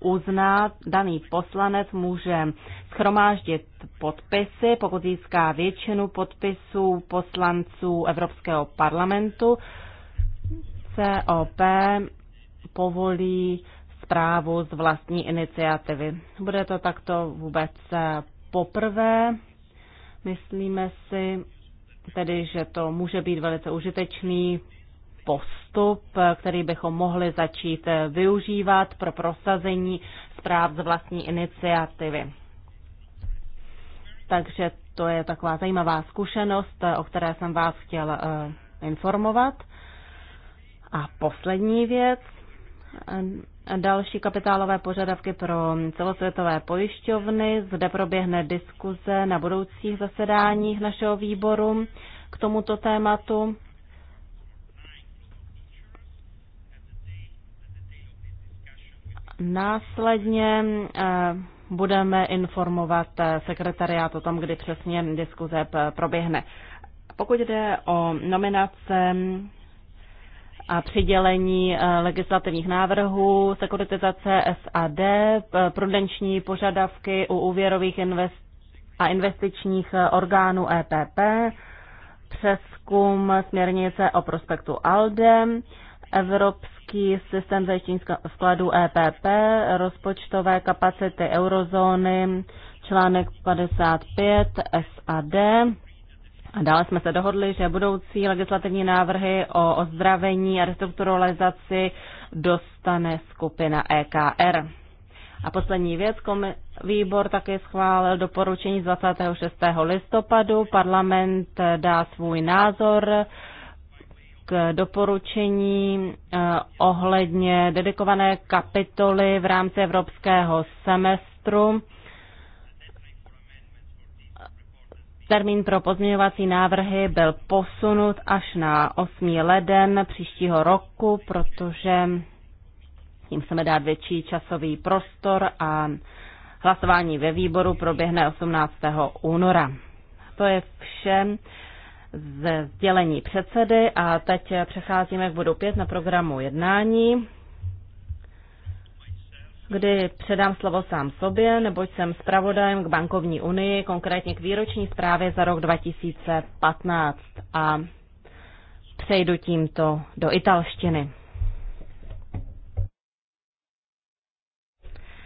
uzná, daný poslanec může schromáždit podpisy, pokud získá většinu podpisů poslanců Evropského parlamentu, COP povolí zprávu z vlastní iniciativy. Bude to takto vůbec poprvé. Myslíme si, tedy, že to může být velice užitečný postup, který bychom mohli začít využívat pro prosazení zpráv z vlastní iniciativy. Takže to je taková zajímavá zkušenost, o které jsem vás chtěl eh, informovat. A poslední věc, další kapitálové požadavky pro celosvětové pojišťovny. Zde proběhne diskuze na budoucích zasedáních našeho výboru k tomuto tématu. Následně eh, budeme informovat eh, sekretariát o tom, kdy přesně diskuze proběhne. Pokud jde o nominace a přidělení eh, legislativních návrhů, sekuritizace SAD, eh, prudenční požadavky u úvěrových invest a investičních eh, orgánů EPP, přeskum směrnice o prospektu ALDE, Evropský systém zajištění vkladů EPP, rozpočtové kapacity eurozóny, článek 55 SAD, a dále jsme se dohodli, že budoucí legislativní návrhy o ozdravení a restrukturalizaci dostane skupina EKR. A poslední věc, výbor také schválil doporučení z 26. listopadu. Parlament eh, dá svůj názor k doporučení eh, ohledně dedikované kapitoly v rámci evropského semestru Termín pro pozměňovací návrhy byl posunut až na 8. leden příštího roku, protože tím chceme dát větší časový prostor a hlasování ve výboru proběhne 18. února. To je vše ze sdělení předsedy a teď přecházíme k bodu 5 na programu jednání kdy předám slovo sám sobě, neboť jsem zpravodajem k bankovní unii, konkrétně k výroční zprávě za rok 2015 a přejdu tímto do italštiny.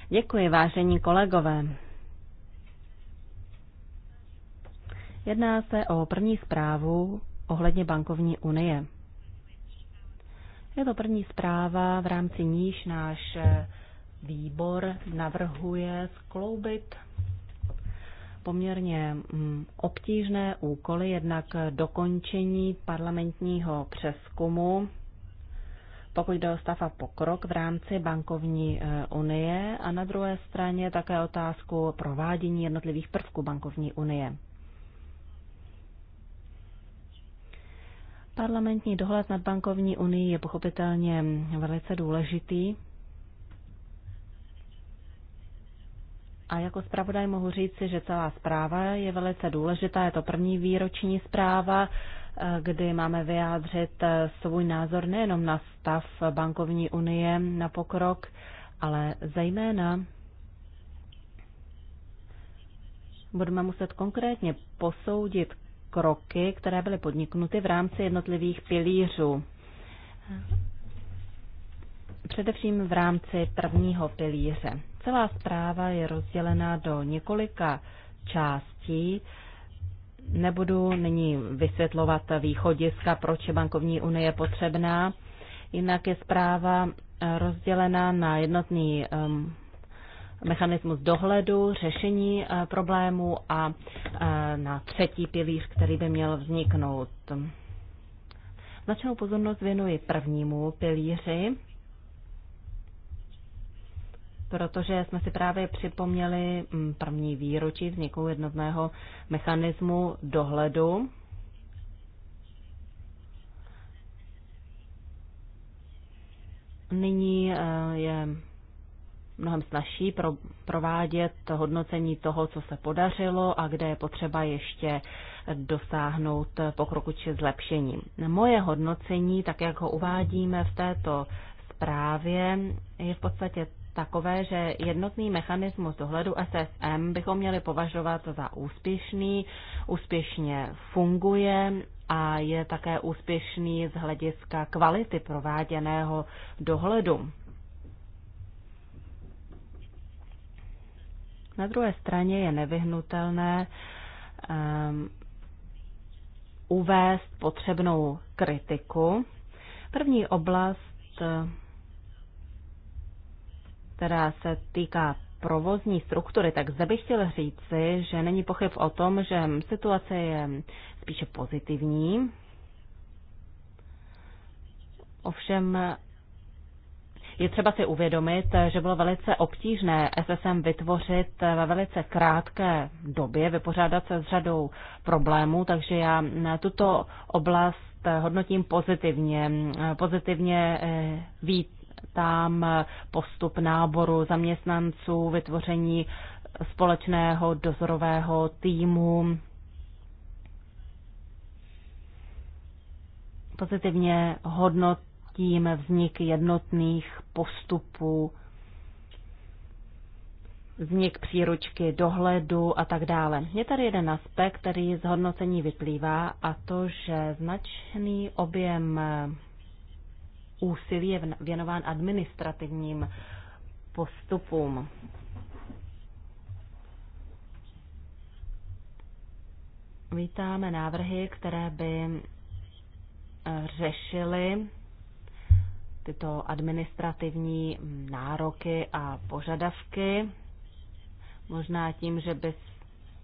Děkuji, vážení kolegové. Jedná se o první zprávu ohledně bankovní unie. Je to první zpráva, v rámci níž náš výbor navrhuje skloubit poměrně mm, obtížné úkoly, jednak dokončení parlamentního přeskumu, pokud jde o stav a pokrok v rámci bankovní e, unie a na druhé straně také otázku provádění jednotlivých prvků bankovní unie. Parlamentní dohled nad bankovní unii je pochopitelně velice důležitý, A jako zpravodaj mohu říci, že celá zpráva je velice důležitá. Je to první výroční zpráva, eh, kdy máme vyjádřit eh, svůj názor nejenom na stav bankovní unie, na pokrok, ale zejména budeme muset konkrétně posoudit kroky, které byly podniknuty v rámci jednotlivých pilířů. Především v rámci prvního pilíře. Celá zpráva je rozdělená do několika částí. Nebudu nyní vysvětlovat východiska, proč je bankovní unie potřebná. Jinak je zpráva eh, rozdělená na jednotný um, mechanismus dohledu, řešení uh, problémů a uh, na třetí pilíř, který by měl vzniknout. Značnou pozornost věnuji prvnímu pilíři, protože jsme si právě připomněli mm, první výročí vzniku jednotného mechanismu dohledu. Nyní eh, je mnohem snažší provádět hodnocení toho, co se podařilo a kde je potřeba ještě dosáhnout pokroku či zlepšení. Moje hodnocení, tak jak ho uvádíme v této zprávě, je v podstatě takové, že jednotný mechanismus dohledu SSM bychom měli považovat za úspěšný, úspěšně funguje a je také úspěšný z hlediska kvality prováděného dohledu. Na druhé straně je nevyhnutelné um, uvést potřebnou kritiku. První oblast která se týká provozní struktury, tak zde bych chtěl říci, že není pochyb o tom, že situace je spíše pozitivní. Ovšem je třeba si uvědomit, že bylo velice obtížné SSM vytvořit ve velice krátké době, vypořádat se s řadou problémů, takže já tuto oblast hodnotím pozitivně. Pozitivně eh, víc tam postup náboru zaměstnanců, vytvoření společného dozorového týmu. Pozitivně hodnotím vznik jednotných postupů, vznik příručky dohledu a tak dále. Je tady jeden aspekt, který z hodnocení vyplývá a to, že značný objem úsilí je věnován administrativním postupům. Vítáme návrhy, které by eh, řešily tyto administrativní nároky a požadavky, možná tím, že by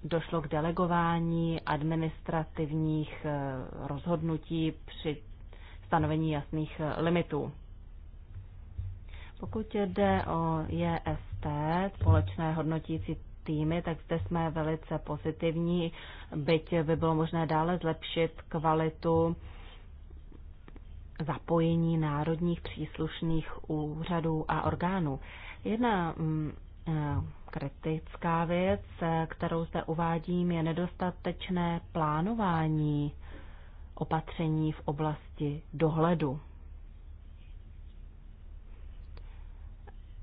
došlo k delegování administrativních eh, rozhodnutí při stanovení jasných eh, limitů. Pokud jde o JST, e společné hodnotící týmy, tak zde jsme velice pozitivní, byť by bylo možné dále zlepšit kvalitu zapojení národních příslušných úřadů a orgánů. Jedna mm, eh, kritická věc, eh, kterou zde uvádím, je nedostatečné plánování opatření v oblasti dohledu.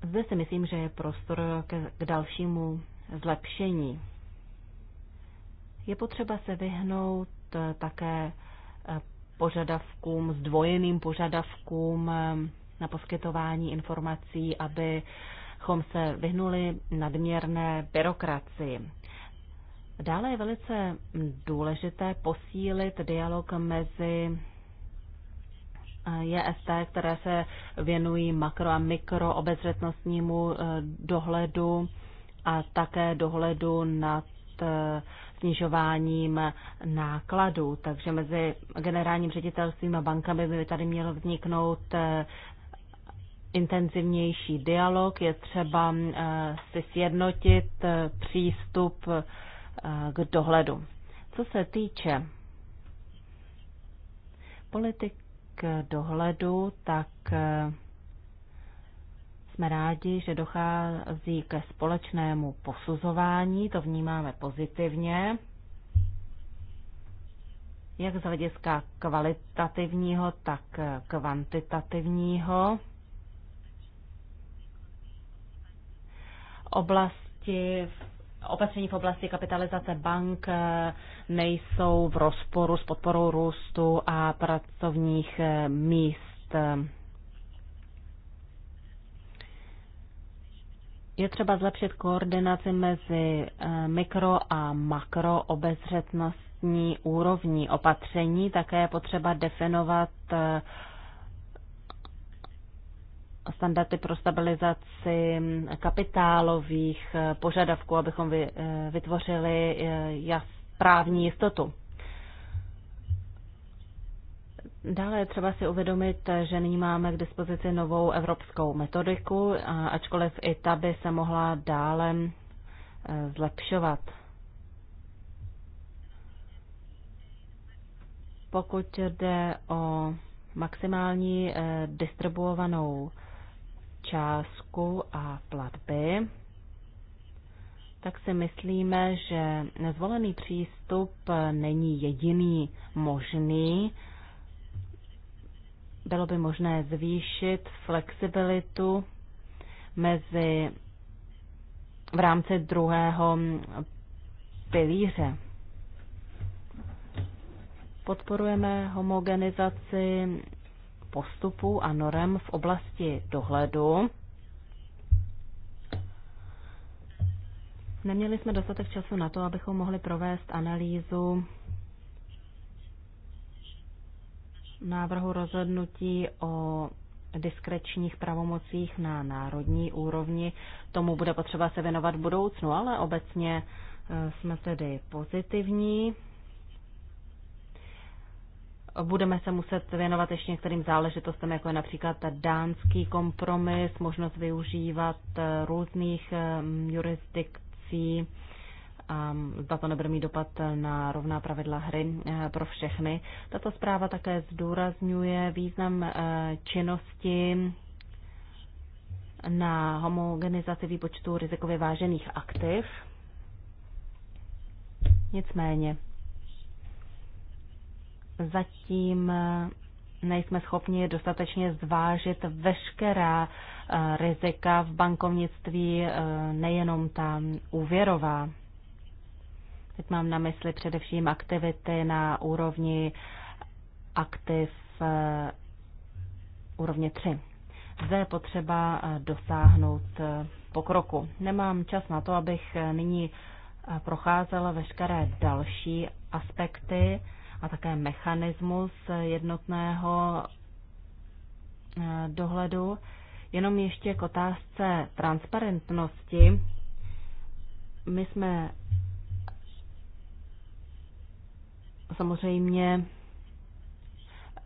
Zde si myslím, že je prostor k dalšímu zlepšení. Je potřeba se vyhnout eh, také eh, požadavkům, zdvojeným požadavkům eh, na poskytování informací, abychom se vyhnuli nadměrné byrokracii. Dále je velice důležité posílit dialog mezi eh, JST, které se věnují makro a mikro obezřetnostnímu eh, dohledu a také dohledu nad eh, snižováním nákladů. Takže mezi generálním ředitelstvím a bankami by tady měl vzniknout intenzivnější dialog. Je třeba si sjednotit přístup k dohledu. Co se týče politik dohledu, tak e, jsme rádi, že dochází ke společnému posuzování, to vnímáme pozitivně, jak z hlediska kvalitativního, tak e, kvantitativního. Oblasti v opatření v oblasti kapitalizace bank eh, nejsou v rozporu s podporou růstu a pracovních eh, míst. Je třeba zlepšit koordinaci mezi eh, mikro a makro obezřetnostní úrovní opatření. Také je potřeba definovat standardy pro stabilizaci kapitálových eh, požadavků, abychom eh, vytvořili eh, právní jistotu. Dále je třeba si uvědomit, že nyní máme k dispozici novou evropskou metodiku, ačkoliv i ta by se mohla dále zlepšovat. Pokud jde o maximální distribuovanou částku a platby, tak si myslíme, že nezvolený přístup není jediný možný. Bylo by možné zvýšit flexibilitu mezi v rámci druhého pilíře. Podporujeme homogenizaci postupů a norem v oblasti dohledu. Neměli jsme dostatek času na to, abychom mohli provést analýzu návrhu rozhodnutí o diskrečních pravomocích na národní úrovni. Tomu bude potřeba se věnovat v budoucnu, ale obecně eh, jsme tedy pozitivní Budeme se muset věnovat ještě některým záležitostem, jako je například dánský kompromis, možnost využívat eh, různých eh, jurisdikcí, ehm, zda to nebude mít dopad na rovná pravidla hry eh, pro všechny. Tato zpráva také zdůrazňuje význam činnosti na homogenizaci výpočtu rizikově vážených aktiv. Nicméně zatím eh, nejsme schopni dostatečně zvážit veškerá eh, rizika v bankovnictví, eh, nejenom ta úvěrová. Teď mám na mysli především aktivity na úrovni aktiv úrovně 3. Zde je potřeba dosáhnout pokroku. Nemám čas na to, abych nyní procházela veškeré další aspekty a také mechanismus jednotného eh, dohledu. Jenom ještě k otázce transparentnosti. My jsme samozřejmě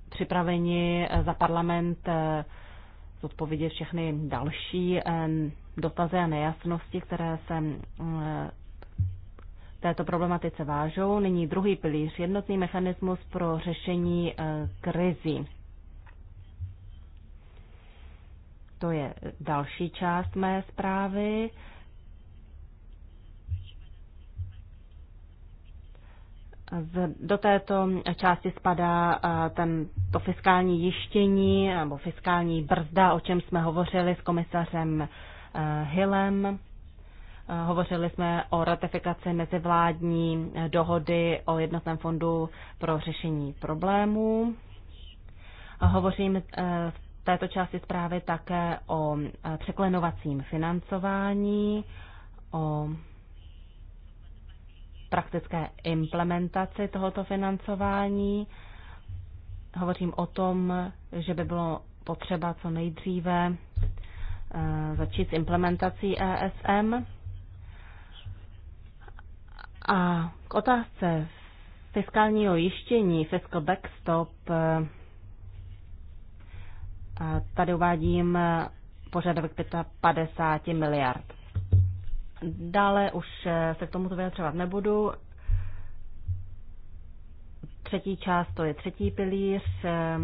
připraveni za parlament eh, zodpovědět všechny další eh, dotazy a nejasnosti, které se této problematice vážou. Nyní druhý pilíř, jednotný mechanismus pro řešení eh, krizi. To je další část mé zprávy. Do této části spadá eh, ten, to fiskální jištění nebo fiskální brzda, o čem jsme hovořili s komisařem eh, Hillem. Hovořili jsme o ratifikaci mezivládní dohody o jednotném fondu pro řešení problémů. Hovořím eh, v této části zprávy také o eh, překlenovacím financování, o praktické implementaci tohoto financování. Hovořím o tom, že by bylo potřeba co nejdříve eh, začít s implementací ESM. A k otázce fiskálního jištění, fiscal backstop, eh, tady uvádím požadavek 50 miliard. Dále už eh, se k tomuto vyjadřovat nebudu. Třetí část to je třetí pilíř, eh,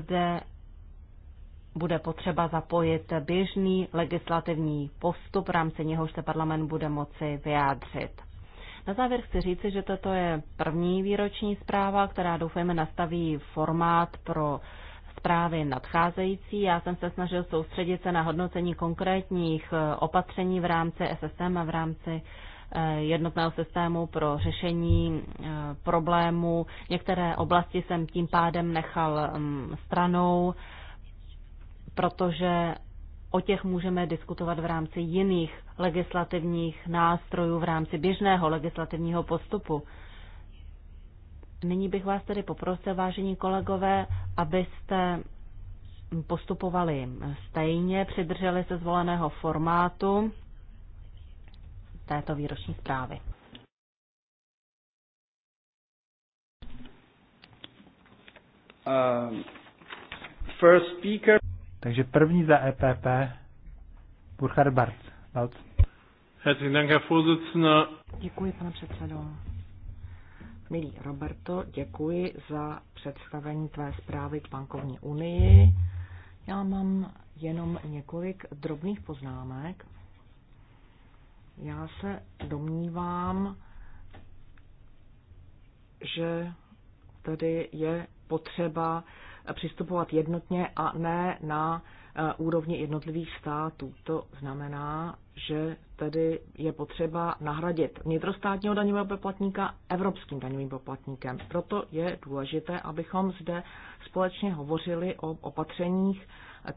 zde bude potřeba zapojit běžný legislativní postup, v rámci něhož se parlament bude moci vyjádřit. Na závěr chci říci, že toto je první výroční zpráva, která doufejme nastaví formát pro zprávy nadcházející. Já jsem se snažil soustředit se na hodnocení konkrétních eh, opatření v rámci SSM a v rámci eh, jednotného systému pro řešení eh, problémů. Některé oblasti jsem tím pádem nechal mm, stranou protože o těch můžeme diskutovat v rámci jiných legislativních nástrojů, v rámci běžného legislativního postupu. Nyní bych vás tedy poprosil, vážení kolegové, abyste postupovali stejně, přidrželi se zvoleného formátu této výroční zprávy. Um, first speaker. Takže první za EPP, Burkhard Bart. Děkuji, pane předsedo. Milý Roberto, děkuji za představení tvé zprávy k bankovní unii. Já mám jenom několik drobných poznámek. Já se domnívám, že tady je potřeba přistupovat jednotně a ne na eh, úrovni jednotlivých států. To znamená, že tedy je potřeba nahradit vnitrostátního daňového poplatníka evropským daňovým poplatníkem. Proto je důležité, abychom zde společně hovořili o opatřeních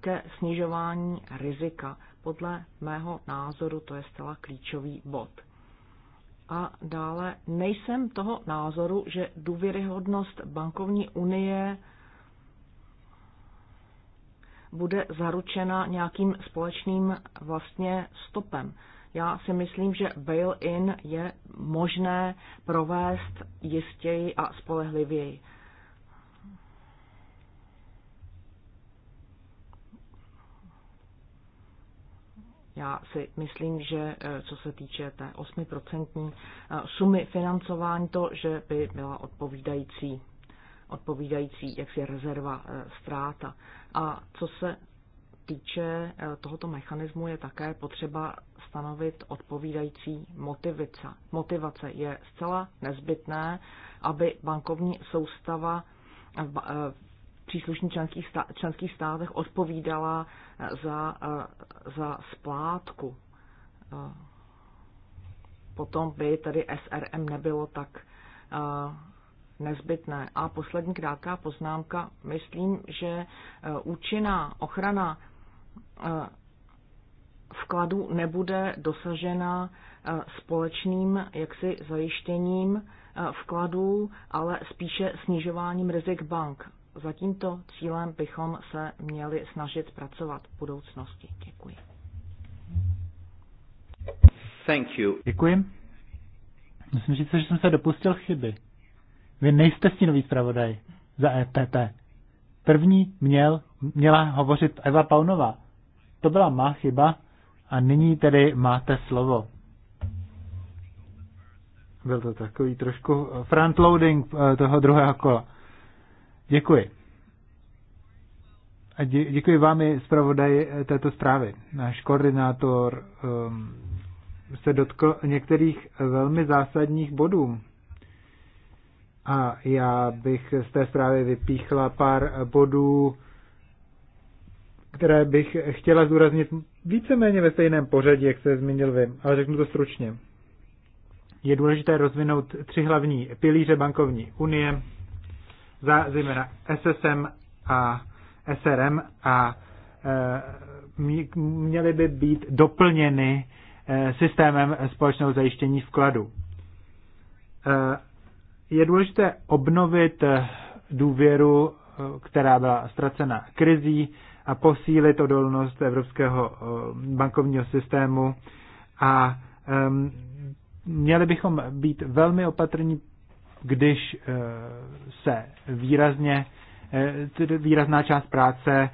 ke snižování rizika. Podle mého názoru to je zcela klíčový bod. A dále nejsem toho názoru, že důvěryhodnost bankovní unie bude zaručena nějakým společným vlastně stopem. Já si myslím, že bail-in je možné provést jistěji a spolehlivěji. Já si myslím, že eh, co se týče té 8% eh, sumy financování, to, že by byla odpovídající odpovídající jaksi rezerva eh, ztráta. A co se týče eh, tohoto mechanismu, je také potřeba stanovit odpovídající motivice. Motivace je zcela nezbytné, aby bankovní soustava v eh, příslušných členských, stá, členských státech odpovídala za, za splátku. Potom by tedy SRM nebylo tak nezbytné. A poslední krátká poznámka. Myslím, že e, účinná ochrana e, vkladu nebude dosažena e, společným jaksi zajištěním vkladů, ale spíše snižováním rizik bank. Za tímto cílem bychom se měli snažit pracovat v budoucnosti. Děkuji. Thank you. Děkuji. Musím říct, že jsem se dopustil chyby. Vy nejste stínový zpravodaj za EPP. První měl, měla hovořit Eva Paunová. To byla má chyba a nyní tedy máte slovo. Byl to takový trošku eh, frontloading eh, toho druhého kola. Děkuji. A děkuji vám i zpravodaji eh, této zprávy. Náš koordinátor um, se dotkl některých velmi zásadních bodů a já bych z té zprávy vypíchla pár bodů, které bych chtěla zdůraznit víceméně ve stejném pořadí, jak se zmínil vy, ale řeknu to stručně. Je důležité rozvinout tři hlavní pilíře bankovní unie, za, zejména SSM a SRM a e, měly by být doplněny e, systémem společného zajištění vkladu. E, je důležité obnovit eh, důvěru, eh, která byla ztracena krizí a posílit odolnost evropského eh, bankovního systému a ehm, měli bychom být velmi opatrní, když se výrazně, výrazná část práce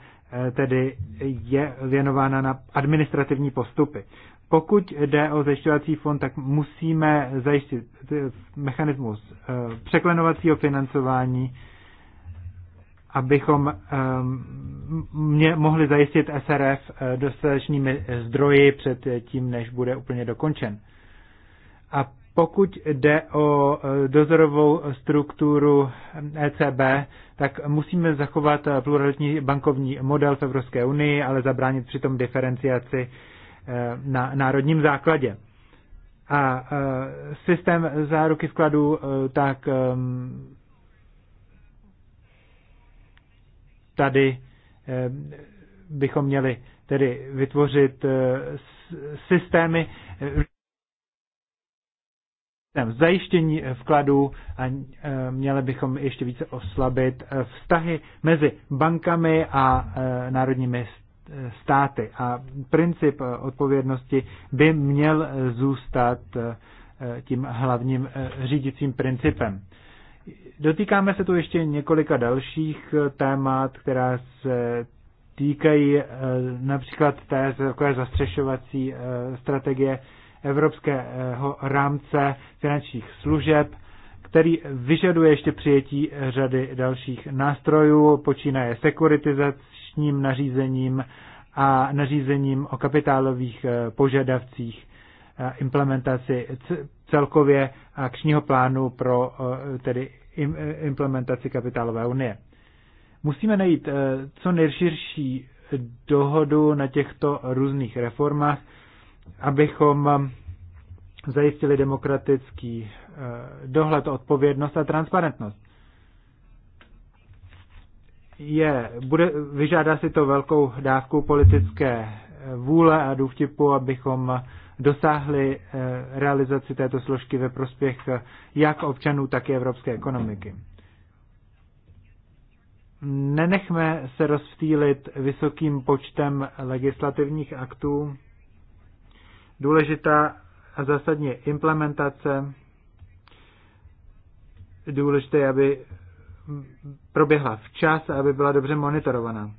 tedy je věnována na administrativní postupy. Pokud jde o zajišťovací fond, tak musíme zajistit mechanismus eh, překlenovacího financování, abychom eh, mě mohli zajistit SRF eh, dostatečnými zdroji před tím, než bude úplně dokončen. A pokud jde o dozorovou strukturu ECB, tak musíme zachovat pluralitní bankovní model v Evropské unii, ale zabránit přitom diferenciaci Eh, na národním základě. A eh, systém záruky vkladů eh, tak ehm, tady bychom měli tedy vytvořit systémy zajištění vkladů a měli bychom ještě více oslabit vztahy mezi bankami a národními státy. A princip odpovědnosti by měl zůstat eh, tím hlavním eh, řídicím principem. Dotýkáme se tu ještě několika dalších eh, témat, která se týkají například té takové zastřešovací strategie evropského rámce finančních služeb, který vyžaduje ještě přijetí řady dalších nástrojů, počínaje sekuritizací, finančním nařízením a nařízením o kapitálových eh, požadavcích eh, implementaci celkově eh, akčního plánu pro tedy implementaci kapitálové unie. Musíme najít co nejširší dohodu na těchto různých reformách, abychom zajistili demokratický dohled, odpovědnost a transparentnost je, bude, vyžádá si to velkou dávku politické vůle a důvtipu, abychom dosáhli eh, realizaci této složky ve prospěch eh, jak občanů, tak i evropské ekonomiky. Nenechme se rozptýlit vysokým počtem legislativních aktů. Důležitá a zásadně implementace. Důležité, aby proběhla včas a aby byla dobře monitorovaná.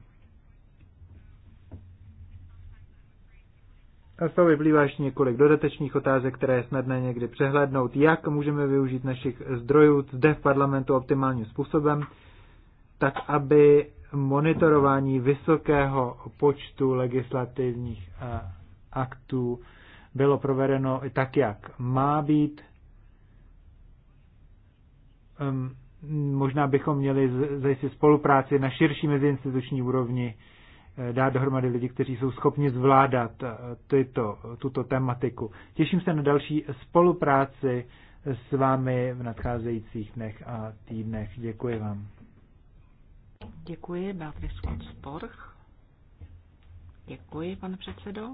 A z toho vyplývá ještě několik dodatečných otázek, které je snadné někdy přehlédnout, jak můžeme využít našich zdrojů zde v parlamentu optimálním způsobem, tak aby monitorování vysokého počtu legislativních eh, aktů bylo provedeno tak, jak má být. Ehm, možná bychom měli zajistit spolupráci na širší meziinstituční úrovni, eh, dát dohromady lidi, kteří jsou schopni zvládat eh, tyto, tuto tematiku. Těším se na další spolupráci s vámi v nadcházejících dnech a týdnech. Děkuji vám. Děkuji, Beatrice Sporch. Děkuji, pane předsedo.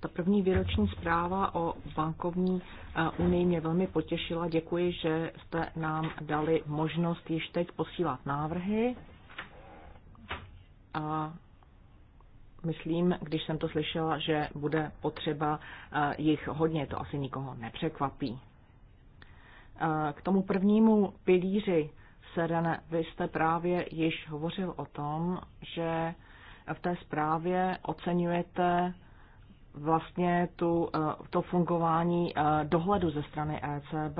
Ta první výroční zpráva o bankovní eh, unii mě velmi potěšila. Děkuji, že jste nám dali možnost již teď posílat návrhy. A myslím, když jsem to slyšela, že bude potřeba eh, jich hodně, to asi nikoho nepřekvapí. Eh, k tomu prvnímu pilíři, Serene, vy jste právě již hovořil o tom, že v té zprávě oceňujete vlastně tu, eh, to fungování eh, dohledu ze strany ECB.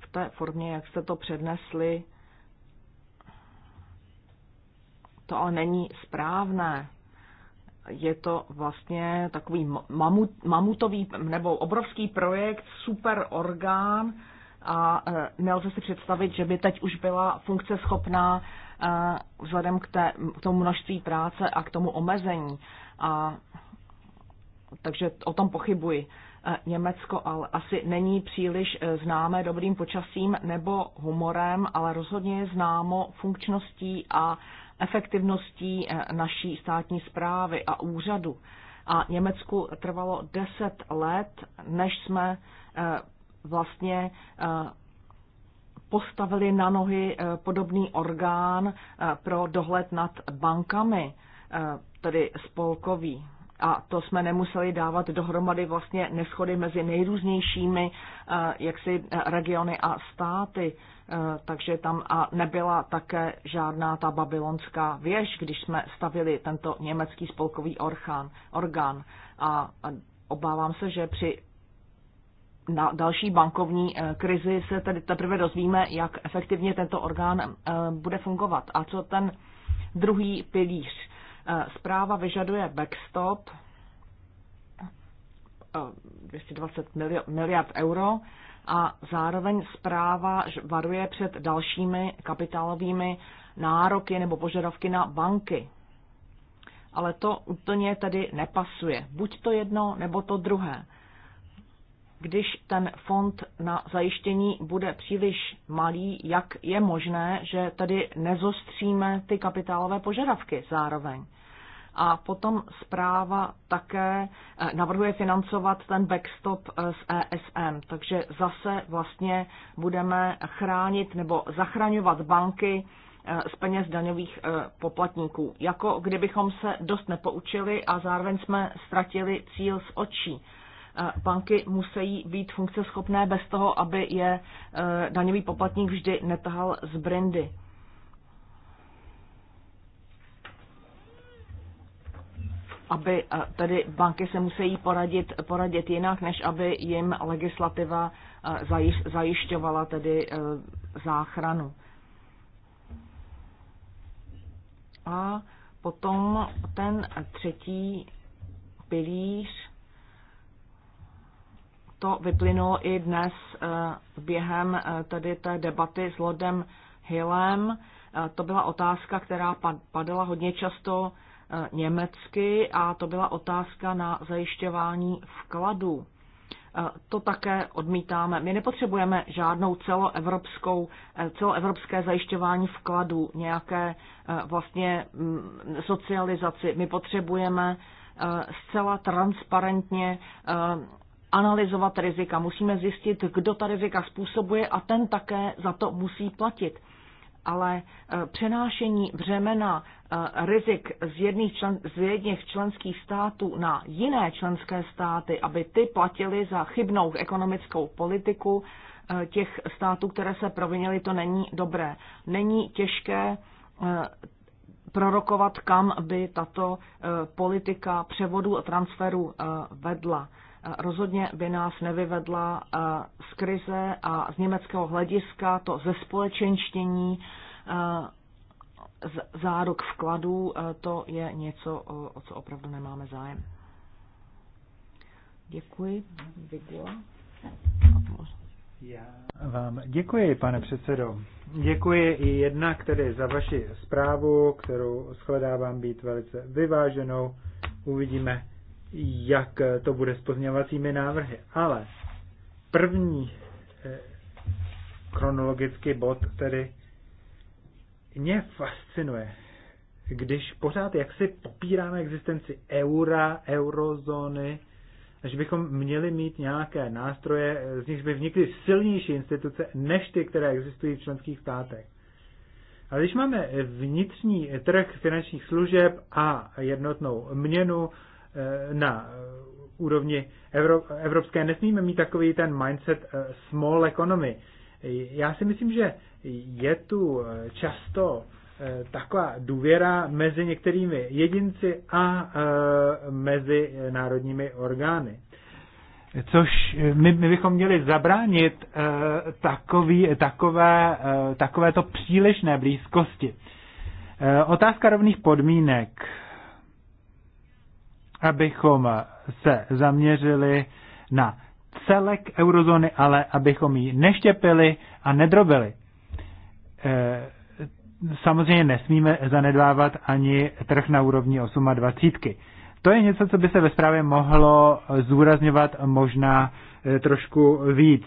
V té formě, jak jste to přednesli, to ale není správné. Je to vlastně takový mamut, mamutový nebo obrovský projekt, super orgán a eh, nelze si představit, že by teď už byla funkce schopná vzhledem k, té, k tomu množství práce a k tomu omezení a takže o tom pochybuji. Eh, Německo ale asi není příliš eh, známé dobrým počasím nebo humorem, ale rozhodně je známo funkčností a efektivností eh, naší státní zprávy a úřadu. A Německu trvalo deset let, než jsme vlastně postavili na nohy podobný orgán pro dohled nad bankami Eh, tedy spolkový. A to jsme nemuseli dávat dohromady vlastně neschody mezi nejrůznějšími eh, jaksi eh, regiony a státy, takže tam a nebyla také žádná ta babylonská věž, když jsme stavili tento německý spolkový orchán, orgán. A obávám se, že při na další bankovní krizi se tedy teprve dozvíme, jak efektivně tento orgán bude fungovat. A co ten druhý pilíř? Eh, zpráva vyžaduje backstop eh, 220 miliard, euro a zároveň zpráva varuje před dalšími kapitálovými nároky nebo požadavky na banky. Ale to úplně tedy nepasuje. Buď to jedno, nebo to druhé když ten fond na zajištění bude příliš malý, jak je možné, že tady nezostříme ty kapitálové požadavky zároveň. A potom zpráva také eh, navrhuje financovat ten backstop z eh, ESM, takže zase vlastně budeme chránit nebo zachraňovat banky eh, z peněz daňových poplatníků. Jako kdybychom se dost nepoučili a zároveň jsme ztratili cíl z očí banky musí být funkceschopné bez toho, aby je e, daňový poplatník vždy netahal z brandy. aby e, tedy banky se musí poradit, poradit jinak, než aby jim legislativa e, zajišťovala tedy záchranu. A potom ten třetí pilíř to vyplynulo i dnes eh, během eh, tady té debaty s Lordem Hillem. Eh, to byla otázka, která padala hodně často německy a to byla otázka na zajišťování vkladů. To také odmítáme. My nepotřebujeme žádnou celoevropskou, celoevropské zajišťování vkladů, nějaké vlastně mm, socializaci. My potřebujeme zcela transparentně analyzovat rizika, musíme zjistit, kdo ta rizika způsobuje a ten také za to musí platit. Ale e, přenášení břemena e, rizik z, jedných člen, z jedných členských států na jiné členské státy, aby ty platili za chybnou ekonomickou politiku e, těch států, které se provinily, to není dobré. Není těžké prorokovat, kam by tato politika převodu a transferu vedla. Rozhodně by nás nevyvedla eh, z krize a z německého hlediska to ze společenštění eh, zárok vkladů, eh, to je něco, o co opravdu nemáme zájem. Děkuji. Já vám děkuji, pane předsedo. Děkuji i jednak tedy za vaši zprávu, kterou shledávám být velice vyváženou. Uvidíme, jak to bude s pozměňovacími návrhy. Ale první chronologický eh, bod tedy mě fascinuje, když pořád jaksi popíráme existenci eura, eurozóny, že bychom měli mít nějaké nástroje, z nichž by vznikly silnější instituce než ty, které existují v členských státech. Ale když máme vnitřní trh finančních služeb a jednotnou měnu, Eh, na eh, úrovni evropské nesmíme mít takový ten mindset eh, small economy. Já si myslím, že je tu často taková důvěra mezi některými jedinci a mezi národními orgány. Což my, my bychom měli zabránit takový, takové, takovéto přílišné blízkosti. Otázka rovných podmínek abychom se zaměřili na celek eurozóny, ale abychom ji neštěpili a nedrobili. Eh, samozřejmě nesmíme zanedbávat ani trh na úrovni 28. To je něco, co by se ve zprávě mohlo zúrazňovat možná eh, trošku víc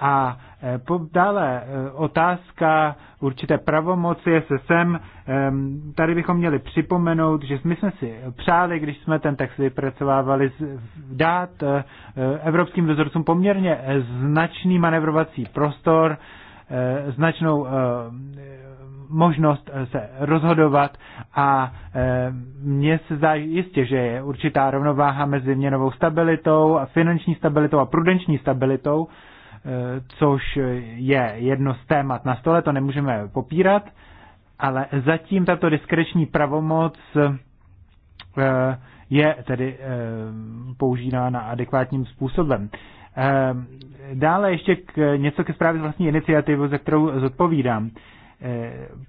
a eh, dále eh, otázka určité pravomoci SSM. Tady bychom měli připomenout, že my jsme si přáli, když jsme ten text vypracovávali, dát eh, evropským dozorcům poměrně značný manevrovací prostor, značnou možnost se rozhodovat a mně se zdá jistě, že je určitá rovnováha mezi měnovou stabilitou a finanční stabilitou a prudenční stabilitou, Eh, což je jedno z témat na stole, to nemůžeme popírat, ale zatím tato diskreční pravomoc eh, je tedy eh, používána adekvátním způsobem. Dále ještě k, něco ke zprávě z vlastní iniciativy, ze kterou zodpovídám.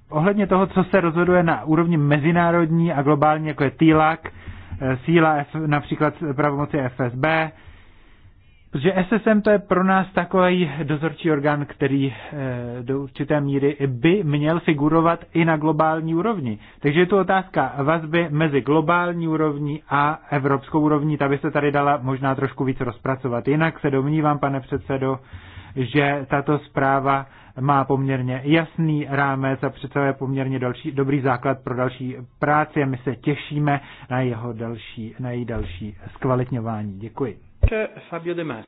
Ohledně toho, co se rozhoduje na úrovni mezinárodní a globální, jako je TILAC, síla F, například pravomoci FSB, Protože SSM to je pro nás takový dozorčí orgán, který eh, do určité míry by měl figurovat i na globální úrovni. Takže je tu otázka vazby mezi globální úrovní a evropskou úrovní. Ta by se tady dala možná trošku víc rozpracovat. Jinak se domnívám, pane předsedo, že tato zpráva má poměrně jasný rámec a představuje poměrně další, dobrý základ pro další práci a my se těšíme na, jeho další, na její další zkvalitňování. Děkuji. Fabio De Mas.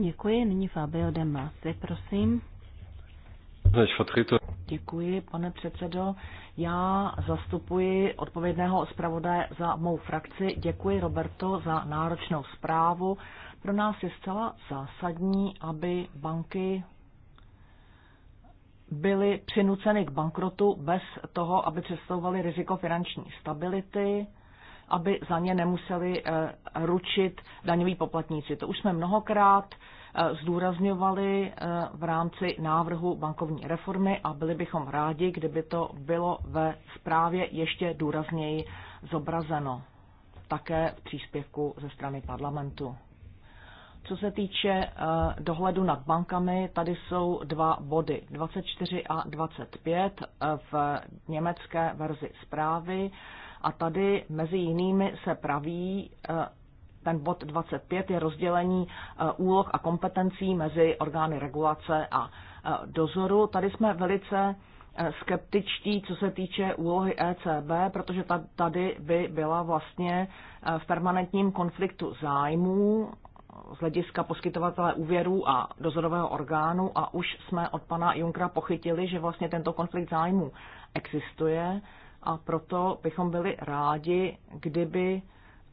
Děkuji, nyní Fabio De Masi, prosím. Děkuji, pane předsedo. Já zastupuji odpovědného zpravodaje za mou frakci. Děkuji, Roberto, za náročnou zprávu. Pro nás je zcela zásadní, aby banky byly přinuceny k bankrotu bez toho, aby představovaly riziko finanční stability aby za ně nemuseli eh, ručit daňoví poplatníci. To už jsme mnohokrát eh, zdůrazňovali eh, v rámci návrhu bankovní reformy a byli bychom rádi, kdyby to bylo ve zprávě ještě důrazněji zobrazeno, také v příspěvku ze strany parlamentu. Co se týče dohledu nad bankami, tady jsou dva body, 24 a 25 v německé verzi zprávy. A tady mezi jinými se praví, eh, ten bod 25 je rozdělení eh, úloh a kompetencí mezi orgány regulace a eh, dozoru. Tady jsme velice skeptičtí, co se týče úlohy ECB, protože tady by byla vlastně v permanentním konfliktu zájmů z hlediska poskytovatele úvěru a dozorového orgánu a už jsme od pana Junkra pochytili, že vlastně tento konflikt zájmů existuje a proto bychom byli rádi, kdyby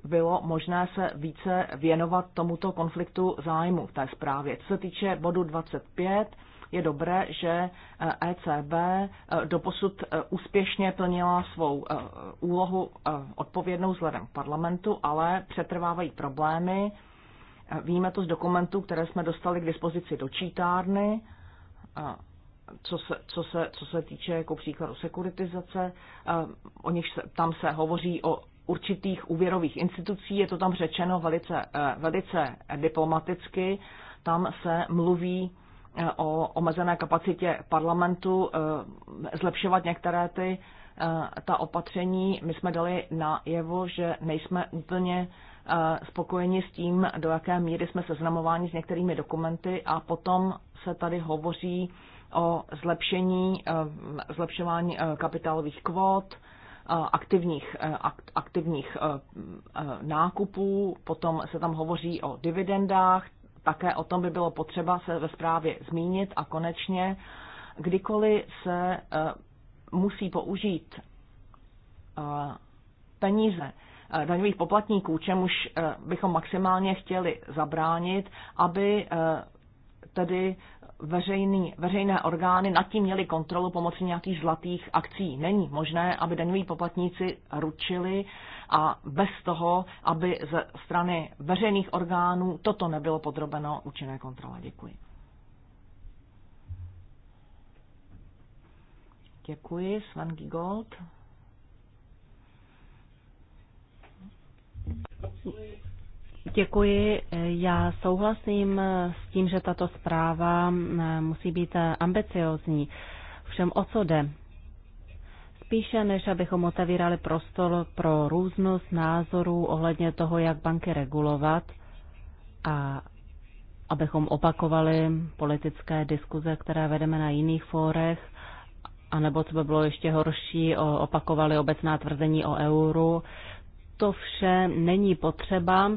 bylo možné se více věnovat tomuto konfliktu zájmu v té zprávě. Co se týče bodu 25, je dobré, že ECB eh, e eh, doposud eh, úspěšně plnila svou úlohu odpovědnou vzhledem k parlamentu, ale přetrvávají problémy. Víme to z dokumentů, které jsme dostali k dispozici do čítárny co se, co se, co se týče jako příkladu sekuritizace, o nich se, tam se hovoří o určitých úvěrových institucí, je to tam řečeno velice, eh, velice diplomaticky, tam se mluví eh, o omezené kapacitě parlamentu eh, zlepšovat některé ty ta opatření. My jsme dali najevo, že nejsme úplně spokojeni s tím, do jaké míry jsme seznamováni s některými dokumenty a potom se tady hovoří o zlepšení, eh, zlepšování eh, kapitálových kvót, eh, aktivních, aktivních nákupů, potom se tam hovoří o dividendách, také o tom by bylo potřeba se ve zprávě zmínit a konečně, kdykoliv se musí použít peníze daňových poplatníků, čemuž bychom maximálně chtěli zabránit, aby tedy veřejný, veřejné orgány nad tím měly kontrolu pomocí nějakých zlatých akcí. Není možné, aby daňoví poplatníci ručili a bez toho, aby ze strany veřejných orgánů toto nebylo podrobeno účinné kontrole. Děkuji. Děkuji, Sven Gigold. Děkuji. Děkuji. Já souhlasím s tím, že tato zpráva eh, musí být eh, ambiciozní. Všem o co jde? Spíše než abychom otevírali prostor pro různost názorů ohledně toho, jak banky regulovat a abychom opakovali politické diskuze, které vedeme na jiných fórech, anebo co by bylo ještě horší, opakovali obecná tvrzení o euru. To vše není potřeba,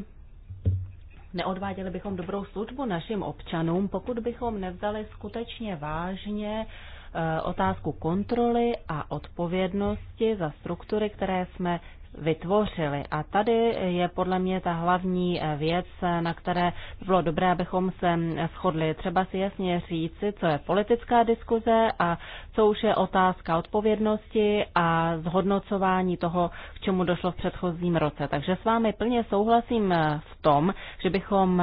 neodváděli bychom dobrou službu našim občanům, pokud bychom nevzali skutečně vážně Eh, otázku kontroly a odpovědnosti za struktury, které jsme vytvořili. A tady je podle mě ta hlavní eh, věc, eh, na které bylo dobré, abychom se hm, shodli. Třeba si jasně říci, co je politická diskuze a co už je otázka odpovědnosti a zhodnocování toho, k čemu došlo v předchozím roce. Takže s vámi plně souhlasím v tom, že bychom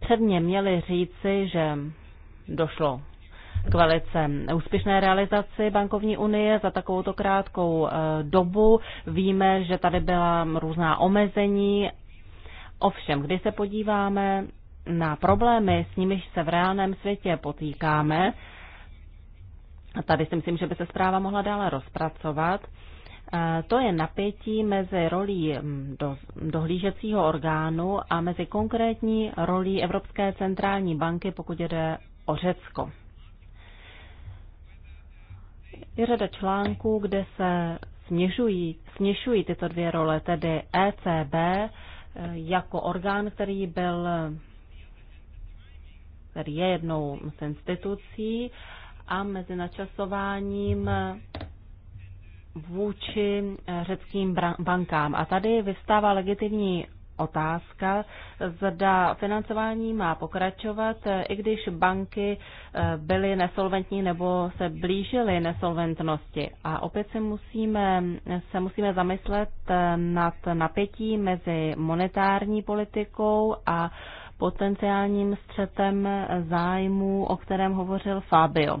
předně měli říci, že došlo k velice úspěšné realizaci bankovní unie za takovouto krátkou eh, dobu. Víme, že tady byla různá omezení. Ovšem, když se podíváme na problémy, s nimiž se v reálném světě potýkáme, a tady si myslím, že by se zpráva mohla dále rozpracovat, eh, to je napětí mezi rolí mm, do, dohlížecího orgánu a mezi konkrétní rolí Evropské centrální banky, pokud jde o Řecko je řada článků, kde se směšují, směšují tyto dvě role, tedy ECB eh, jako orgán, který byl který je jednou z institucí a mezi načasováním vůči eh, řeckým bankám. A tady vystává legitimní otázka, zda financování má pokračovat, i když banky eh, byly nesolventní nebo se blížily nesolventnosti. A opět se musíme, se musíme zamyslet eh, nad napětí mezi monetární politikou a potenciálním střetem zájmů, o kterém hovořil Fabio.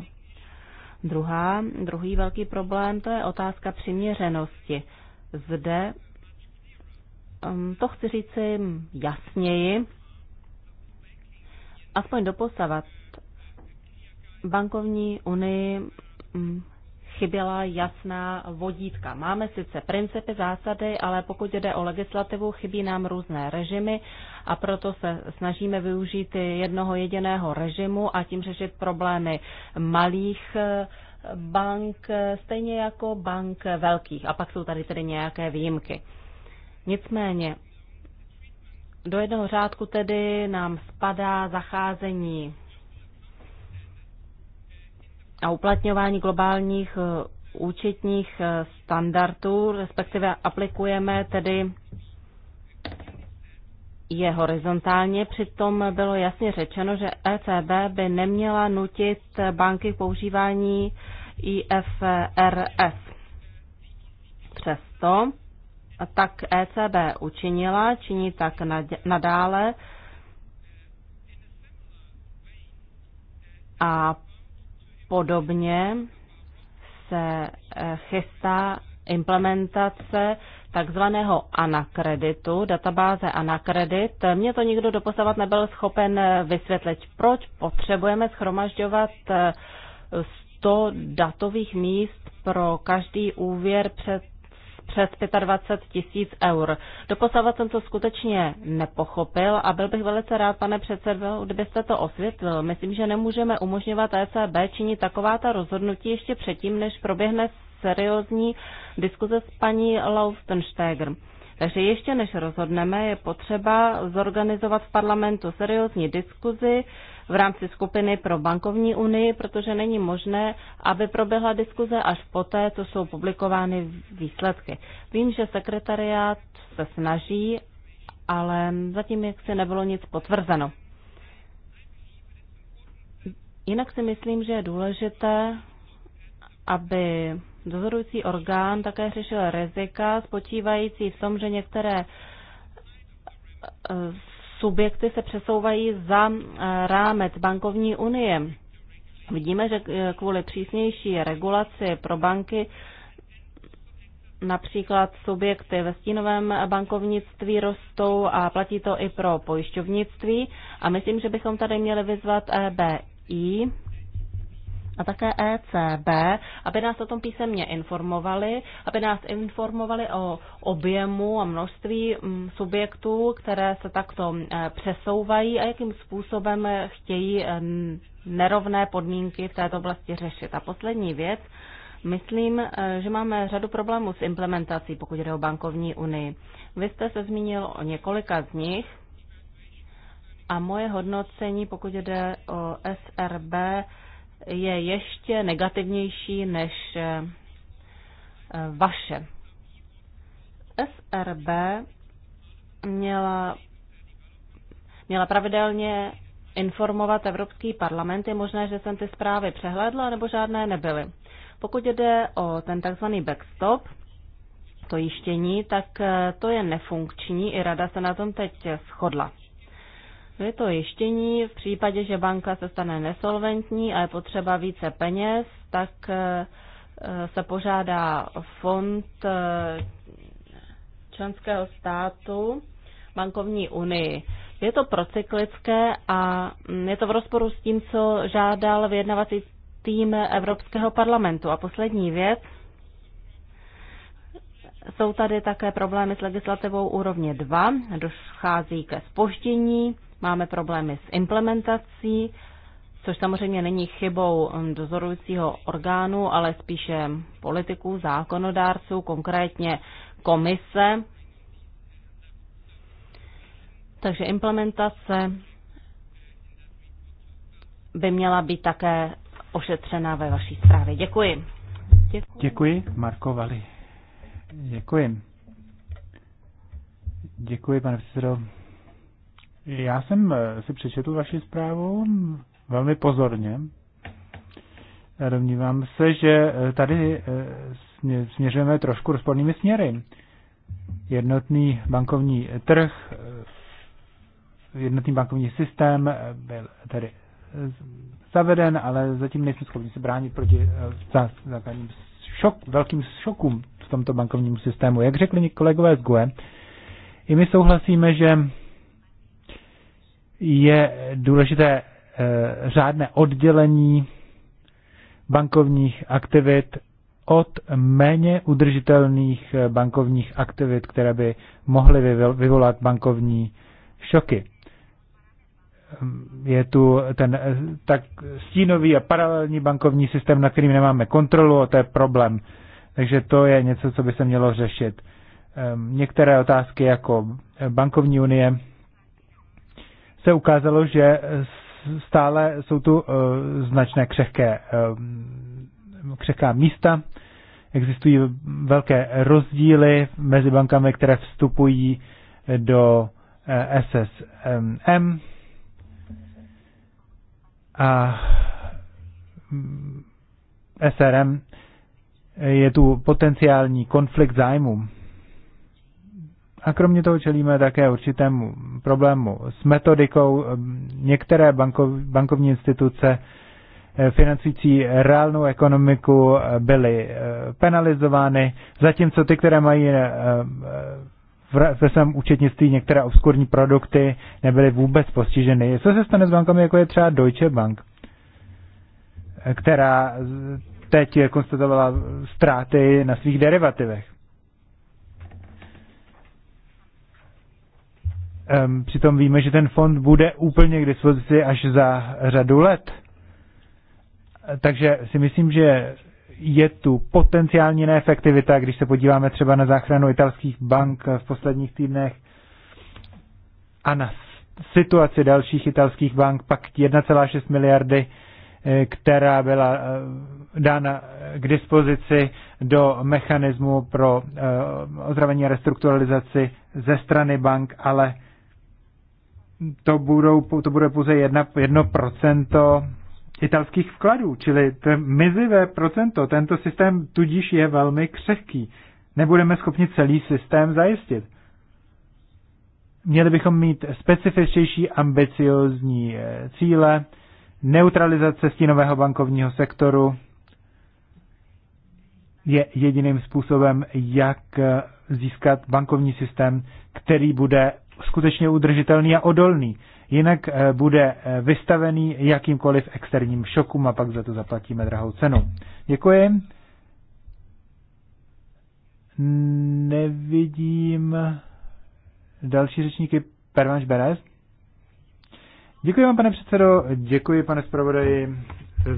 Druhá, druhý velký problém to je otázka přiměřenosti. Zde Ehm, to chci říci jasněji. Aspoň doposavat bankovní unii ehm, chyběla jasná vodítka. Máme sice principy, zásady, ale pokud jde o legislativu, chybí nám různé režimy a proto se snažíme využít jednoho jediného režimu a tím řešit problémy malých ehm, bank, stejně jako bank velkých. A pak jsou tady tedy nějaké výjimky. Nicméně do jednoho řádku tedy nám spadá zacházení a uplatňování globálních eh, účetních eh, standardů, respektive aplikujeme tedy je horizontálně, přitom bylo jasně řečeno, že ECB by neměla nutit banky k používání IFRS. Přesto tak ECB učinila, činí tak nadále. A podobně se eh, chystá implementace takzvaného anakreditu, databáze anakredit. Mně to nikdo doposavat nebyl schopen eh, vysvětlit, proč potřebujeme schromažďovat 100 eh, datových míst pro každý úvěr před přes 25 tisíc eur. Doposavat jsem to skutečně nepochopil a byl bych velice rád, pane předsedo, kdybyste to osvětlil. Myslím, že nemůžeme umožňovat ECB činit taková ta rozhodnutí ještě předtím, než proběhne seriózní diskuze s paní Laustensteiger. Takže ještě než rozhodneme, je potřeba zorganizovat v parlamentu seriózní diskuzi, v rámci skupiny pro bankovní unii, protože není možné, aby proběhla diskuze až poté, co jsou publikovány výsledky. Vím, že sekretariát se snaží, ale zatím jaksi nebylo nic potvrzeno. Jinak si myslím, že je důležité, aby dozorující orgán také řešil rizika spočívající v tom, že některé eh, subjekty se přesouvají za eh, rámec bankovní unie. Vidíme, že eh, kvůli přísnější regulaci pro banky například subjekty ve stínovém bankovnictví rostou a platí to i pro pojišťovnictví. A myslím, že bychom tady měli vyzvat EBI, a také ECB, aby nás o tom písemně informovali, aby nás informovali o objemu a množství mm, subjektů, které se takto mm, přesouvají a jakým způsobem chtějí mm, nerovné podmínky v této oblasti řešit. A poslední věc, Myslím, e, že máme řadu problémů s implementací, pokud jde o bankovní unii. Vy jste se zmínil o několika z nich a moje hodnocení, pokud jde o SRB, je ještě negativnější než eh, eh, vaše. SRB měla, měla pravidelně informovat Evropský parlament. Je možné, že jsem ty zprávy přehlédla, nebo žádné nebyly. Pokud jde o ten takzvaný backstop, to jištění, tak eh, to je nefunkční. I rada se na tom teď shodla. Je to jištění v případě, že banka se stane nesolventní a je potřeba více peněz, tak eh, eh, se požádá fond eh, členského státu bankovní unii. Je to procyklické a mm, je to v rozporu s tím, co žádal vyjednavací tým Evropského parlamentu. A poslední věc. Jsou tady také problémy s legislativou úrovně 2. Dochází ke spoždění máme problémy s implementací, což samozřejmě není chybou mm, dozorujícího orgánu, ale spíše politiků, zákonodárců, konkrétně komise. Takže implementace by měla být také ošetřena ve vaší zprávě. Děkuji. Děkuji. Děkuji, Marko Vali. Děkuji. Děkuji, pane předsedo. Já jsem eh, si přečetl vaši zprávu velmi pozorně. Domnívám se, že eh, tady eh, směřujeme trošku rozpornými směry. Jednotný bankovní trh, jednotný bankovní systém byl tedy zaveden, ale zatím nejsme schopni se bránit proti základním šok, velkým šokům v tomto bankovním systému. Jak řekli kolegové z GUE, i my souhlasíme, že je důležité eh, řádné oddělení bankovních aktivit od méně udržitelných eh, bankovních aktivit, které by mohly vyvolat bankovní šoky. Eh, je tu ten tak stínový a paralelní bankovní systém, na kterým nemáme kontrolu, a to je problém. Takže to je něco, co by se mělo řešit. Ehm, některé otázky jako bankovní unie se ukázalo, že stále jsou tu eh, značné křehké, eh, křehká místa, existují velké rozdíly mezi bankami, které vstupují do eh, SSM a SRM mm, je tu potenciální konflikt zájmů. A kromě toho čelíme také určitému problému s metodikou. Některé bankov, bankovní instituce eh, financující reálnou ekonomiku eh, byly eh, penalizovány, zatímco ty, které mají ve svém účetnictví některé obskurní produkty, nebyly vůbec postiženy. Co se stane s bankami, jako je třeba Deutsche Bank, která teď konstatovala ztráty na svých derivativech? Přitom víme, že ten fond bude úplně k dispozici až za řadu let. Takže si myslím, že je tu potenciální neefektivita, když se podíváme třeba na záchranu italských bank v posledních týdnech a na situaci dalších italských bank, pak 1,6 miliardy, eh, která byla eh, dána k dispozici do mechanismu pro eh, ozdravení a restrukturalizaci ze strany bank, ale to, budou, to bude pouze jedno procento italských vkladů, čili to je mizivé procento. Tento systém tudíž je velmi křehký. Nebudeme schopni celý systém zajistit. Měli bychom mít specifičtější ambiciozní eh, cíle, neutralizace stínového bankovního sektoru je jediným způsobem, jak eh, získat bankovní systém, který bude skutečně udržitelný a odolný. Jinak eh, bude eh, vystavený jakýmkoliv externím šokům a pak za to zaplatíme drahou cenu. Děkuji. Nevidím další řečníky. Pervanš Beres? Děkuji vám, pane předsedo, děkuji, pane zpravodaji,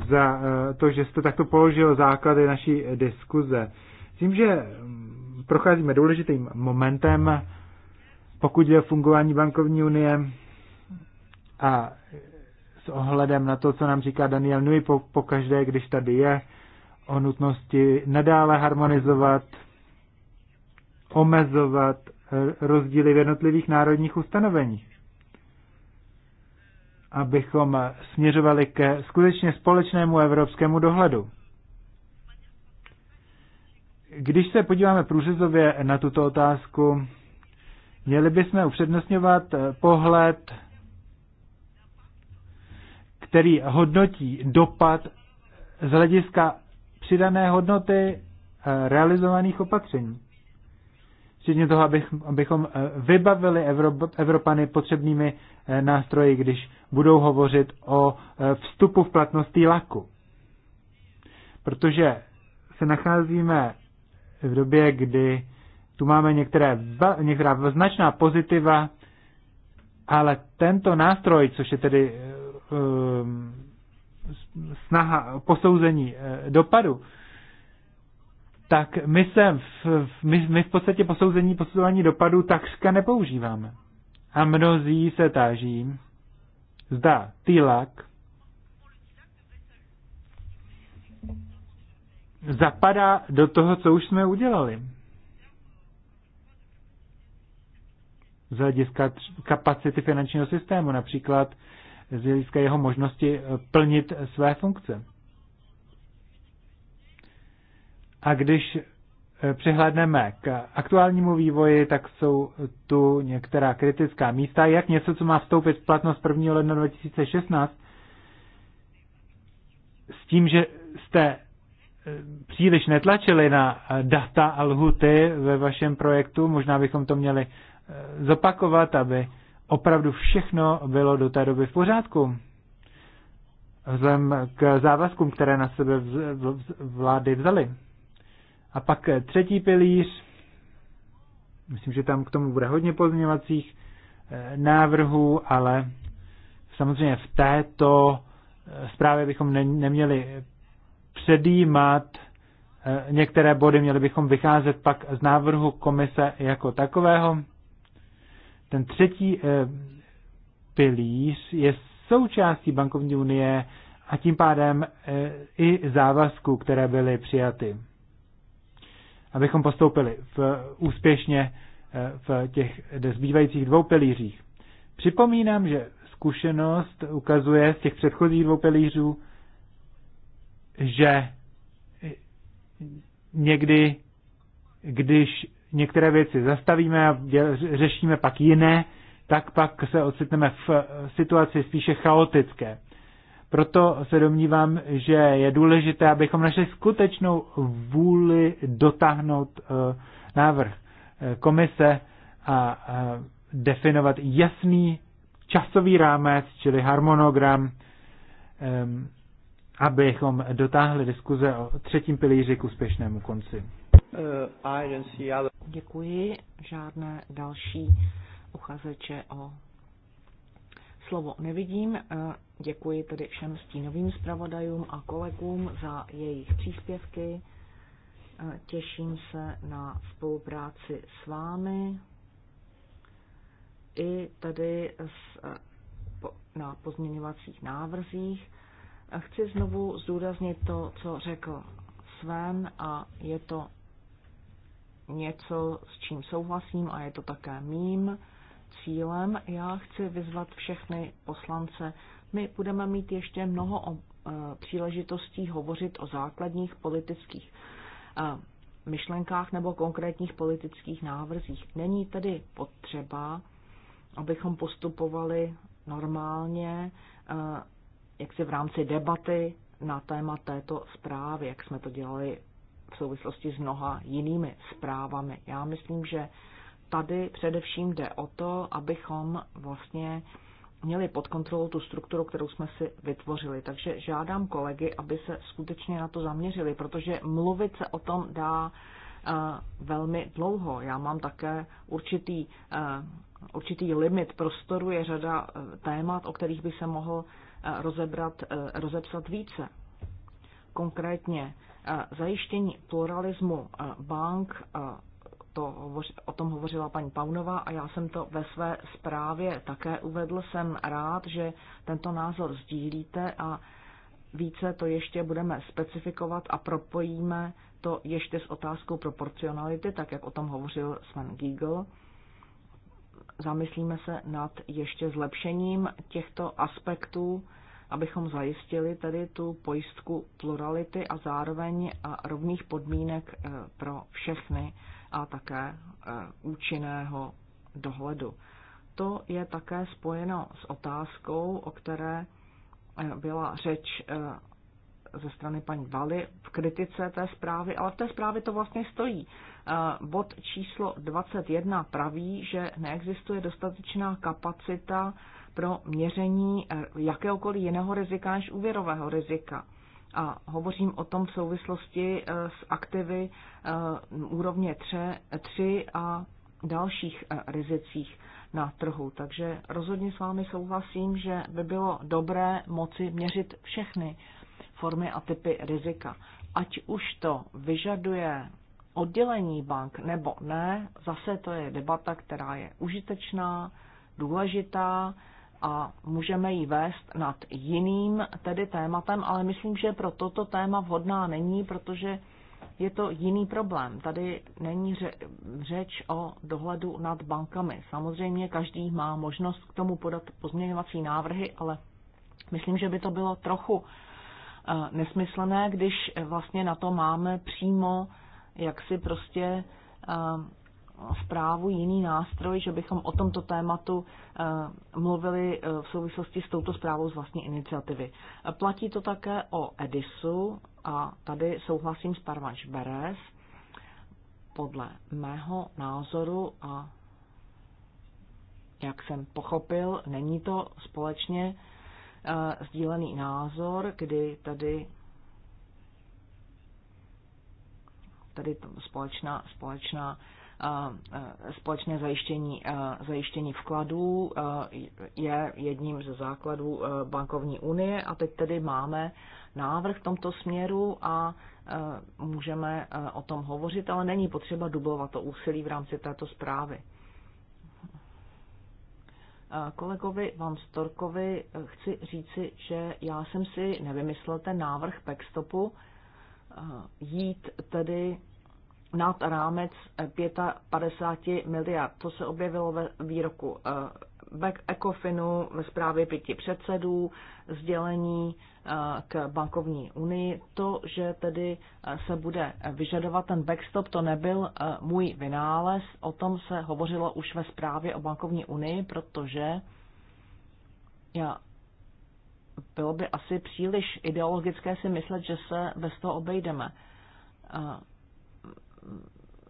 za eh, to, že jste takto položil základy naší diskuze. Tím, že mm, procházíme důležitým momentem, pokud je fungování bankovní unie a s ohledem na to, co nám říká Daniel Nui po, po každé, když tady je, o nutnosti nadále harmonizovat, omezovat rozdíly v jednotlivých národních ustanoveních, abychom směřovali ke skutečně společnému evropskému dohledu. Když se podíváme průřezově na tuto otázku, Měli bychom upřednostňovat eh, pohled, který hodnotí dopad z hlediska přidané hodnoty eh, realizovaných opatření. Včetně toho, abychom eh, vybavili Evropany potřebnými nástroji, když budou hovořit o vstupu v platnosti laku. Protože se nacházíme v době, kdy tu máme některé, některá značná pozitiva, ale tento nástroj, což je tedy e, snaha posouzení eh, dopadu, tak my, se v, my, my v podstatě posouzení posuzování dopadu takřka nepoužíváme. A mnozí se táží, zda TILAK zapadá do toho, co už jsme udělali. z hlediska kapacity finančního systému, například z hlediska jeho možnosti eh, plnit své funkce. A když eh, přihledneme k aktuálnímu vývoji, tak jsou tu některá kritická místa, jak něco, co má vstoupit v platnost 1. ledna 2016, s tím, že jste eh, příliš netlačili na data a lhuty ve vašem projektu, možná bychom to měli zopakovat, aby opravdu všechno bylo do té doby v pořádku. Vzhledem k závazkům, které na sebe vlády vzaly. A pak třetí pilíř, myslím, že tam k tomu bude hodně pozměňovacích eh, návrhů, ale samozřejmě v této eh, zprávě bychom ne, neměli předjímat eh, některé body, měli bychom vycházet pak z návrhu komise jako takového. Ten třetí eh, pilíř je součástí bankovní unie a tím pádem eh, i závazků, které byly přijaty. Abychom postoupili v, úspěšně eh, v těch zbývajících dvou pilířích. Připomínám, že zkušenost ukazuje z těch předchozích dvou pilířů, že někdy, když některé věci zastavíme a řešíme pak jiné, tak pak se ocitneme v situaci spíše chaotické. Proto se domnívám, že je důležité, abychom našli skutečnou vůli dotáhnout eh, návrh eh, komise a eh, definovat jasný časový rámec, čili harmonogram, abychom dotáhli diskuze o třetím pilíři k úspěšnému konci. Uh, děkuji. Žádné další uchazeče o slovo nevidím. Eh, děkuji tedy všem stínovým zpravodajům a kolegům za jejich příspěvky. Eh, těším se na spolupráci s vámi i tedy s, eh, na pozměňovacích návrzích. Chci znovu zdůraznit to, co řekl Sven a je to něco, s čím souhlasím a je to také mým cílem. Já chci vyzvat všechny poslance. My budeme mít ještě mnoho o, eh, e, příležitostí hovořit o základních politických e, myšlenkách nebo konkrétních politických návrzích. Není tedy potřeba, abychom postupovali normálně, eh, jak si v rámci debaty na téma této zprávy, jak jsme to dělali v souvislosti s mnoha jinými zprávami. Já myslím, že tady především jde o to, abychom vlastně měli pod kontrolou tu strukturu, kterou jsme si vytvořili. Takže žádám kolegy, aby se skutečně na to zaměřili, protože mluvit se o tom dá eh, velmi dlouho. Já mám také určitý, eh, určitý limit prostoru, je řada eh, témat, o kterých by se mohl rozebrat, rozepsat více. Konkrétně zajištění pluralismu bank, to hovoř, o tom hovořila paní Paunová a já jsem to ve své zprávě také uvedl. Jsem rád, že tento názor sdílíte a více to ještě budeme specifikovat a propojíme to ještě s otázkou proporcionality, tak jak o tom hovořil Sven Giegel. Zamyslíme se nad ještě zlepšením těchto aspektů abychom zajistili tedy tu pojistku plurality a zároveň a rovných podmínek eh, pro všechny a také eh, účinného dohledu. To je také spojeno s otázkou, o které eh, byla řeč ze strany paní Vali v kritice té zprávy, ale v té zprávě to vlastně stojí. Bod číslo 21 praví, že neexistuje dostatečná kapacita pro měření eh, jakéhokoliv jiného rizika než úvěrového rizika. A hovořím o tom v souvislosti eh, s aktivy eh, úrovně 3 a dalších rizicích na trhu. Takže rozhodně s vámi souhlasím, že by bylo dobré moci měřit všechny formy a typy rizika. Ať už to vyžaduje oddělení bank nebo ne, zase to je debata, která je užitečná, důležitá, a můžeme ji vést nad jiným tedy tématem, ale myslím, že pro toto téma vhodná není, protože je to jiný problém. Tady není řeč o dohledu nad bankami. Samozřejmě každý má možnost k tomu podat pozměňovací návrhy, ale myslím, že by to bylo trochu eh, nesmyslné, když vlastně na to máme přímo jaksi prostě eh, zprávu jiný nástroj, že bychom o tomto tématu eh, mluvili eh, v souvislosti s touto zprávou z vlastní iniciativy. Platí to také o Edisu a tady souhlasím s Parvač Beres. Podle mého názoru a jak jsem pochopil, není to společně eh, sdílený názor, kdy tady tady společná, společná společné zajištění, zajištění vkladů je jedním ze základů bankovní unie a teď tedy máme návrh v tomto směru a můžeme o tom hovořit, ale není potřeba dublovat to úsilí v rámci této zprávy. Kolegovi Van Storkovi e, chci říci, že já jsem si nevymyslel ten návrh backstopu jít tedy nad rámec 55 eh, miliard. To se objevilo ve výroku Back eh, Ecofinu ve zprávě pěti předsedů, sdělení eh, k bankovní unii. To, že tedy se bude vyžadovat ten backstop, to nebyl můj vynález. O tom se hovořilo už ve zprávě o bankovní unii, protože já bylo by asi příliš ideologické si myslet, že se bez toho obejdeme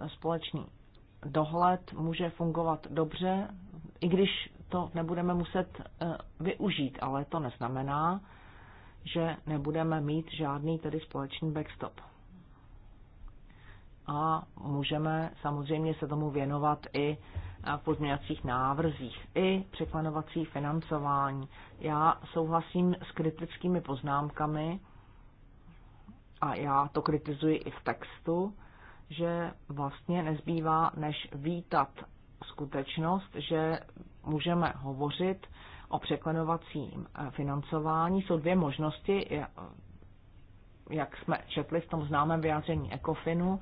společný dohled může fungovat dobře, i když to nebudeme muset eh, využít, ale to neznamená, že nebudeme mít žádný tedy společný backstop. A můžeme samozřejmě se tomu věnovat i eh, v pozměňovacích návrzích, i překlenovací financování. Já souhlasím s kritickými poznámkami a já to kritizuji i v textu, že vlastně nezbývá než vítat skutečnost, že můžeme hovořit o překlenovacím eh, financování. Jsou dvě možnosti, jak jsme četli v tom známém vyjádření ECOFINu,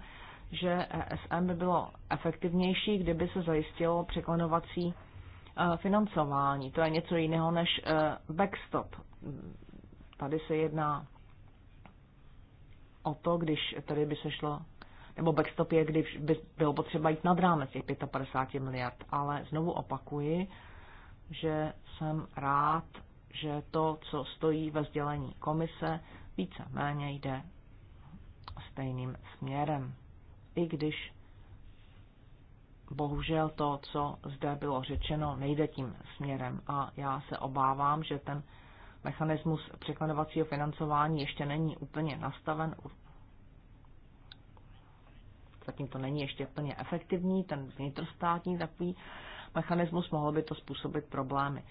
že ESM by bylo efektivnější, kdyby se zajistilo překlenovací eh, financování. To je něco jiného než eh, backstop. Tady se jedná o to, když tady by se šlo nebo backstop je, když by bylo potřeba jít nad rámec těch 55 miliard. Ale znovu opakuji, že jsem rád, že to, co stojí ve sdělení komise, více-méně jde stejným směrem. I když bohužel to, co zde bylo řečeno, nejde tím směrem a já se obávám, že ten mechanismus překladovacího financování ještě není úplně nastaven zatím to není ještě plně efektivní, ten vnitrostátní takový mechanismus, mohl by to způsobit problémy.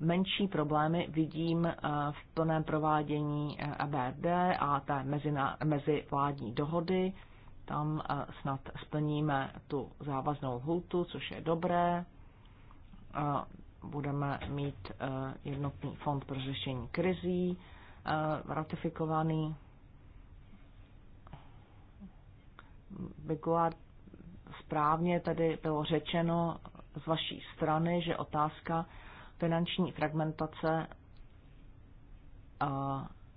Menší problémy vidím eh, v plném provádění EBRD eh, e a té mezivládní dohody. Tam eh, snad splníme tu závaznou lhůtu, což je dobré. Budeme mít jednotný fond pro řešení krizí ratifikovaný Biguard, správně tady bylo řečeno z vaší strany, že otázka finanční fragmentace eh,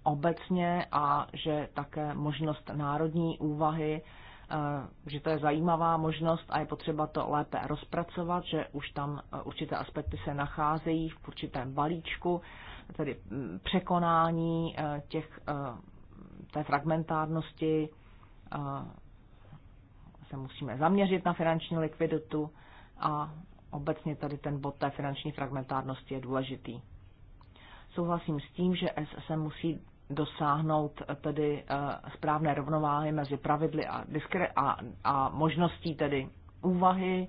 obecně a že také možnost národní úvahy, eh, že to je zajímavá možnost a je potřeba to lépe rozpracovat, že už tam eh, určité aspekty se nacházejí v určitém balíčku, tedy mm, překonání těch, té fragmentárnosti, se musíme zaměřit na finanční likviditu a obecně tady ten bod té finanční fragmentárnosti je důležitý. Souhlasím s tím, že se musí dosáhnout tedy eh, správné rovnováhy mezi pravidly a, diskre- a, a možností tedy úvahy,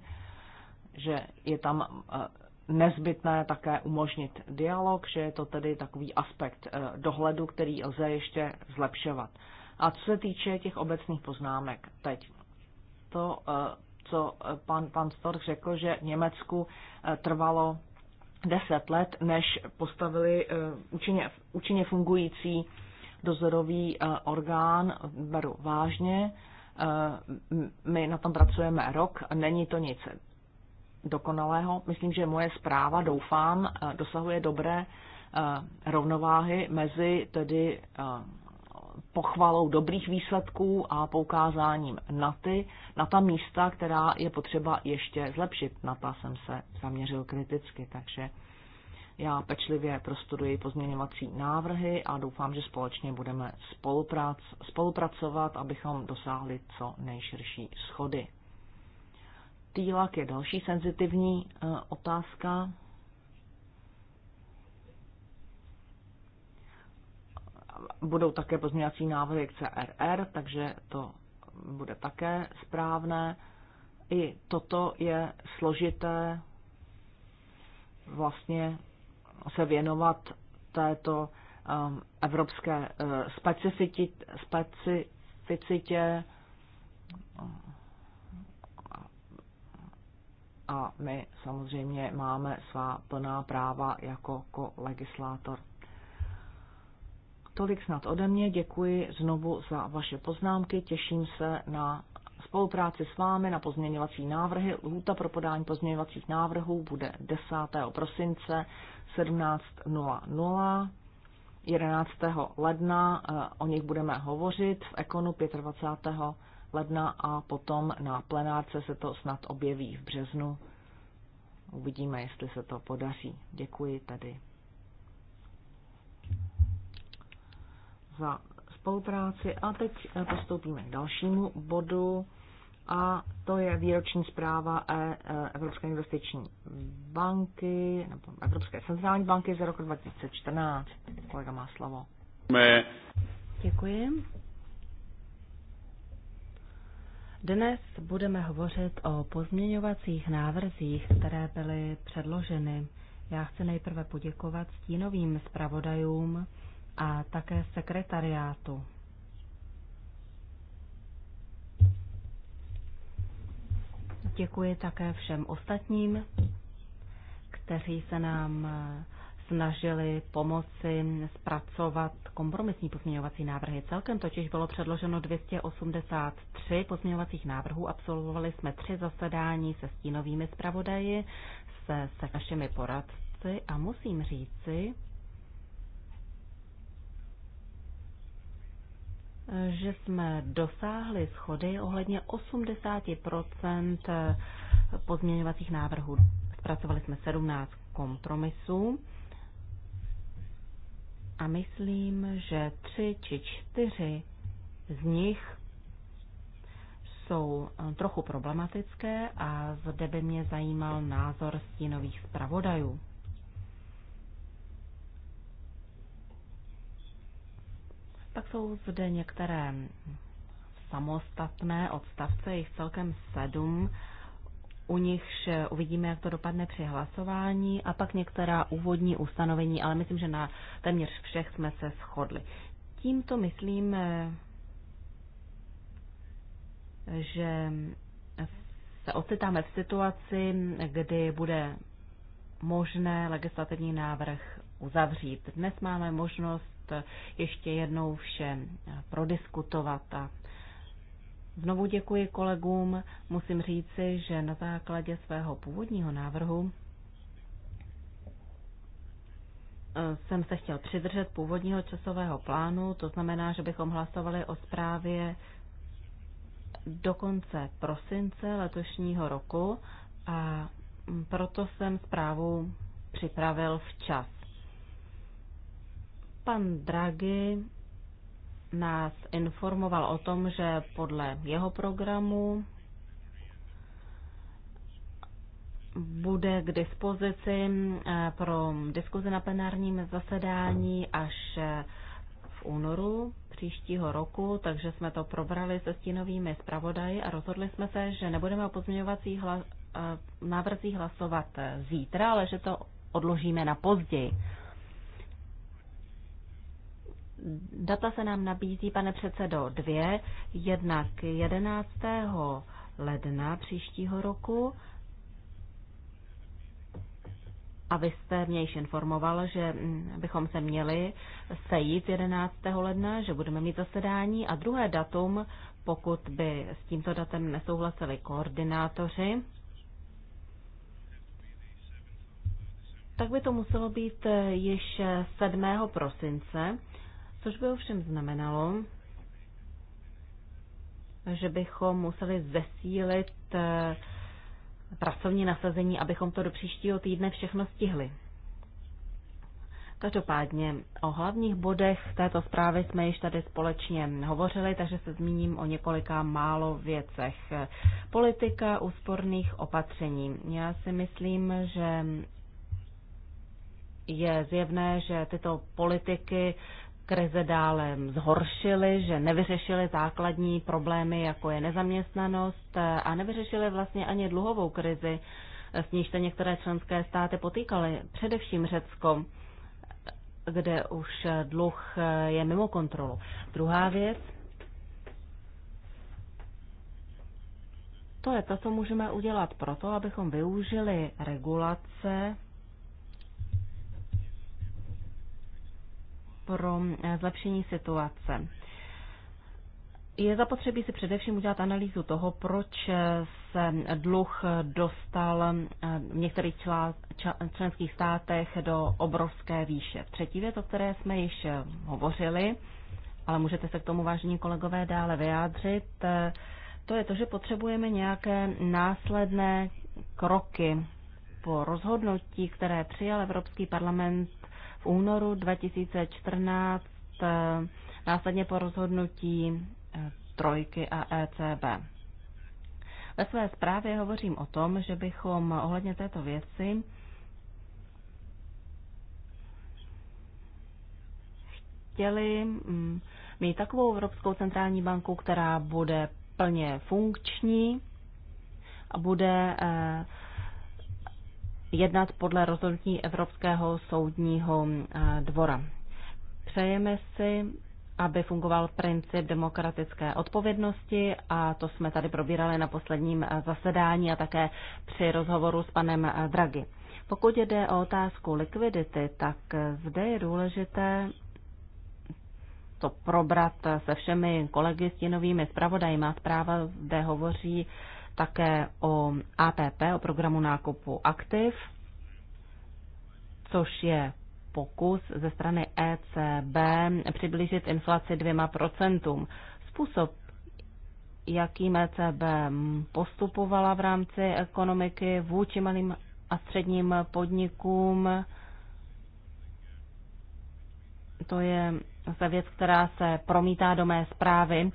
že je tam eh, nezbytné také umožnit dialog, že je to tedy takový aspekt eh, dohledu, který lze ještě zlepšovat. A co se týče těch obecných poznámek teď, to, eh, co pan, pan Storch řekl, že Německu eh, trvalo deset let, než postavili eh, účinně, účinně fungující dozorový orgán, beru vážně. My na tom pracujeme rok, není to nic dokonalého. Myslím, že moje zpráva, doufám, dosahuje dobré rovnováhy mezi tedy pochvalou dobrých výsledků a poukázáním na ty, na ta místa, která je potřeba ještě zlepšit. Na ta jsem se zaměřil kriticky, takže já pečlivě prostuduji pozměňovací návrhy a doufám, že společně budeme spoluprac, spolupracovat, abychom dosáhli co nejširší schody. Týlak je další senzitivní eh, otázka. budou také pozměňovací návrhy k CRR, takže to bude také správné. I toto je složité vlastně se věnovat této um, evropské eh, specificitě a my samozřejmě máme svá plná práva jako legislátor. Tolik snad ode mě, děkuji znovu za vaše poznámky, těším se na spolupráci s vámi na pozměňovací návrhy. Lhůta pro podání pozměňovacích návrhů bude 10. prosince 17.00. 11. ledna eh, o nich budeme hovořit v Ekonu 25. ledna a potom na plenárce se to snad objeví v březnu. Uvidíme, jestli se to podaří. Děkuji tedy. za spolupráci a teď postoupíme k dalšímu bodu a to je výroční zpráva e, e, Evropské investiční banky nebo Evropské centrální banky za rok 2014. Kolega má slovo. Děkuji. Dnes budeme hovořit o pozměňovacích návrzích, které byly předloženy. Já chci nejprve poděkovat stínovým zpravodajům, a také sekretariátu. Děkuji také všem ostatním, kteří se nám snažili pomoci zpracovat kompromisní pozměňovací návrhy. Celkem totiž bylo předloženo 283 pozměňovacích návrhů. Absolvovali jsme tři zasedání se stínovými zpravodaji, se, se našimi poradci a musím říci, že jsme dosáhli schody ohledně 80 pozměňovacích návrhů. Zpracovali jsme 17 kompromisů a myslím, že tři či čtyři z nich jsou eh, trochu problematické a zde by mě zajímal názor stínových zpravodajů. Pak jsou zde některé samostatné odstavce, jich celkem sedm, u nichž eh, uvidíme, jak to dopadne při hlasování a pak některá úvodní ustanovení, ale myslím, že na téměř všech jsme se shodli. Tímto myslím, eh, že se ocitáme v situaci, kdy bude možné legislativní návrh uzavřít. Dnes máme možnost ještě jednou vše prodiskutovat a Znovu děkuji kolegům. Musím říci, že na základě svého původního návrhu eh, jsem se chtěl přidržet původního časového plánu, to znamená, že bychom hlasovali o zprávě do konce prosince letošního roku a proto jsem zprávu připravil včas. Pan Draghi nás informoval o tom, že podle jeho programu bude k dispozici eh, pro diskuzi na plenárním zasedání až eh, v únoru příštího roku, takže jsme to probrali se stínovými zpravodaji a rozhodli jsme se, že nebudeme o pozměňovací hla, eh, návrzí hlasovat zítra, ale že to odložíme na později. Data se nám nabízí, pane předsedo, dvě. Jednak 11. ledna příštího roku a vy jste mě již informoval, že mm, bychom se měli sejít 11. ledna, že budeme mít zasedání. A druhé datum, pokud by s tímto datem nesouhlasili koordinátoři, tak by to muselo být již 7. prosince což by ovšem znamenalo, že bychom museli zesílit eh, pracovní nasazení, abychom to do příštího týdne všechno stihli. Každopádně o hlavních bodech této zprávy jsme již tady společně hovořili, takže se zmíním o několika málo věcech. Politika úsporných opatření. Já si myslím, že je zjevné, že tyto politiky krize dále zhoršily, že nevyřešily základní problémy, jako je nezaměstnanost eh, a nevyřešily vlastně ani dluhovou krizi, eh, s níž se některé členské státy potýkaly, především Řecko, kde už eh, dluh je mimo kontrolu. Druhá věc, to je to, co můžeme udělat proto, abychom využili regulace pro eh, zlepšení situace. Je zapotřebí si především udělat analýzu toho, proč eh, se dluh eh, dostal v některých členských státech do obrovské výše. Třetí věc, o které jsme již hovořili, ale můžete se k tomu, vážení kolegové, dále vyjádřit, to je to, že potřebujeme nějaké následné kroky po rozhodnutí, které přijal Evropský parlament únoru 2014, eh, následně po rozhodnutí eh, Trojky a ECB. Ve své zprávě hovořím o tom, že bychom ohledně této věci chtěli mm, mít takovou Evropskou centrální banku, která bude plně funkční a bude eh, jednat podle rozhodnutí Evropského soudního eh, dvora. Přejeme si, aby fungoval princip demokratické odpovědnosti a to jsme tady probírali na posledním eh, zasedání a také při rozhovoru s panem eh, Draghi. Pokud jde o otázku likvidity, tak zde je důležité to probrat se všemi kolegy s tinovými zpravodaji. Má zpráva zde hovoří také o APP, o programu nákupu aktiv, což je pokus ze strany ECB přiblížit inflaci dvěma procentům. Způsob, jakým ECB postupovala v rámci ekonomiky vůči malým a středním podnikům, to je ta věc, která se promítá do mé zprávy.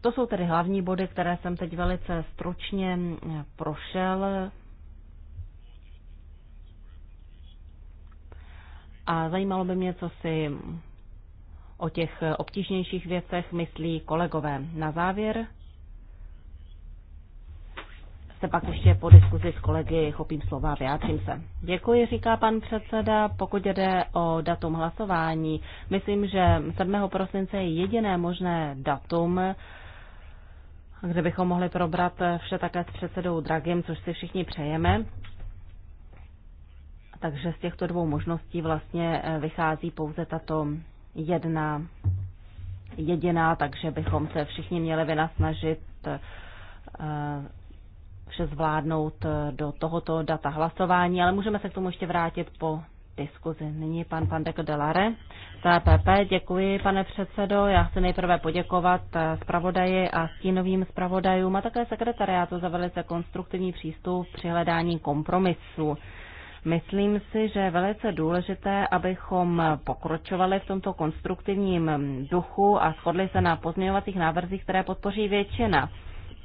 To jsou tedy hlavní body, které jsem teď velice stručně prošel. A zajímalo by mě, co si o těch obtížnějších věcech myslí kolegové. Na závěr se pak ještě po diskuzi s kolegy chopím slova a vyjádřím se. Děkuji, říká pan předseda. Pokud jde o datum hlasování, myslím, že 7. prosince je jediné možné datum, kde bychom mohli probrat eh, vše také s předsedou Dragem, což si všichni přejeme. Takže z těchto dvou možností vlastně eh, vychází pouze tato jedna jediná, takže bychom se všichni měli vynasnažit eh, vše zvládnout do tohoto data hlasování, ale můžeme se k tomu ještě vrátit po diskuzi. Nyní pan Pandeko Delare, TPP. Děkuji, pane předsedo. Já chci nejprve poděkovat eh, zpravodaji a stínovým zpravodajům a také sekretariátu za velice konstruktivní přístup při hledání kompromisu. Myslím si, že je velice důležité, abychom pokročovali v tomto konstruktivním duchu a shodli se na pozměňovacích návrzích, které podpoří většina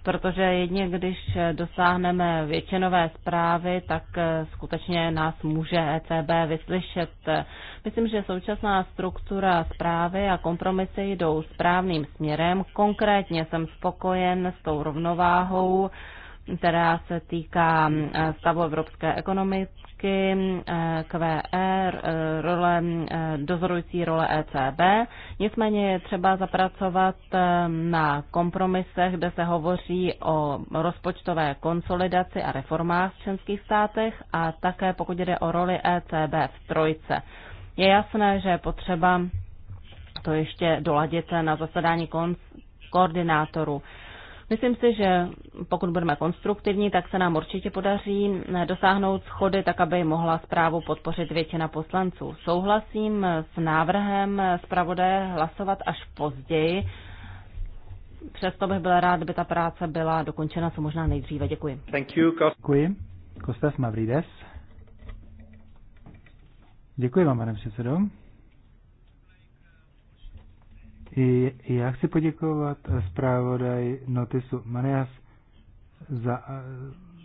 protože jedině když dosáhneme většinové zprávy, tak eh, skutečně nás může ECB vyslyšet. Myslím, že současná struktura zprávy a kompromisy jdou správným směrem. Konkrétně jsem spokojen s tou rovnováhou, která se týká eh, stavu evropské ekonomiky politiky eh, QR, eh, role, eh, dozorující role ECB. Nicméně je třeba zapracovat na kompromisech, kde se hovoří o rozpočtové konsolidaci a reformách v členských státech a také pokud jde o roli ECB v trojce. Je jasné, že je potřeba to ještě doladit na zasedání konc koordinátorů. Myslím si, že pokud budeme konstruktivní, tak se nám určitě podaří eh, dosáhnout schody, tak aby mohla zprávu podpořit většina poslanců. Souhlasím eh, s návrhem eh, zpravodaje hlasovat až později. Přesto bych byla rád, by ta práce byla dokončena co možná nejdříve. Děkuji. Thank you, Kost- Děkuji. Kostas Mavrides. Děkuji vám, pane předsedo. Já chci poděkovat zpravodaj Notisu Manias za eh,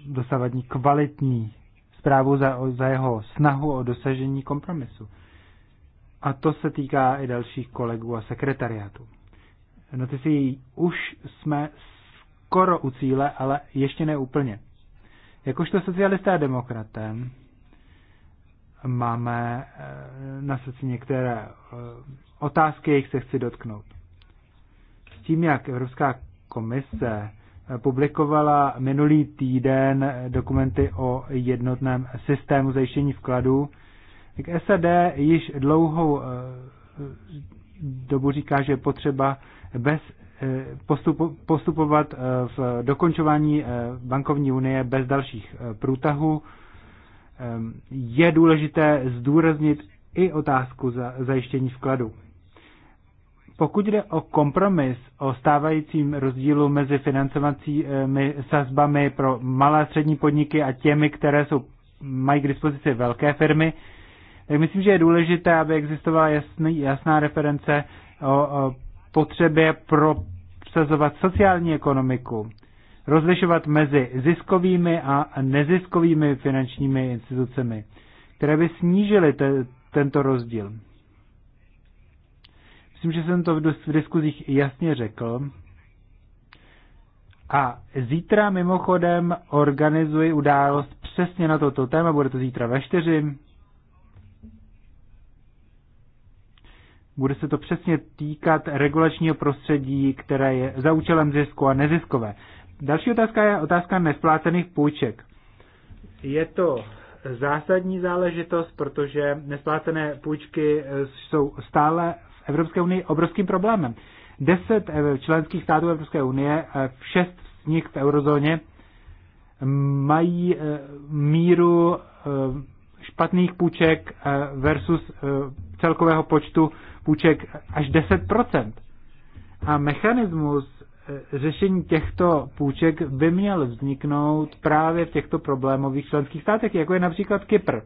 dosavadní kvalitní zprávu za, za jeho snahu o dosažení kompromisu. A to se týká i dalších kolegů a sekretariátu. Notici už jsme skoro u cíle, ale ještě ne úplně. Jakožto socialisté a demokraté máme eh, na srdci některé eh, otázky, jich se chci dotknout. S tím, jak Evropská komise eh, publikovala minulý týden dokumenty o jednotném systému zajištění vkladů, tak SAD již dlouhou dobu říká, že je potřeba bez postupovat v dokončování bankovní unie bez dalších průtahů Ehm, je důležité zdůraznit i otázku za zajištění vkladu. Pokud jde o kompromis o stávajícím rozdílu mezi financovacími sazbami pro malé a střední podniky a těmi, které jsou, mají k dispozici velké firmy, tak myslím, že je důležité, aby existovala jasný, jasná reference o, o potřebě pro sociální ekonomiku rozlišovat mezi ziskovými a neziskovými finančními institucemi, které by snížily te, tento rozdíl. Myslím, že jsem to v, v diskuzích jasně řekl. A zítra mimochodem organizuji událost přesně na toto téma, bude to zítra ve čtyři. Bude se to přesně týkat regulačního prostředí, které je za účelem zisku a neziskové. Další otázka je otázka nesplácených půjček. Je to zásadní záležitost, protože nesplácené půjčky eh, jsou stále v Evropské unii obrovským problémem. Deset eh, členských států Evropské unie, eh, šest z nich v eurozóně, mm, mají míru špatných půjček versus celkového počtu půjček až 10%. A mechanismus řešení těchto půjček by měl vzniknout právě v těchto problémových členských státech, jako je například Kypr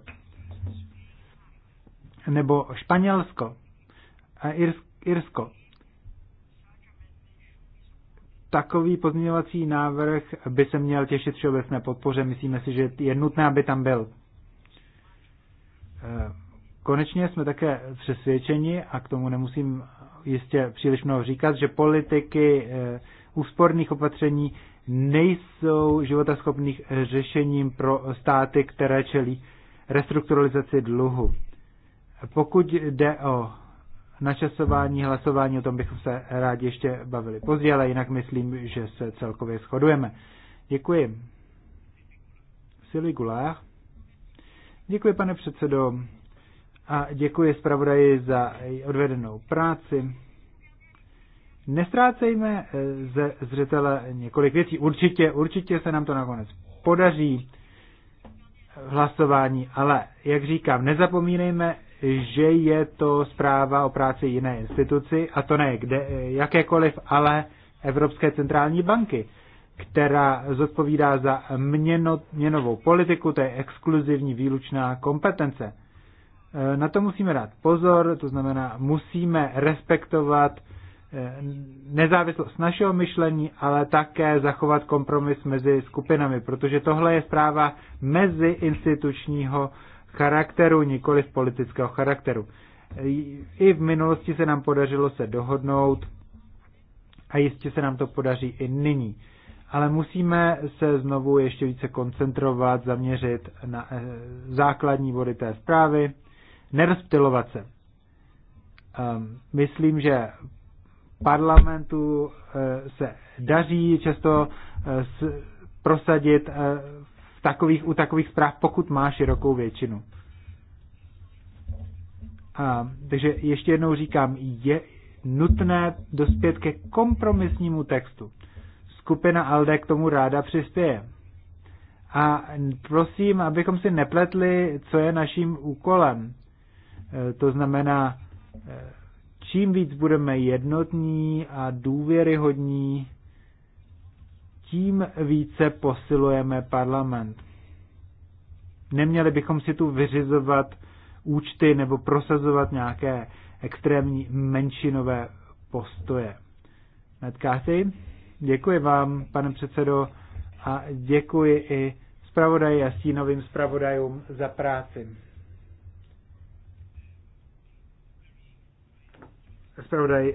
nebo Španělsko a Irsko. Takový pozměňovací návrh by se měl těšit všeobecné podpoře. Myslíme si, že je nutné, aby tam byl. Konečně jsme také přesvědčeni, a k tomu nemusím jistě příliš mnoho říkat, že politiky eh, úsporných opatření nejsou životaschopných řešením pro státy, které čelí restrukturalizaci dluhu. Pokud jde o načasování hlasování, o tom bychom se rádi ještě bavili později, ale jinak myslím, že se celkově shodujeme. Děkuji. Silly Gulách. Děkuji, pane předsedo a děkuji zpravodaji za odvedenou práci. Nestrácejme eh, ze zřetele několik věcí. Určitě, určitě se nám to nakonec podaří v eh, hlasování, ale jak říkám, nezapomínejme, že je to zpráva o práci jiné instituci, a to ne kde, eh, jakékoliv, ale Evropské centrální banky, která zodpovídá za měno, měnovou politiku, to je exkluzivní výlučná kompetence. Eh, na to musíme dát pozor, to znamená, musíme respektovat eh, nezávislost našeho myšlení, ale také zachovat kompromis mezi skupinami, protože tohle je zpráva institučního charakteru, nikoli v politického charakteru. Eh, I v minulosti se nám podařilo se dohodnout a jistě se nám to podaří i nyní. Ale musíme se znovu ještě více koncentrovat, zaměřit na základní body té zprávy, nerozptilovat se. Ehm, myslím, že parlamentu eh, se daří často eh, prosadit eh, v takových, u takových zpráv, pokud má širokou většinu. A, ehm, takže ještě jednou říkám, je nutné dospět ke kompromisnímu textu. Skupina ALDE k tomu ráda přispěje. A prosím, abychom si nepletli, co je naším úkolem. Eh, to znamená, eh, čím víc budeme jednotní a důvěryhodní, tím více posilujeme parlament. Neměli bychom si tu vyřizovat účty nebo prosazovat nějaké extrémní menšinové postoje. Matt děkuji vám, pane předsedo, a děkuji i zpravodaji a stínovým zpravodajům za práci. zpravodaj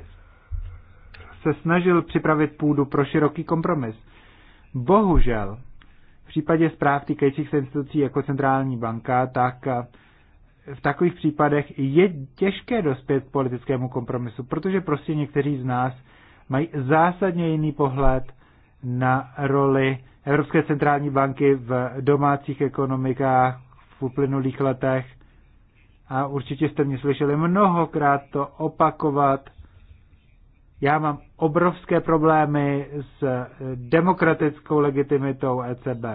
se snažil připravit půdu pro široký kompromis. Bohužel, v případě zpráv týkajících se institucí jako centrální banka, tak eh, v takových případech je těžké dospět k politickému kompromisu, protože prostě někteří z nás mají zásadně jiný pohled na roli Evropské centrální banky v domácích ekonomikách v uplynulých letech a určitě jste mě slyšeli mnohokrát to opakovat. Já mám obrovské problémy s eh, demokratickou legitimitou ECB.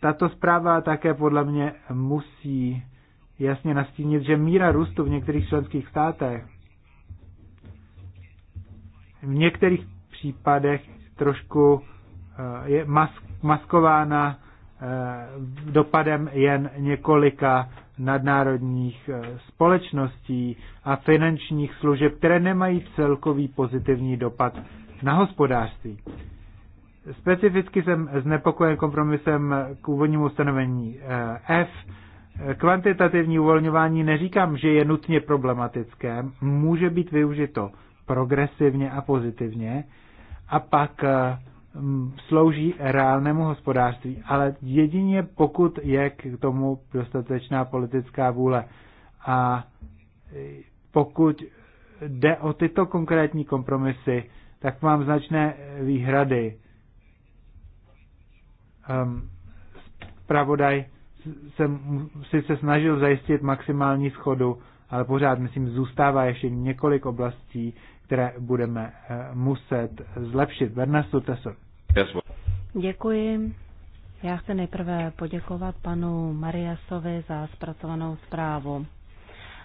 Tato zpráva také podle mě musí jasně nastínit, že míra růstu v některých členských státech v některých případech trošku eh, je mask, maskována Eh, dopadem jen několika nadnárodních eh, společností a finančních služeb, které nemají celkový pozitivní dopad na hospodářství. Specificky jsem znepokojen kompromisem k úvodnímu ustanovení eh, F. Kvantitativní uvolňování neříkám, že je nutně problematické, může být využito progresivně a pozitivně. A pak Mm, slouží reálnému hospodářství, ale jedině pokud je k tomu dostatečná politická vůle. A e, pokud jde o tyto konkrétní kompromisy, tak mám značné výhrady. Um, ehm, pravodaj se sice snažil zajistit maximální schodu, ale pořád, myslím, zůstává ještě několik oblastí, které budeme eh, muset zlepšit. Bernestu Teso. Děkuji. Já chci nejprve poděkovat panu Mariasovi za zpracovanou zprávu.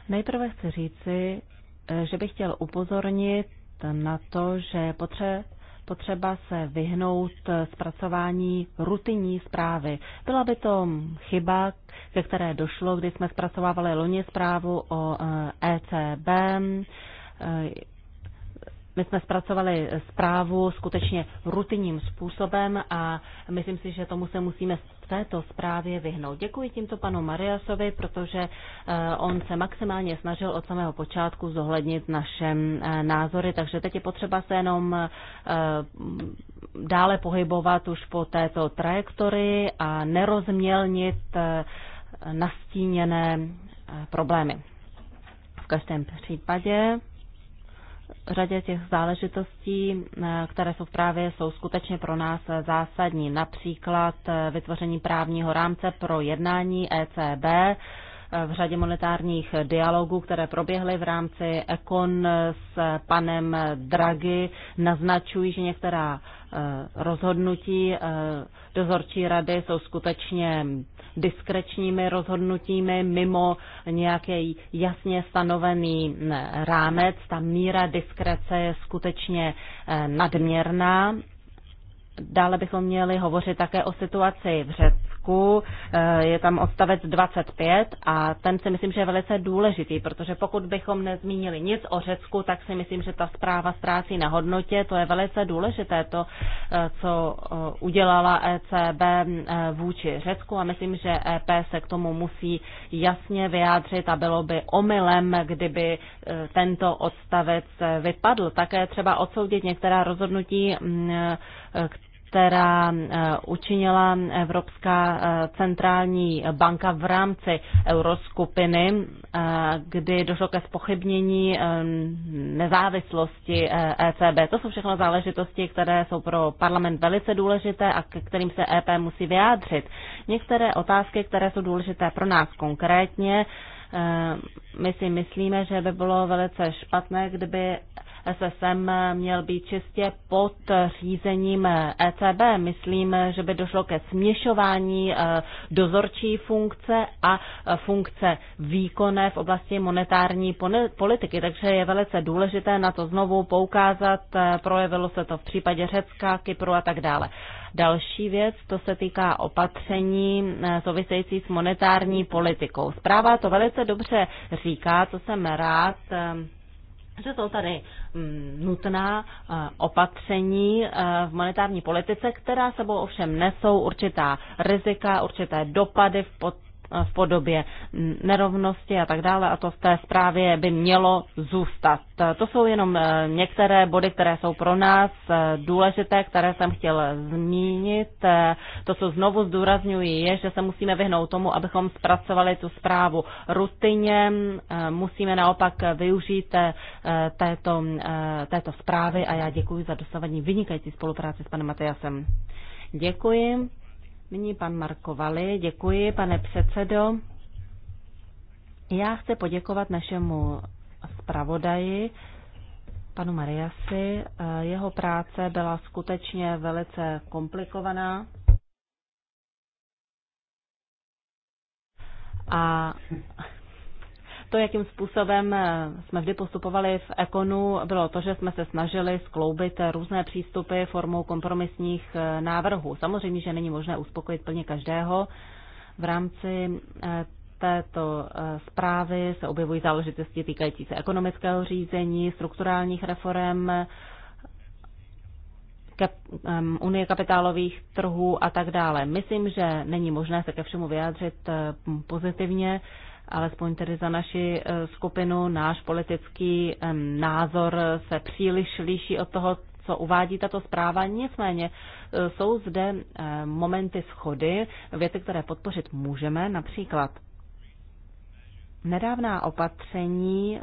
Nejprve chci říci, eh, že bych chtěl upozornit na to, že potře, potřeba se vyhnout zpracování rutinní zprávy. Byla by to chyba, ke které došlo, když jsme zpracovávali loni zprávu o ECB, eh, e my jsme zpracovali zprávu skutečně rutinním způsobem a myslím si, že tomu se musíme v této zprávě vyhnout. Děkuji tímto panu Mariasovi, protože eh, on se maximálně snažil od samého počátku zohlednit naše eh, názory, takže teď je potřeba se jenom eh, dále pohybovat už po této trajektorii a nerozmělnit nastíněné problémy. V každém případě řadě těch záležitostí, eh, které jsou v právě, jsou skutečně pro nás zásadní. Například eh, vytvoření právního rámce pro jednání ECB v řadě monetárních dialogů, které proběhly v rámci Econ s panem Draghi, naznačují, že některá eh, rozhodnutí eh, dozorčí rady jsou skutečně diskrečními rozhodnutími mimo nějaký jasně stanovený mm, rámec. Ta míra diskrece je skutečně eh, nadměrná. Dále bychom měli hovořit také o situaci v, Řec, článku, eh, je tam odstavec 25 a ten si myslím, že je velice důležitý, protože pokud bychom nezmínili nic o Řecku, tak si myslím, že ta zpráva ztrácí na hodnotě. To je velice důležité, to, eh, co eh, udělala ECB vůči Řecku a myslím, že EP se k tomu musí jasně vyjádřit a bylo by omylem, kdyby tento odstavec vypadl. Také třeba odsoudit některá rozhodnutí, mm, která eh, učinila Evropská eh, centrální banka v rámci euroskupiny, eh, kdy došlo ke spochybnění nezávislosti ECB. E to jsou všechno záležitosti, které jsou pro parlament velice důležité a k kterým se EP musí vyjádřit. Některé otázky, které jsou důležité pro nás konkrétně, my si myslíme, že by bylo velice špatné, kdyby SSM měl být čistě pod řízením ECB. Myslím, že by došlo ke směšování eh, dozorčí funkce a eh, funkce výkonné v oblasti monetární politiky. Takže je velice důležité na to znovu poukázat. Eh, projevilo se to v případě Řecka, Kypru a tak dále. Další věc, to se týká opatření související s monetární politikou. Zpráva to velice dobře říká, co jsem rád že jsou tady mm, nutná eh, opatření eh, v monetární politice, která sebou ovšem nesou určitá rizika, určité dopady v pod Eh, v podobě nerovnosti a tak dále a to v té zprávě by mělo zůstat. Eh, to jsou jenom eh, některé body, které jsou pro nás důležité, které jsem chtěl zmínit. To, co znovu zdůrazňuji, je, že se musíme vyhnout tomu, abychom zpracovali tu zprávu rutině. Musíme naopak využít této, této zprávy a já děkuji za dosavadní vynikající spolupráci s panem Matejasem. Děkuji. Nyní pan Markovali. Děkuji, pane předsedo. Já chci poděkovat našemu zpravodaji, panu Mariasi. Jeho práce byla skutečně velice komplikovaná. A to, jakým způsobem eh, jsme vždy postupovali v Ekonu, bylo to, že jsme se snažili skloubit eh, různé přístupy formou kompromisních eh, návrhů. Samozřejmě, že není možné uspokojit plně každého. V rámci této zprávy se objevují záležitosti týkající se ekonomického řízení, strukturálních reform, um, Unie kapitálových trhů a tak dále. Myslím, že není možné se ke všemu vyjádřit pozitivně alespoň tedy za naši eh, skupinu, náš politický názor se příliš liší od toho, co uvádí tato zpráva. Nicméně eh, jsou zde eh, momenty schody, věty, které podpořit můžeme, například nedávná opatření,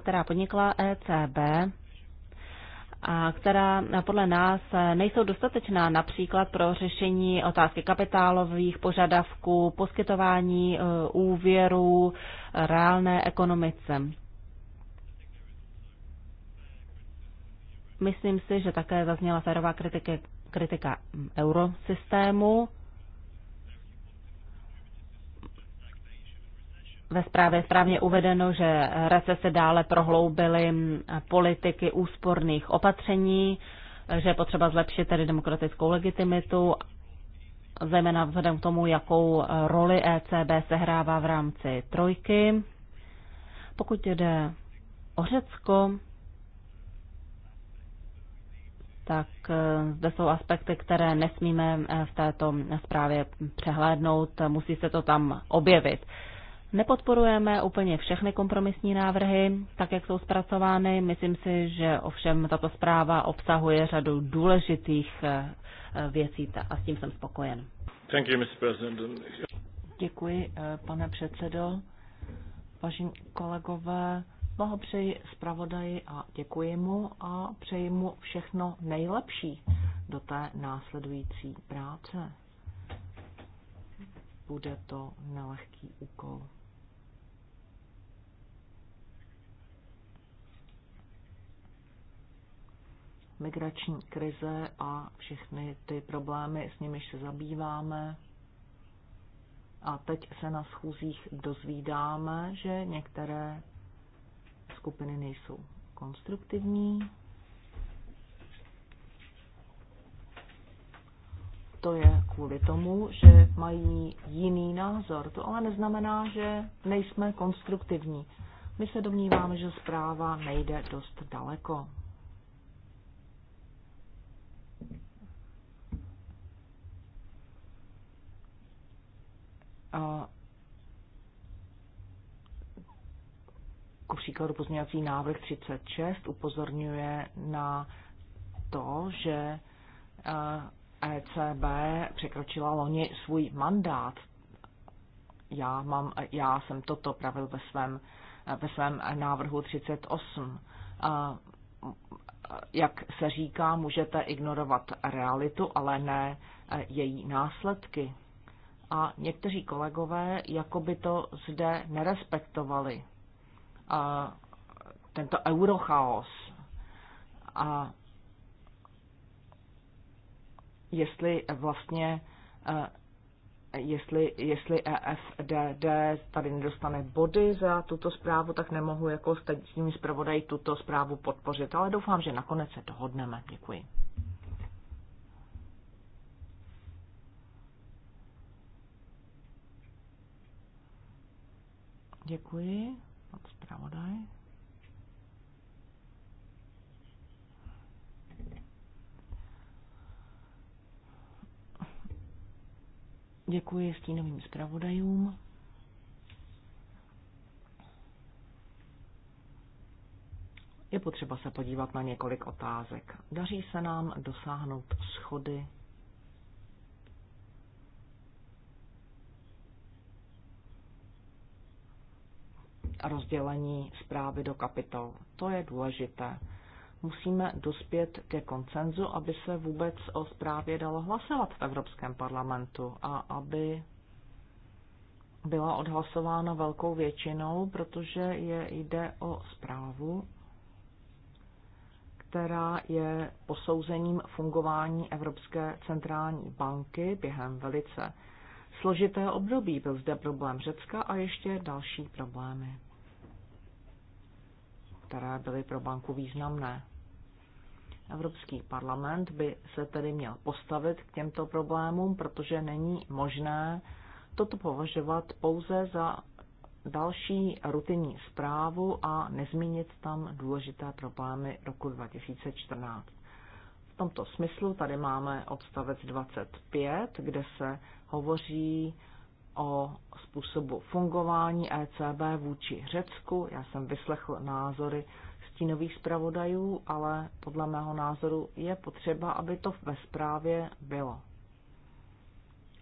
která podnikla ECB, a která podle nás nejsou dostatečná například pro řešení otázky kapitálových požadavků, poskytování e, úvěru, reálné ekonomice. Myslím si, že také zazněla férová kritika, kritika eurosystému. ve zprávě správně uvedeno, že recese dále prohloubily politiky úsporných opatření, že je potřeba zlepšit tedy demokratickou legitimitu, zejména vzhledem k tomu, jakou roli ECB sehrává v rámci trojky. Pokud jde o Řecko, tak zde jsou aspekty, které nesmíme v této zprávě přehlédnout, musí se to tam objevit. Nepodporujeme úplně všechny kompromisní návrhy, tak jak jsou zpracovány. Myslím si, že ovšem tato zpráva obsahuje řadu důležitých eh, eh, věcí a s tím jsem spokojen. Thank you, Mr. President. Děkuji, eh, pane předsedo. Vážení kolegové, přeji zpravodaji a děkuji mu a přeji mu všechno nejlepší do té následující práce. Bude to nelehký úkol. migrační krize a všechny ty problémy, s nimiž se zabýváme. A teď se na schůzích dozvídáme, že některé skupiny nejsou konstruktivní. To je kvůli tomu, že mají jiný názor. To ale neznamená, že nejsme konstruktivní. My se domníváme, že zpráva nejde dost daleko. A ku příkladu pozměňovací návrh 36 upozorňuje na to, že ECB eh, e překročila loni svůj mandát. Já, mám, já jsem toto pravil ve svém, ve svém návrhu 38. Eh, jak se říká, můžete ignorovat realitu, ale ne eh, její následky a někteří kolegové jako by to zde nerespektovali. A tento eurochaos. A jestli vlastně e, jestli, jestli EFDD tady nedostane body za tuto zprávu, tak nemohu jako s tím zpravodají tuto zprávu podpořit, ale doufám, že nakonec se dohodneme. Děkuji. Děkuji, pan zpravodaj. Děkuji stínovým zpravodajům. Je potřeba se podívat na několik otázek. Daří se nám dosáhnout schody rozdělení zprávy do kapitol. To je důležité. Musíme dospět ke koncenzu, aby se vůbec o zprávě dalo hlasovat v Evropském parlamentu a aby byla odhlasována velkou většinou, protože je, jde o zprávu, která je posouzením fungování Evropské centrální banky během velice složitého období. Byl zde problém Řecka a ještě další problémy které byly pro banku významné. Evropský parlament by se tedy měl postavit k těmto problémům, protože není možné toto považovat pouze za další rutinní zprávu a nezmínit tam důležité problémy roku 2014. V tomto smyslu tady máme odstavec 25, kde se hovoří o způsobu fungování ECB vůči Řecku. Já jsem vyslechl názory stínových zpravodajů, ale podle mého názoru je potřeba, aby to ve zprávě bylo.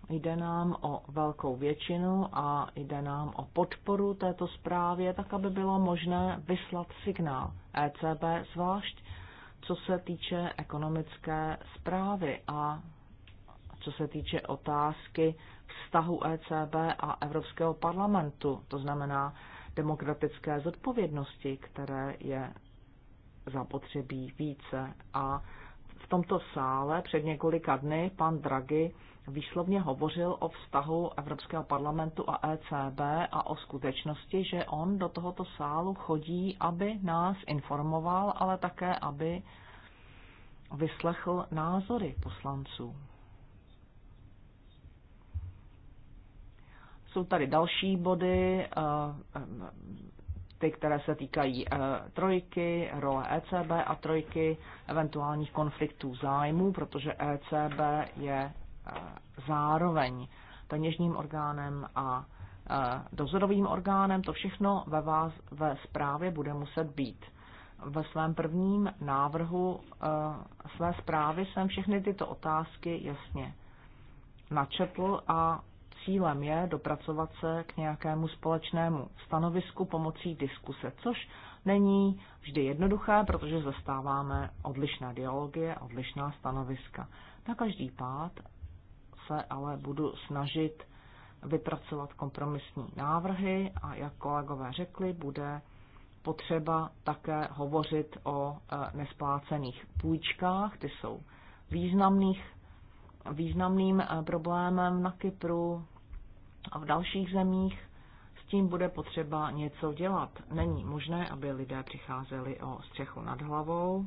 Jde nám o velkou většinu a jde nám o podporu této zprávě, tak aby bylo možné vyslat signál ECB, zvlášť co se týče ekonomické zprávy a co se týče otázky vztahu ECB a Evropského parlamentu, to znamená demokratické zodpovědnosti, které je zapotřebí více. A v tomto sále před několika dny pan Draghi výslovně hovořil o vztahu Evropského parlamentu a ECB a o skutečnosti, že on do tohoto sálu chodí, aby nás informoval, ale také, aby vyslechl názory poslanců. Jsou tady další body, eh, ty, které se týkají eh, trojky, role ECB a trojky, eventuálních konfliktů zájmů, protože ECB je eh, zároveň peněžním orgánem a dozorovým orgánem. To všechno ve vás ve zprávě bude muset být. Ve svém prvním návrhu své zprávy jsem všechny tyto otázky jasně načetl a cílem je dopracovat se k nějakému společnému stanovisku pomocí diskuse, což není vždy jednoduché, protože zastáváme odlišné dialogie, odlišná stanoviska. Na každý pád se ale budu snažit vypracovat kompromisní návrhy a jak kolegové řekli, bude potřeba také hovořit o e, nesplácených půjčkách, ty jsou významných, významným e, problémem na Kypru a v dalších zemích s tím bude potřeba něco dělat. Není možné, aby lidé přicházeli o střechu nad hlavou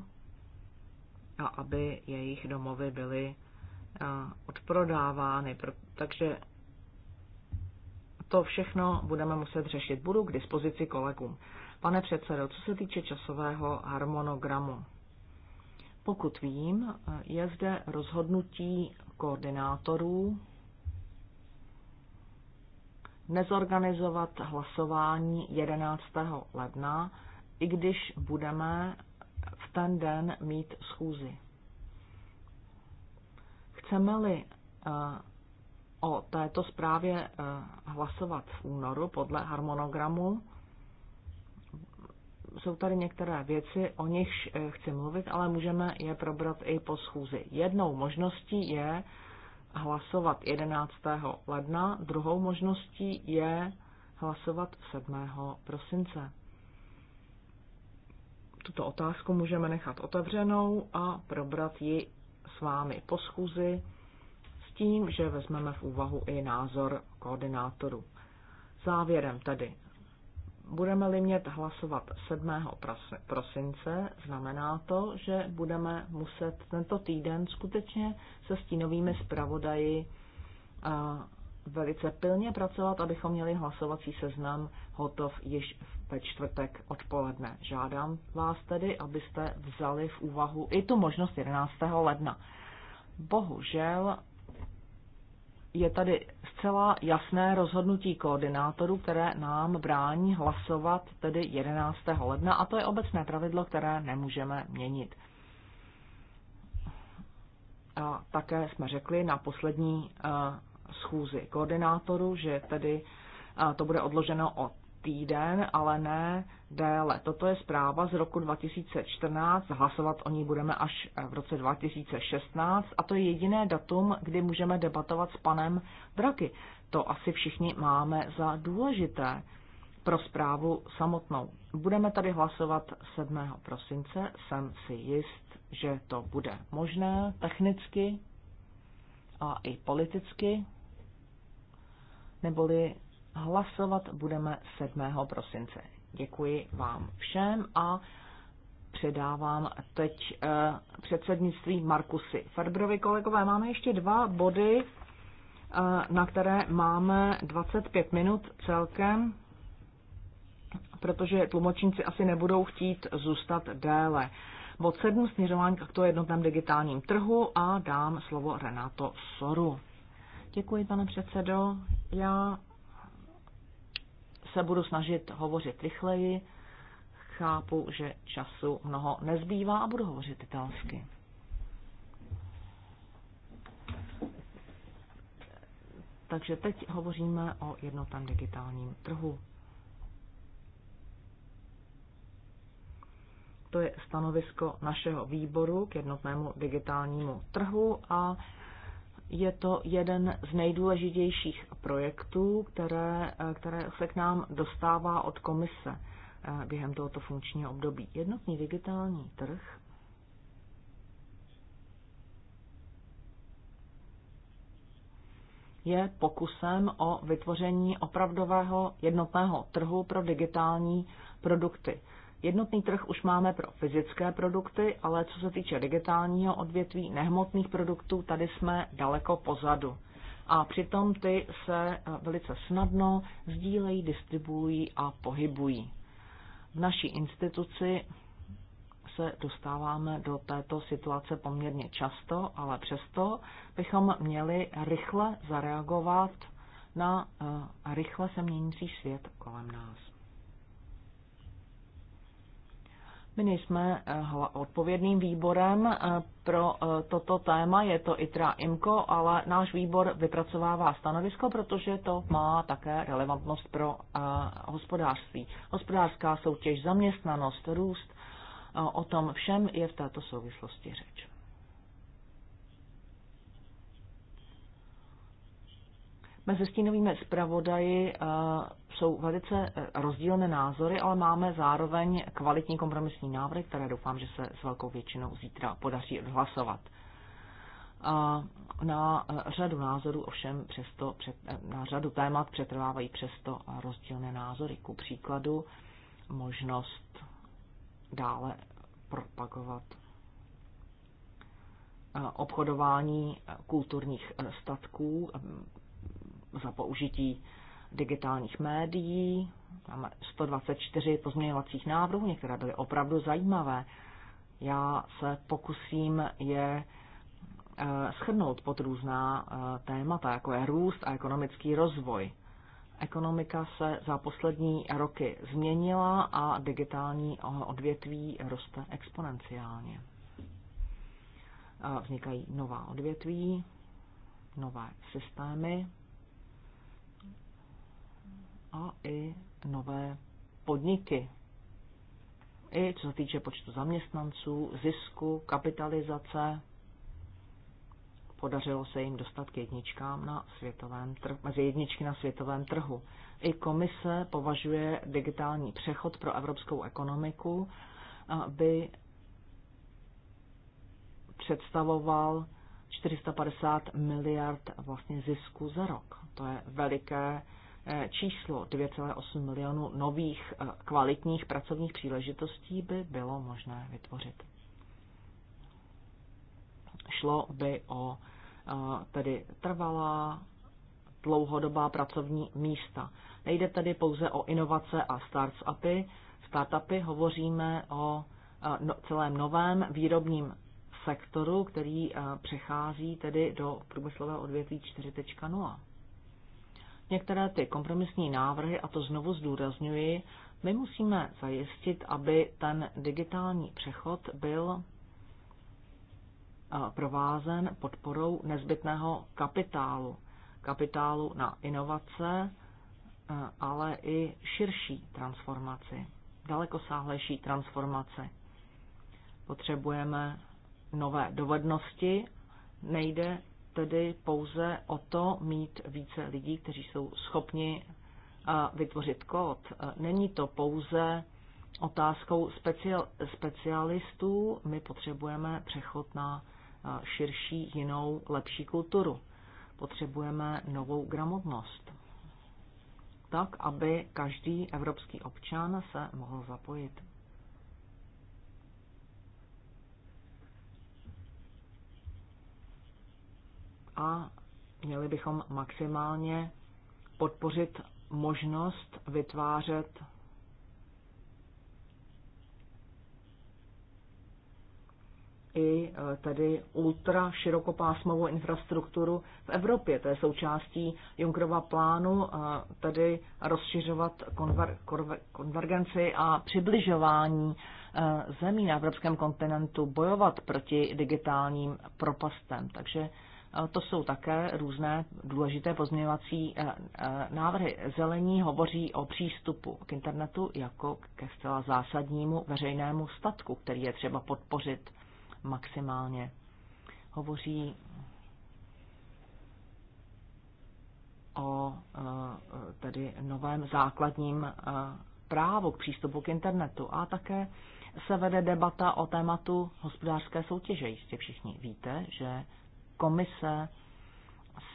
a aby jejich domovy byly eh, odprodávány. Takže to všechno budeme muset řešit. Budu k dispozici kolegům. Pane předsedo, co se týče časového harmonogramu, pokud vím, eh, je zde rozhodnutí koordinátorů nezorganizovat hlasování 11. ledna, i když budeme v ten den mít schůzi. Chceme-li eh, o této zprávě eh, hlasovat v únoru podle harmonogramu, jsou tady některé věci, o nichž eh, chci mluvit, ale můžeme je probrat i po schůzi. Jednou možností je hlasovat 11. ledna, druhou možností je hlasovat 7. prosince. Tuto otázku můžeme nechat otevřenou a probrat ji s vámi po schůzi s tím, že vezmeme v úvahu i názor koordinátoru. Závěrem tedy Budeme-li mět hlasovat 7. prosince, znamená to, že budeme muset tento týden skutečně se stínovými zpravodaji velice pilně pracovat, abychom měli hlasovací seznam hotov již ve čtvrtek odpoledne. Žádám vás tedy, abyste vzali v úvahu i tu možnost 11. ledna. Bohužel je tady zcela jasné rozhodnutí koordinátorů, které nám brání hlasovat tedy 11. ledna a to je obecné pravidlo, které nemůžeme měnit. A také jsme řekli na poslední eh, schůzi koordinátorů, že tedy eh, to bude odloženo o týden, ale ne déle. Toto je zpráva z roku 2014, hlasovat o ní budeme až eh, v roce 2016 a to je jediné datum, kdy můžeme debatovat s panem Draky. To asi všichni máme za důležité pro zprávu samotnou. Budeme tady hlasovat 7. prosince, jsem si jist, že to bude možné technicky a i politicky, neboli Hlasovat budeme 7. prosince. Děkuji vám všem a předávám teď eh, předsednictví Markusy Ferbrovi. Kolegové, máme ještě dva body, eh, na které máme 25 minut celkem, protože tlumočníci asi nebudou chtít zůstat déle. Bod 7 směřování k to jednotném digitálním trhu a dám slovo Renato Soru. Děkuji, pane předsedo. Já se budu snažit hovořit rychleji. Chápu, že času mnoho nezbývá a budu hovořit italsky. Takže teď hovoříme o jednotném digitálním trhu. To je stanovisko našeho výboru k jednotnému digitálnímu trhu a je to jeden z nejdůležitějších projektů, které, eh, které se k nám dostává od komise eh, během tohoto funkčního období. Jednotný digitální trh je pokusem o vytvoření opravdového jednotného trhu pro digitální produkty. Jednotný trh už máme pro fyzické produkty, ale co se týče digitálního odvětví nehmotných produktů, tady jsme daleko pozadu. A přitom ty se eh, velice snadno sdílejí, distribuují a pohybují. V naší instituci se dostáváme do této situace poměrně často, ale přesto bychom měli rychle zareagovat na eh, rychle se měnící svět kolem nás. My nejsme eh, odpovědným výborem eh, pro eh, toto téma, je to ITRA IMCO, ale náš výbor vypracovává stanovisko, protože to má také relevantnost pro hospodářství. Hospodářská soutěž, zaměstnanost, růst, o tom všem je v této souvislosti řeč. Mezi stínovými zpravodaji eh, jsou velice eh, rozdílné názory, ale máme zároveň kvalitní kompromisní návrh, které doufám, že se s velkou většinou zítra podaří odhlasovat. Eh, na řadu názorů ovšem přesto, na řadu témat přetrvávají přesto rozdílné názory. Ku příkladu možnost dále propagovat obchodování kulturních statků, za použití digitálních médií. Tam 124 pozměňovacích návrhů, některé byly opravdu zajímavé. Já se pokusím je eh, schrnout pod různá eh, témata, jako je růst a ekonomický rozvoj. Ekonomika se za poslední roky změnila a digitální eh, odvětví roste exponenciálně. Vznikají nová odvětví, nové systémy, a i nové podniky. I co se týče počtu zaměstnanců, zisku, kapitalizace, podařilo se jim dostat k jedničkám na světovém trhu, mezi jedničky na světovém trhu. I komise považuje digitální přechod pro evropskou ekonomiku, aby představoval 450 miliard vlastně zisku za rok. To je veliké Eh, číslo 2,8 milionů nových eh, kvalitních pracovních příležitostí by bylo možné vytvořit. Šlo by o eh, tedy trvalá dlouhodobá pracovní místa. Nejde tedy pouze o inovace a startupy. Startupy hovoříme o no, celém novém výrobním sektoru, který přechází tedy do průmyslového odvětví 4.0 některé ty kompromisní návrhy, a to znovu zdůrazňuji, my musíme zajistit, aby ten digitální přechod byl eh, provázen podporou nezbytného kapitálu. Kapitálu na inovace, eh, ale i širší transformaci, dalekosáhlejší transformaci. Potřebujeme nové dovednosti, nejde tedy pouze o to mít více lidí, kteří jsou schopni vytvořit kód. Není to pouze otázkou specialistů, my potřebujeme přechod na širší, jinou, lepší kulturu. Potřebujeme novou gramotnost, tak aby každý evropský občan se mohl zapojit. a měli bychom maximálně podpořit možnost vytvářet i e, tedy ultra širokopásmovou infrastrukturu v Evropě. To je součástí Junkrova plánu e, tedy rozšiřovat konver, konver, konvergenci a přibližování e, zemí na evropském kontinentu, bojovat proti digitálním propastem. Takže to jsou také různé důležité pozměňovací eh, eh, návrhy. Zelení hovoří o přístupu k internetu jako ke zcela zásadnímu veřejnému statku, který je třeba podpořit maximálně. Hovoří o eh, tedy novém základním právu k přístupu k internetu a také se vede debata o tématu hospodářské soutěže. Jistě všichni víte, že komise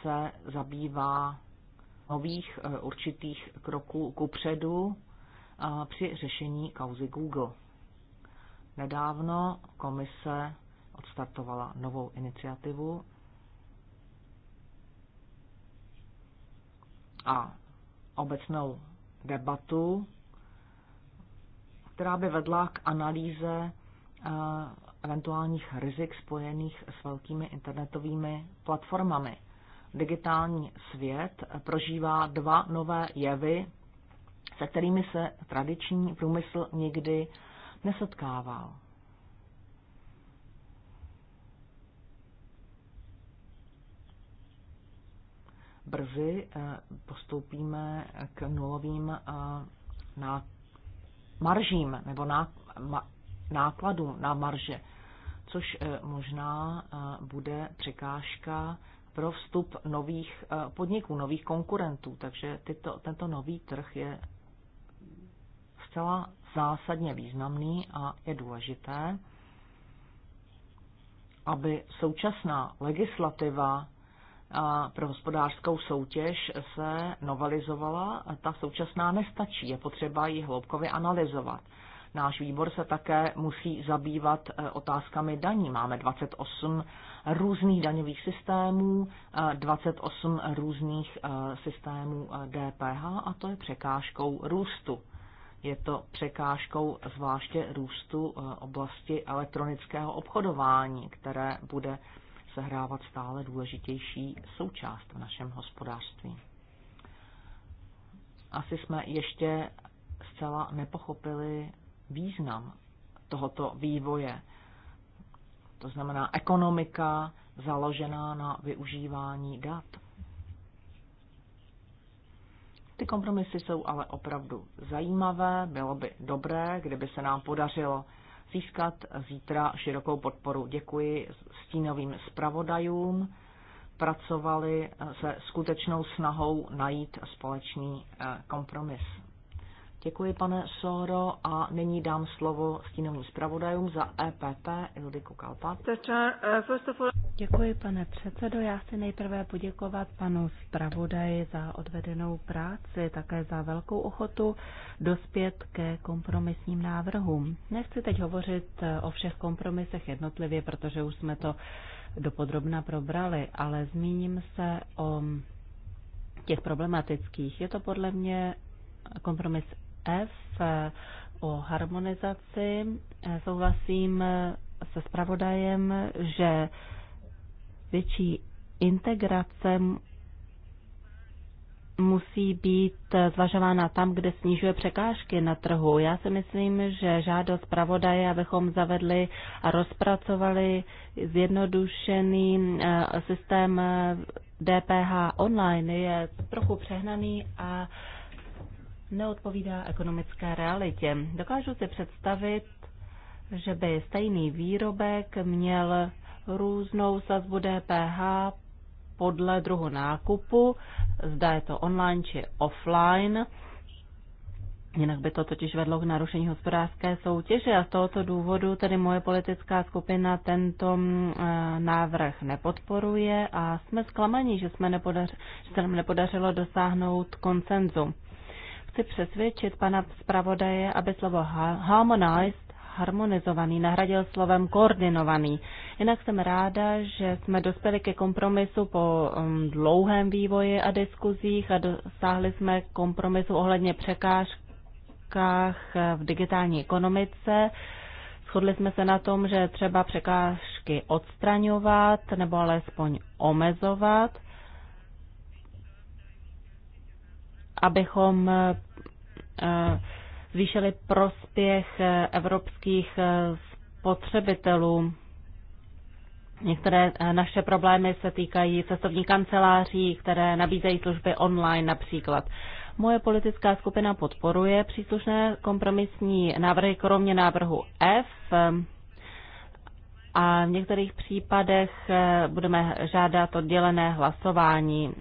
se zabývá nových eh, určitých kroků ku předu eh, při řešení kauzy Google. Nedávno komise odstartovala novou iniciativu a obecnou debatu, která by vedla k analýze eh, eventuálních rizik spojených s velkými internetovými platformami. Digitální svět prožívá dva nové jevy, se kterými se tradiční průmysl nikdy nesetkával. Brzy eh, postoupíme k nulovým eh, maržím nebo na, ma, nákladů na marže, což eh, možná eh, bude překážka pro vstup nových eh, podniků, nových konkurentů. Takže tyto, tento nový trh je zcela zásadně významný a je důležité, aby současná legislativa pro hospodářskou soutěž se novelizovala, ta současná nestačí, je potřeba ji hloubkově analyzovat. Náš výbor se také musí zabývat eh, otázkami daní. Máme 28 různých daňových systémů, 28 eh, různých eh, systémů DPH a to je překážkou růstu. Je to překážkou zvláště růstu oblasti elektronického obchodování, které bude sehrávat stále důležitější součást v našem hospodářství. Asi jsme ještě zcela nepochopili význam tohoto vývoje. To znamená ekonomika založená na využívání dat. Ty kompromisy jsou ale opravdu zajímavé. Bylo by dobré, kdyby se nám podařilo získat zítra širokou podporu. Děkuji stínovým zpravodajům. Pracovali se skutečnou snahou najít společný eh, kompromis. Děkuji, pane Soro, a nyní dám slovo stínovým zpravodajům za EPP Ildiku Kalpat. Uh, Děkuji, pane předsedo. Já chci nejprve poděkovat panu zpravodaji za odvedenou práci, také za velkou ochotu dospět ke kompromisním návrhům. Nechci teď hovořit eh, o všech kompromisech jednotlivě, protože už jsme to dopodrobna probrali, ale zmíním se o těch problematických. Je to podle mě kompromis F eh, o harmonizaci. Eh, souhlasím eh, se spravodajem, že větší integrace musí být zvažována tam, kde snižuje překážky na trhu. Já si myslím, že žádost pravodaje, abychom zavedli a rozpracovali zjednodušený systém DPH online, je trochu přehnaný a neodpovídá ekonomické realitě. Dokážu si představit, že by stejný výrobek měl různou sazbu DPH podle druhu nákupu, zda je to online či offline. Jinak by to totiž vedlo k narušení hospodářské soutěže a z tohoto důvodu tedy moje politická skupina tento mm, eh, návrh nepodporuje a jsme zklamaní, že, jsme nepodař, že se nám nepodařilo dosáhnout koncenzu chci přesvědčit pana zpravodaje, aby slovo harmonized, harmonizovaný, nahradil slovem koordinovaný. Jinak jsem ráda, že jsme dospěli ke kompromisu po um, dlouhém vývoji a diskuzích a dosáhli jsme kompromisu ohledně překážkách eh, v digitální ekonomice. Shodli jsme se na tom, že třeba překážky odstraňovat nebo alespoň omezovat. abychom eh, zvýšili prospěch eh, evropských eh, spotřebitelů. Některé naše problémy se týkají cestovních kanceláří, které nabízejí služby online například. Moje politická skupina podporuje příslušné kompromisní návrhy, kromě návrhu F. A v některých případech budeme žádat oddělené hlasování.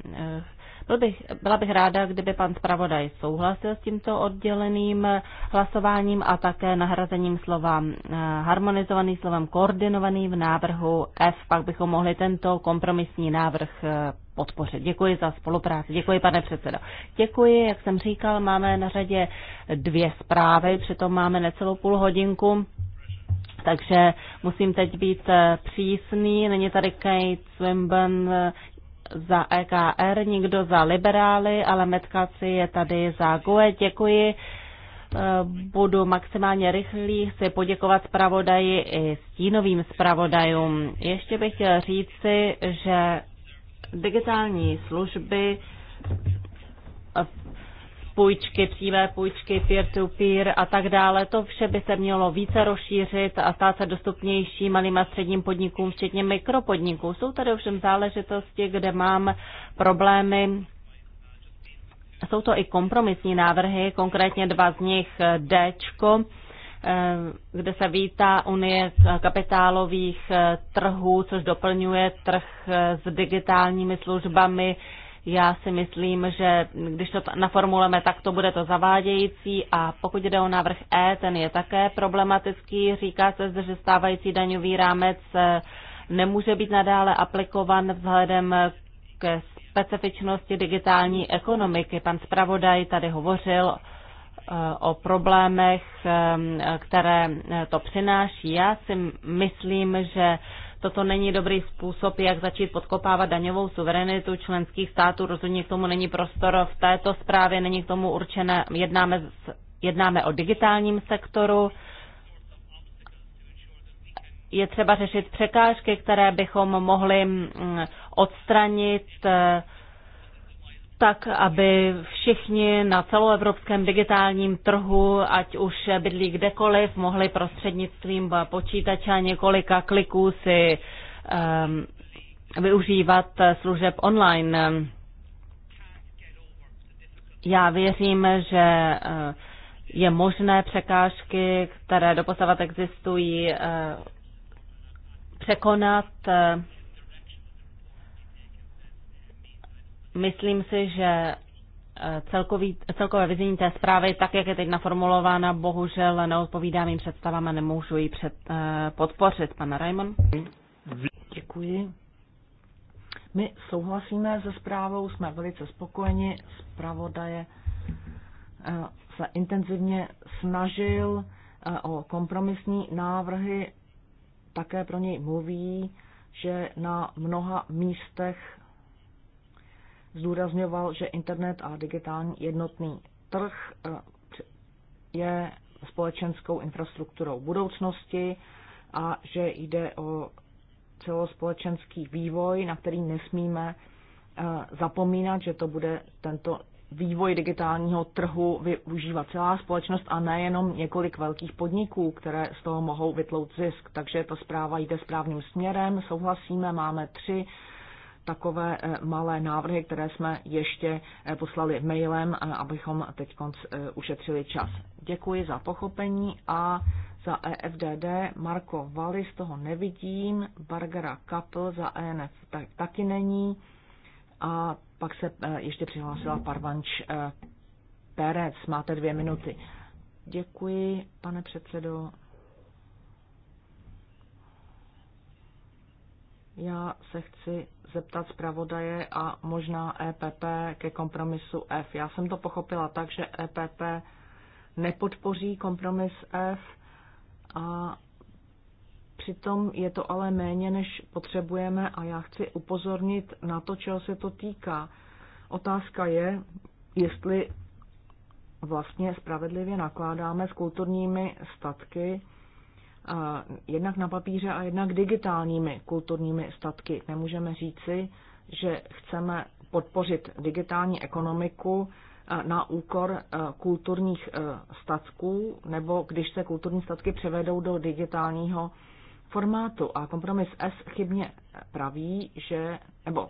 Byl bych, byla bych ráda, kdyby pan zpravodaj souhlasil s tímto odděleným hlasováním a také nahrazením slova eh, harmonizovaný slovem koordinovaný v návrhu F. Pak bychom mohli tento kompromisní návrh eh, podpořit. Děkuji za spolupráci. Děkuji, pane předsedo. Děkuji, jak jsem říkal, máme na řadě dvě zprávy, přitom máme necelou půl hodinku. Takže musím teď být eh, přísný. Není tady Kate Swinburne, za EKR, nikdo za liberály, ale Metkaci je tady za GUE. Děkuji. E, budu maximálně rychlý, chci poděkovat zpravodaji i stínovým zpravodajům. Ještě bych chtěl říci, že digitální služby půjčky, přímé půjčky, peer-to-peer -peer a tak dále. To vše by se mělo více rozšířit a stát se dostupnější malým a středním podnikům, včetně mikropodniků. Jsou tady ovšem záležitosti, kde mám problémy. Jsou to i kompromisní návrhy, konkrétně dva z nich D, kde se vítá Unie kapitálových trhů, což doplňuje trh s digitálními službami, já si myslím, že když to naformulujeme tak, to bude to zavádějící a pokud jde o návrh E, ten je také problematický. Říká se zde, že stávající daňový rámec eh, nemůže být nadále aplikovan vzhledem ke specifičnosti digitální ekonomiky. Pan zpravodaj tady hovořil eh, o problémech, eh, které to přináší. Já si myslím, že Toto není dobrý způsob, jak začít podkopávat daňovou suverenitu členských států. Rozhodně k tomu není prostor v této zprávě, není k tomu určené. Jednáme, jednáme o digitálním sektoru. Je třeba řešit překážky, které bychom mohli mm, odstranit eh, tak, aby všichni na celoevropském digitálním trhu, ať už bydlí kdekoliv, mohli prostřednictvím počítače několika kliků si um, využívat služeb online. Já věřím, že eh, je možné překážky, které doposavat existují, eh, překonat eh, Myslím si, že eh, celkový, celkové vizení té zprávy, tak jak je teď naformulována, bohužel neodpovídá mým představám a nemůžu ji před, eh, podpořit. Pana Raimon? Děkuji. My souhlasíme se zprávou, jsme velice spokojeni. Zpravodaje eh, se intenzivně snažil o kompromisní návrhy. Také pro něj mluví, že na mnoha místech zdůrazňoval, že internet a digitální jednotný trh eh, je společenskou infrastrukturou budoucnosti a že jde o celospolečenský vývoj, na který nesmíme eh, zapomínat, že to bude tento vývoj digitálního trhu využívat celá společnost a nejenom několik velkých podniků, které z toho mohou vytlout zisk. Takže ta zpráva jde správným směrem, souhlasíme, máme tři takové eh, malé návrhy, které jsme ještě eh, poslali mailem, eh, abychom teď ušetřili čas. Děkuji za pochopení a za EFDD Marko Valis toho nevidím, Barbara Kapl za ENF tak, taky není a pak se ještě přihlásila Parvanč Pérez. Máte dvě minuty. Děkuji, pane předsedo. Já se chci zeptat zpravodaje a možná EPP ke kompromisu F. Já jsem to pochopila tak, že EPP nepodpoří kompromis F a přitom je to ale méně, než potřebujeme a já chci upozornit na to, čeho se to týká. Otázka je, jestli vlastně spravedlivě nakládáme s kulturními statky, jednak na papíře a jednak digitálními kulturními statky. Nemůžeme říci, že chceme podpořit digitální ekonomiku e, na úkor e, kulturních e, statků, nebo když se kulturní statky převedou do digitálního formátu. A kompromis S chybně praví, že, nebo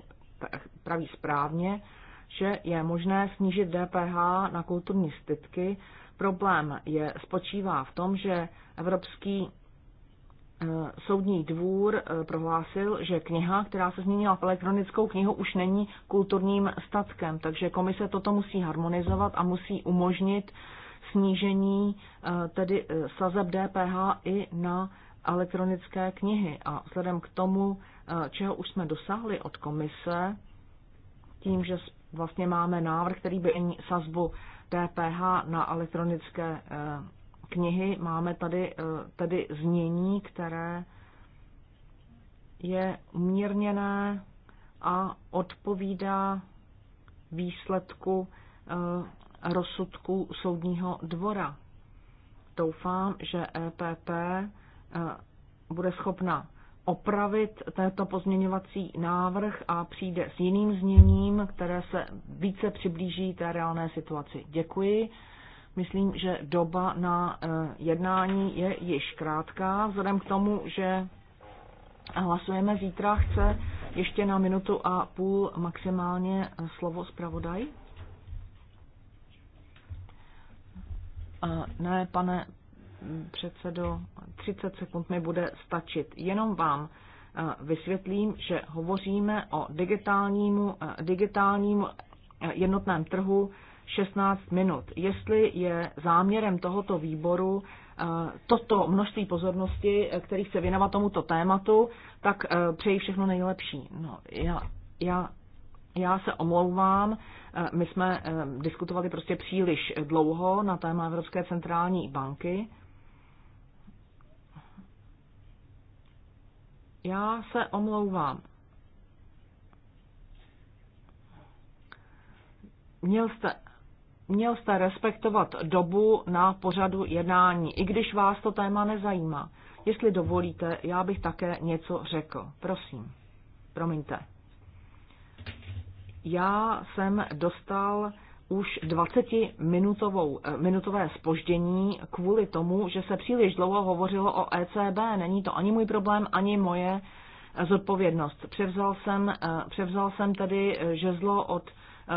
praví správně, že je možné snížit DPH na kulturní statky. Problém je, spočívá v tom, že Evropský Eh, soudní dvůr eh, prohlásil, že kniha, která se změnila v elektronickou knihu, už není kulturním statkem, takže komise toto musí harmonizovat a musí umožnit snížení eh, tedy sazeb DPH i na elektronické knihy. A vzhledem k tomu, čeho už jsme dosáhli od komise, tím, že vlastně máme návrh, který by sazbu DPH na elektronické knihy máme tady eh, tedy znění, které je umírněné a odpovídá výsledku eh, rozsudku soudního dvora. Doufám, že EPP eh, bude schopna opravit tento pozměňovací návrh a přijde s jiným zněním, které se více přiblíží té reálné situaci. Děkuji. Myslím, že doba na eh, jednání je již krátká, vzhledem k tomu, že hlasujeme zítra, chce ještě na minutu a půl maximálně eh, slovo zpravodaj. Eh, ne, pane mm, předsedo, 30 sekund mi bude stačit. Jenom vám vysvětlím, že hovoříme o digitálnímu, digitálním jednotném trhu 16 minut. Jestli je záměrem tohoto výboru eh, toto množství pozornosti, eh, který chce věnovat tomuto tématu, tak eh, přeji všechno nejlepší. No, já, já, já se omlouvám, my jsme diskutovali prostě příliš dlouho na téma Evropské centrální banky. Já se omlouvám. Měl jste Měl jste respektovat dobu na pořadu jednání, i když vás to téma nezajímá. Jestli dovolíte, já bych také něco řekl. Prosím, promiňte. Já jsem dostal už 20-minutové eh, spoždění kvůli tomu, že se příliš dlouho hovořilo o ECB. Není to ani můj problém, ani moje eh, zodpovědnost. Převzal jsem, eh, převzal jsem tedy žezlo od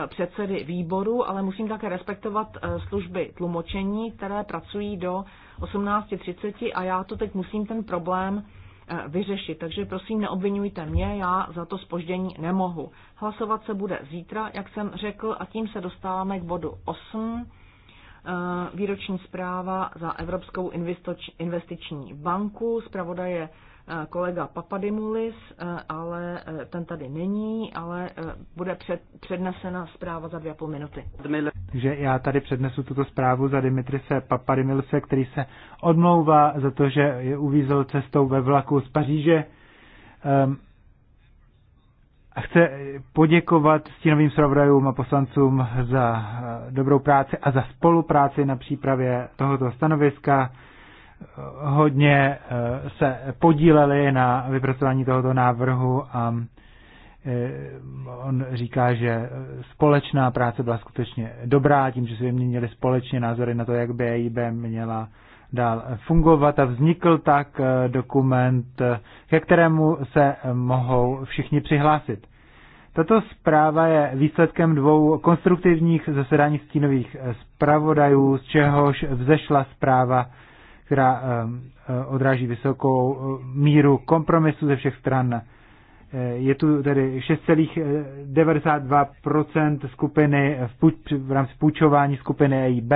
Eh, předsedy výboru, ale musím také respektovat eh, služby tlumočení, které pracují do 18.30 a já to teď musím ten problém eh, vyřešit. Takže prosím, neobvinujte mě, já za to spoždění nemohu. Hlasovat se bude zítra, jak jsem řekl, a tím se dostáváme k bodu 8. Výroční zpráva za Evropskou investiční banku. Zpravodaje Eh, kolega Papadimulis, eh, ale eh, ten tady není, ale bude před, přednesena zpráva za dvě a půl minuty. Takže já tady přednesu tuto zprávu za Dimitrise Papadimulise, který se odmlouvá za to, že je uvízel cestou ve vlaku z Paříže. Um, a chce poděkovat stínovým zpravodajům a poslancům za dobrou práci a za spolupráci na přípravě tohoto stanoviska hodně eh, se podíleli na vypracování tohoto návrhu a eh, on říká, že společná práce byla skutečně dobrá, tím, že si vyměnili společně názory na to, jak by EIB měla dál fungovat a vznikl tak eh, dokument, ke kterému se mohou všichni přihlásit. Tato zpráva je výsledkem dvou konstruktivních zasedání stínových zpravodajů, z čehož vzešla zpráva která eh, eh, odráží vysokou eh, míru kompromisu ze všech stran. Je tu tedy 6,92% skupiny v, půjč, v rámci půjčování skupiny EIB,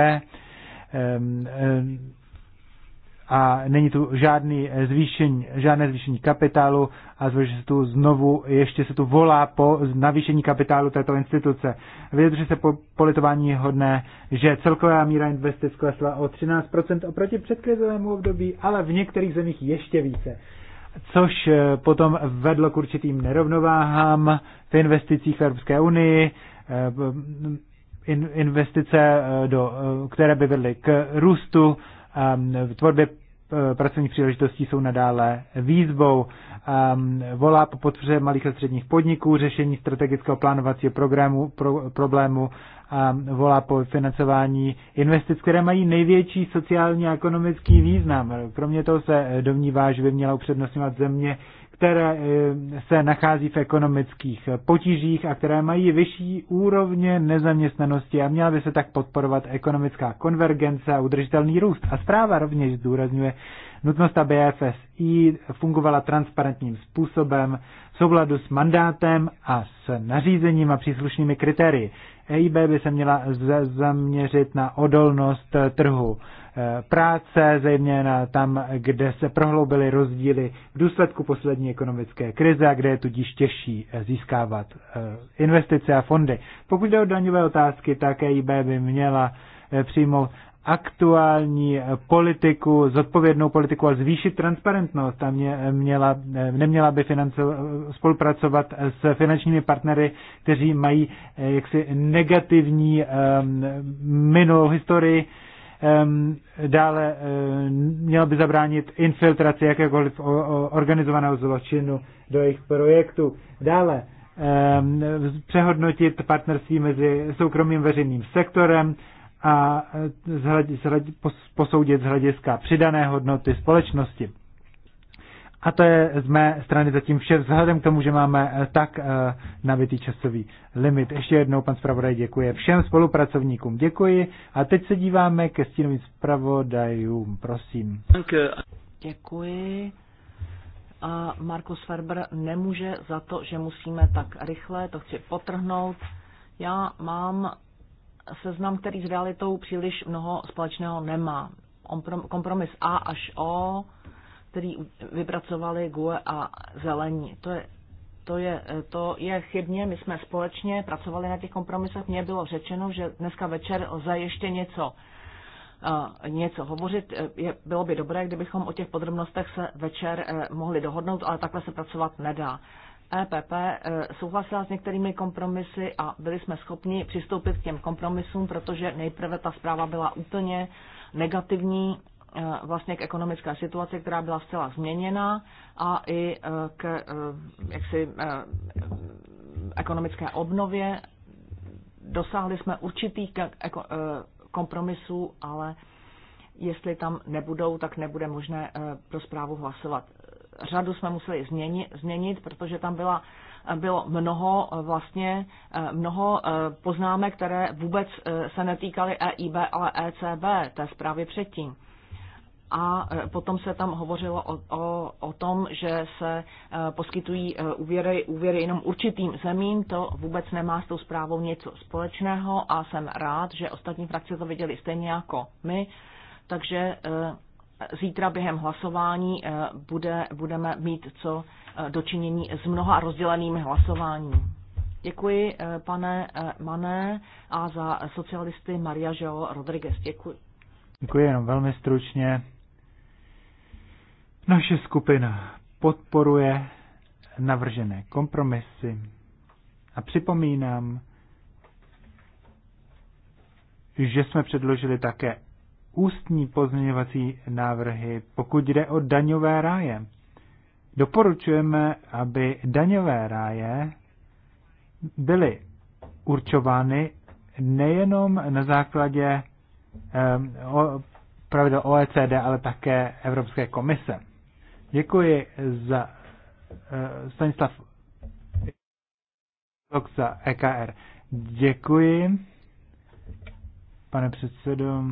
a není tu žádný zvýšení, žádné zvýšení kapitálu a zvlášť se tu znovu, ještě se tu volá po navýšení kapitálu této instituce. Vyjadřuje se po politování hodné, že celková míra investic klesla o 13% oproti předkrizovému období, ale v některých zemích ještě více což eh, potom vedlo k určitým nerovnováhám v investicích v Evropské unii, eh, investice, eh, do, které by vedly k růstu Ehm, v tvorbě eh, pracovních příležitostí jsou nadále výzvou. Ehm, volá po podpoře malých a středních podniků, řešení strategického plánovacího programu, pro, problému, ehm, volá po financování investic, které mají největší sociální a ekonomický význam. Kromě toho se eh, domnívá, že by měla upřednostňovat země, které eh, se nachází v ekonomických potížích a které mají vyšší úrovně nezaměstnanosti a měla by se tak podporovat ekonomická konvergence a udržitelný růst. A zpráva rovněž zdůrazňuje nutnost, aby FSI fungovala transparentním způsobem v souladu s mandátem a s nařízením a příslušnými kritérii. EIB by se měla zaměřit na odolnost trhu Eh, práce, zejména tam, kde se prohloubily rozdíly v důsledku poslední ekonomické krize a kde je tudíž těžší eh, získávat eh, investice a fondy. Pokud jde o daňové otázky, tak EIB by měla přijmout aktuální politiku, zodpovědnou politiku a zvýšit transparentnost a mě, měla, neměla by financo, spolupracovat s finančními partnery, kteří mají jaksi negativní um, minulou historii Ehm, dále ehm, mělo by zabránit infiltraci jakéhokoliv organizovaného zločinu do jejich projektu. Dále ehm, přehodnotit partnerství mezi soukromým veřejným sektorem a eh, posoudit z hlediska přidané hodnoty společnosti. A to je z mé strany zatím vše, vzhledem k tomu, že máme eh, tak eh, nabitý časový limit. Ještě jednou, pan zpravodaj, děkuji všem spolupracovníkům. Děkuji. A teď se díváme ke stínovým zpravodajům. Prosím. Děkuji. A Markus Ferber nemůže za to, že musíme tak rychle, to chci potrhnout. Já mám seznam, který s realitou příliš mnoho společného nemá. Kompromis A až O který vypracovali GUE a Zelení. To je, to je, to je chybně, my jsme společně pracovali na těch kompromisech, mně bylo řečeno, že dneska večer lze ještě něco eh, něco hovořit. Eh, je, bylo by dobré, kdybychom o těch podrobnostech se večer eh, mohli dohodnout, ale takhle se pracovat nedá. EPP souhlasila s některými kompromisy a byli jsme schopni přistoupit k těm kompromisům, protože nejprve ta zpráva byla úplně negativní Eh, vlastně k ekonomické situaci, která byla zcela změněna a i eh, k eh, jaksi, ekonomické obnově. Dosáhli jsme určitých kompromisů, ale jestli tam nebudou, tak nebude možné pro zprávu hlasovat. Řadu jsme museli změnit, protože tam byla, bylo mnoho vlastně mnoho poznámek, které vůbec se netýkaly EIB, ale ECB, té zprávy předtím a e, potom se tam hovořilo o, o, o tom, že se e, poskytují e, úvěry, úvěry jenom určitým zemím, to vůbec nemá s tou zprávou něco společného a jsem rád, že ostatní frakce to viděli stejně jako my, takže zítra během hlasování bude, budeme mít co dočinění s mnoha rozdělenými hlasováním. Děkuji, pane Mané, a za socialisty Maria Jo Rodriguez. Děkuji. Děkuji, jenom velmi stručně. Naše skupina podporuje navržené kompromisy a připomínám, že jsme předložili také ústní pozměňovací návrhy, pokud jde o daňové ráje. Doporučujeme, aby daňové ráje byly určovány nejenom na základě eh, pravidel OECD, ale také Evropské komise. Děkuji za uh, Stanislav za EKR. Děkuji, pane předsedo.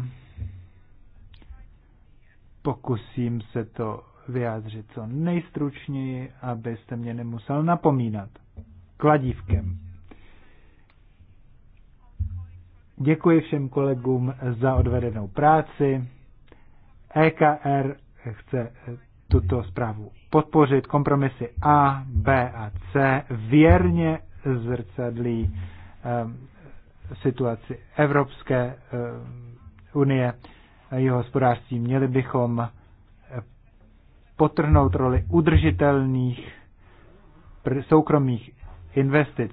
Pokusím se to vyjádřit co nejstručněji, abyste mě nemusel napomínat. Kladívkem. Děkuji všem kolegům za odvedenou práci. EKR chce tuto zprávu podpořit. Kompromisy A, B a C věrně zrcadlí ehm, situaci Evropské ehm, unie a jeho hospodářství. Měli bychom eh, potrhnout roli udržitelných soukromých investic.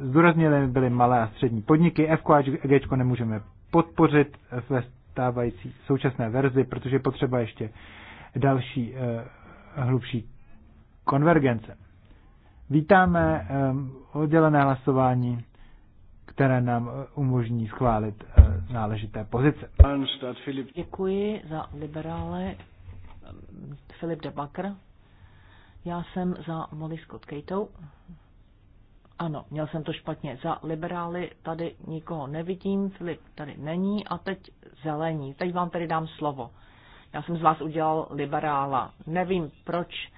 Zdůraznili byly malé a střední podniky. F a G nemůžeme podpořit ve stávající současné verzi, protože potřeba ještě další eh, hlubší konvergence. Vítáme eh, oddělené hlasování, které nám eh, umožní schválit náležité pozice. Děkuji za liberále Filip de Bakr. Já jsem za Molly Scott Kejtou. Ano, měl jsem to špatně. Za liberály tady nikoho nevidím, Filip tady není a teď zelení. Teď vám tady dám slovo. Já jsem z vás udělal liberála. Nevím proč,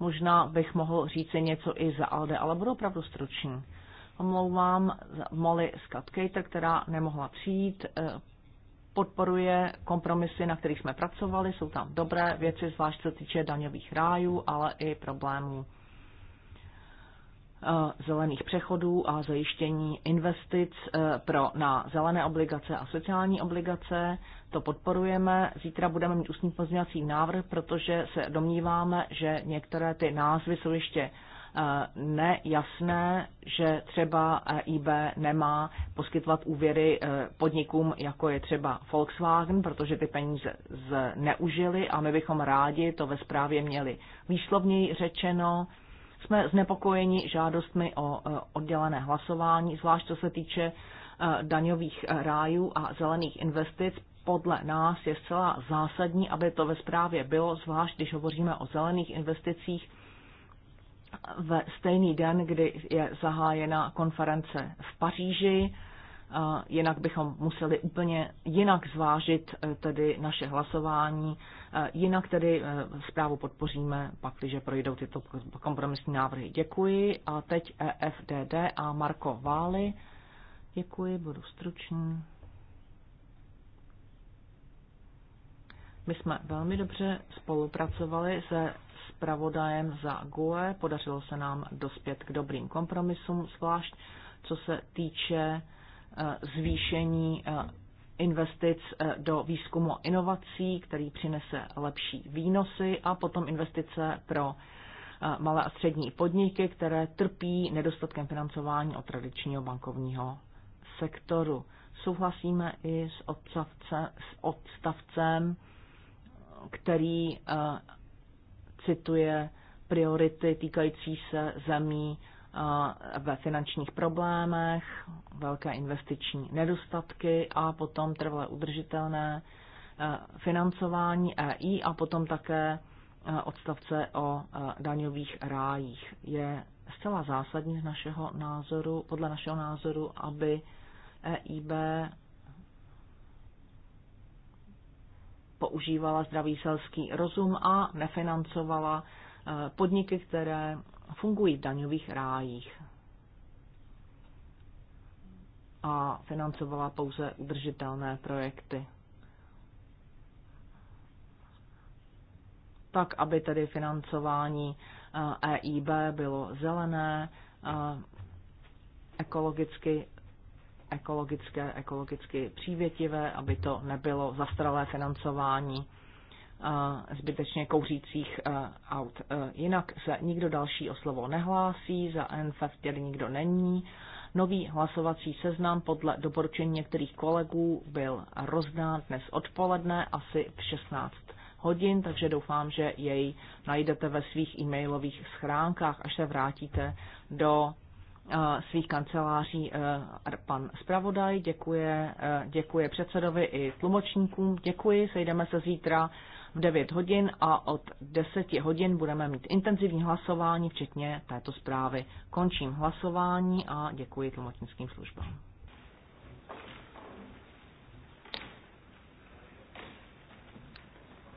možná bych mohl říct něco i za Alde, ale budu opravdu stručný. Omlouvám Molly Cater, která nemohla přijít, eh, podporuje kompromisy, na kterých jsme pracovali, jsou tam dobré věci, zvlášť co týče daňových rájů, ale i problémů Eh, zelených přechodů a zajištění investic eh, pro, na zelené obligace a sociální obligace. To podporujeme. Zítra budeme mít ústní pozměňovací návrh, protože se domníváme, že některé ty názvy jsou ještě eh, nejasné, že třeba e IB nemá poskytovat úvěry podnikům, jako je třeba Volkswagen, protože ty peníze zneužili a my bychom rádi to ve zprávě měli výslovněji řečeno jsme znepokojeni žádostmi o e, oddělené hlasování, zvlášť co se týče e, daňových e, rájů a zelených investic. Podle nás je zcela zásadní, aby to ve zprávě bylo, zvlášť když hovoříme o zelených investicích, ve stejný den, kdy je zahájena konference v Paříži jinak bychom museli úplně jinak zvážit e, tedy naše hlasování, e, jinak tedy e, zprávu podpoříme, když projdou tyto kompromisní návrhy. Děkuji a teď EFDD a Marko Vály. Děkuji, budu stručný. My jsme velmi dobře spolupracovali se zpravodajem za GUE, podařilo se nám dospět k dobrým kompromisům, zvlášť co se týče Eh, zvýšení eh, investic eh, do výzkumu a inovací, který přinese lepší výnosy a potom investice pro malé a střední podniky, které trpí nedostatkem financování od tradičního bankovního sektoru. Souhlasíme i s, odstavce, s odstavcem, který cituje priority týkající se zemí Eh, ve finančních problémech, velké investiční nedostatky a potom trvalé udržitelné eh, financování EI a potom také eh, odstavce o daňových rájích. Je zcela zásadní z našeho názoru, podle našeho názoru, aby EIB používala zdravý selský rozum a nefinancovala podniky, které fungují v daňových rájích a financovala pouze udržitelné projekty. Tak, aby tedy financování EIB eh, e bylo zelené, eh, ekologicky, ekologické, ekologicky přívětivé, aby to nebylo zastralé financování zbytečně kouřících e, aut. E, jinak se nikdo další o slovo nehlásí, za NFF tedy nikdo není. Nový hlasovací seznam podle doporučení některých kolegů byl rozdán dnes odpoledne asi v 16 hodin, takže doufám, že jej najdete ve svých e-mailových schránkách, až se vrátíte do e, svých kanceláří pan zpravodaj, děkuje, děkuje předsedovi i tlumočníkům, děkuji, sejdeme se zítra v 9 hodin a od 10 hodin budeme mít intenzivní hlasování, včetně této zprávy. Končím hlasování a děkuji tlumočnickým službám.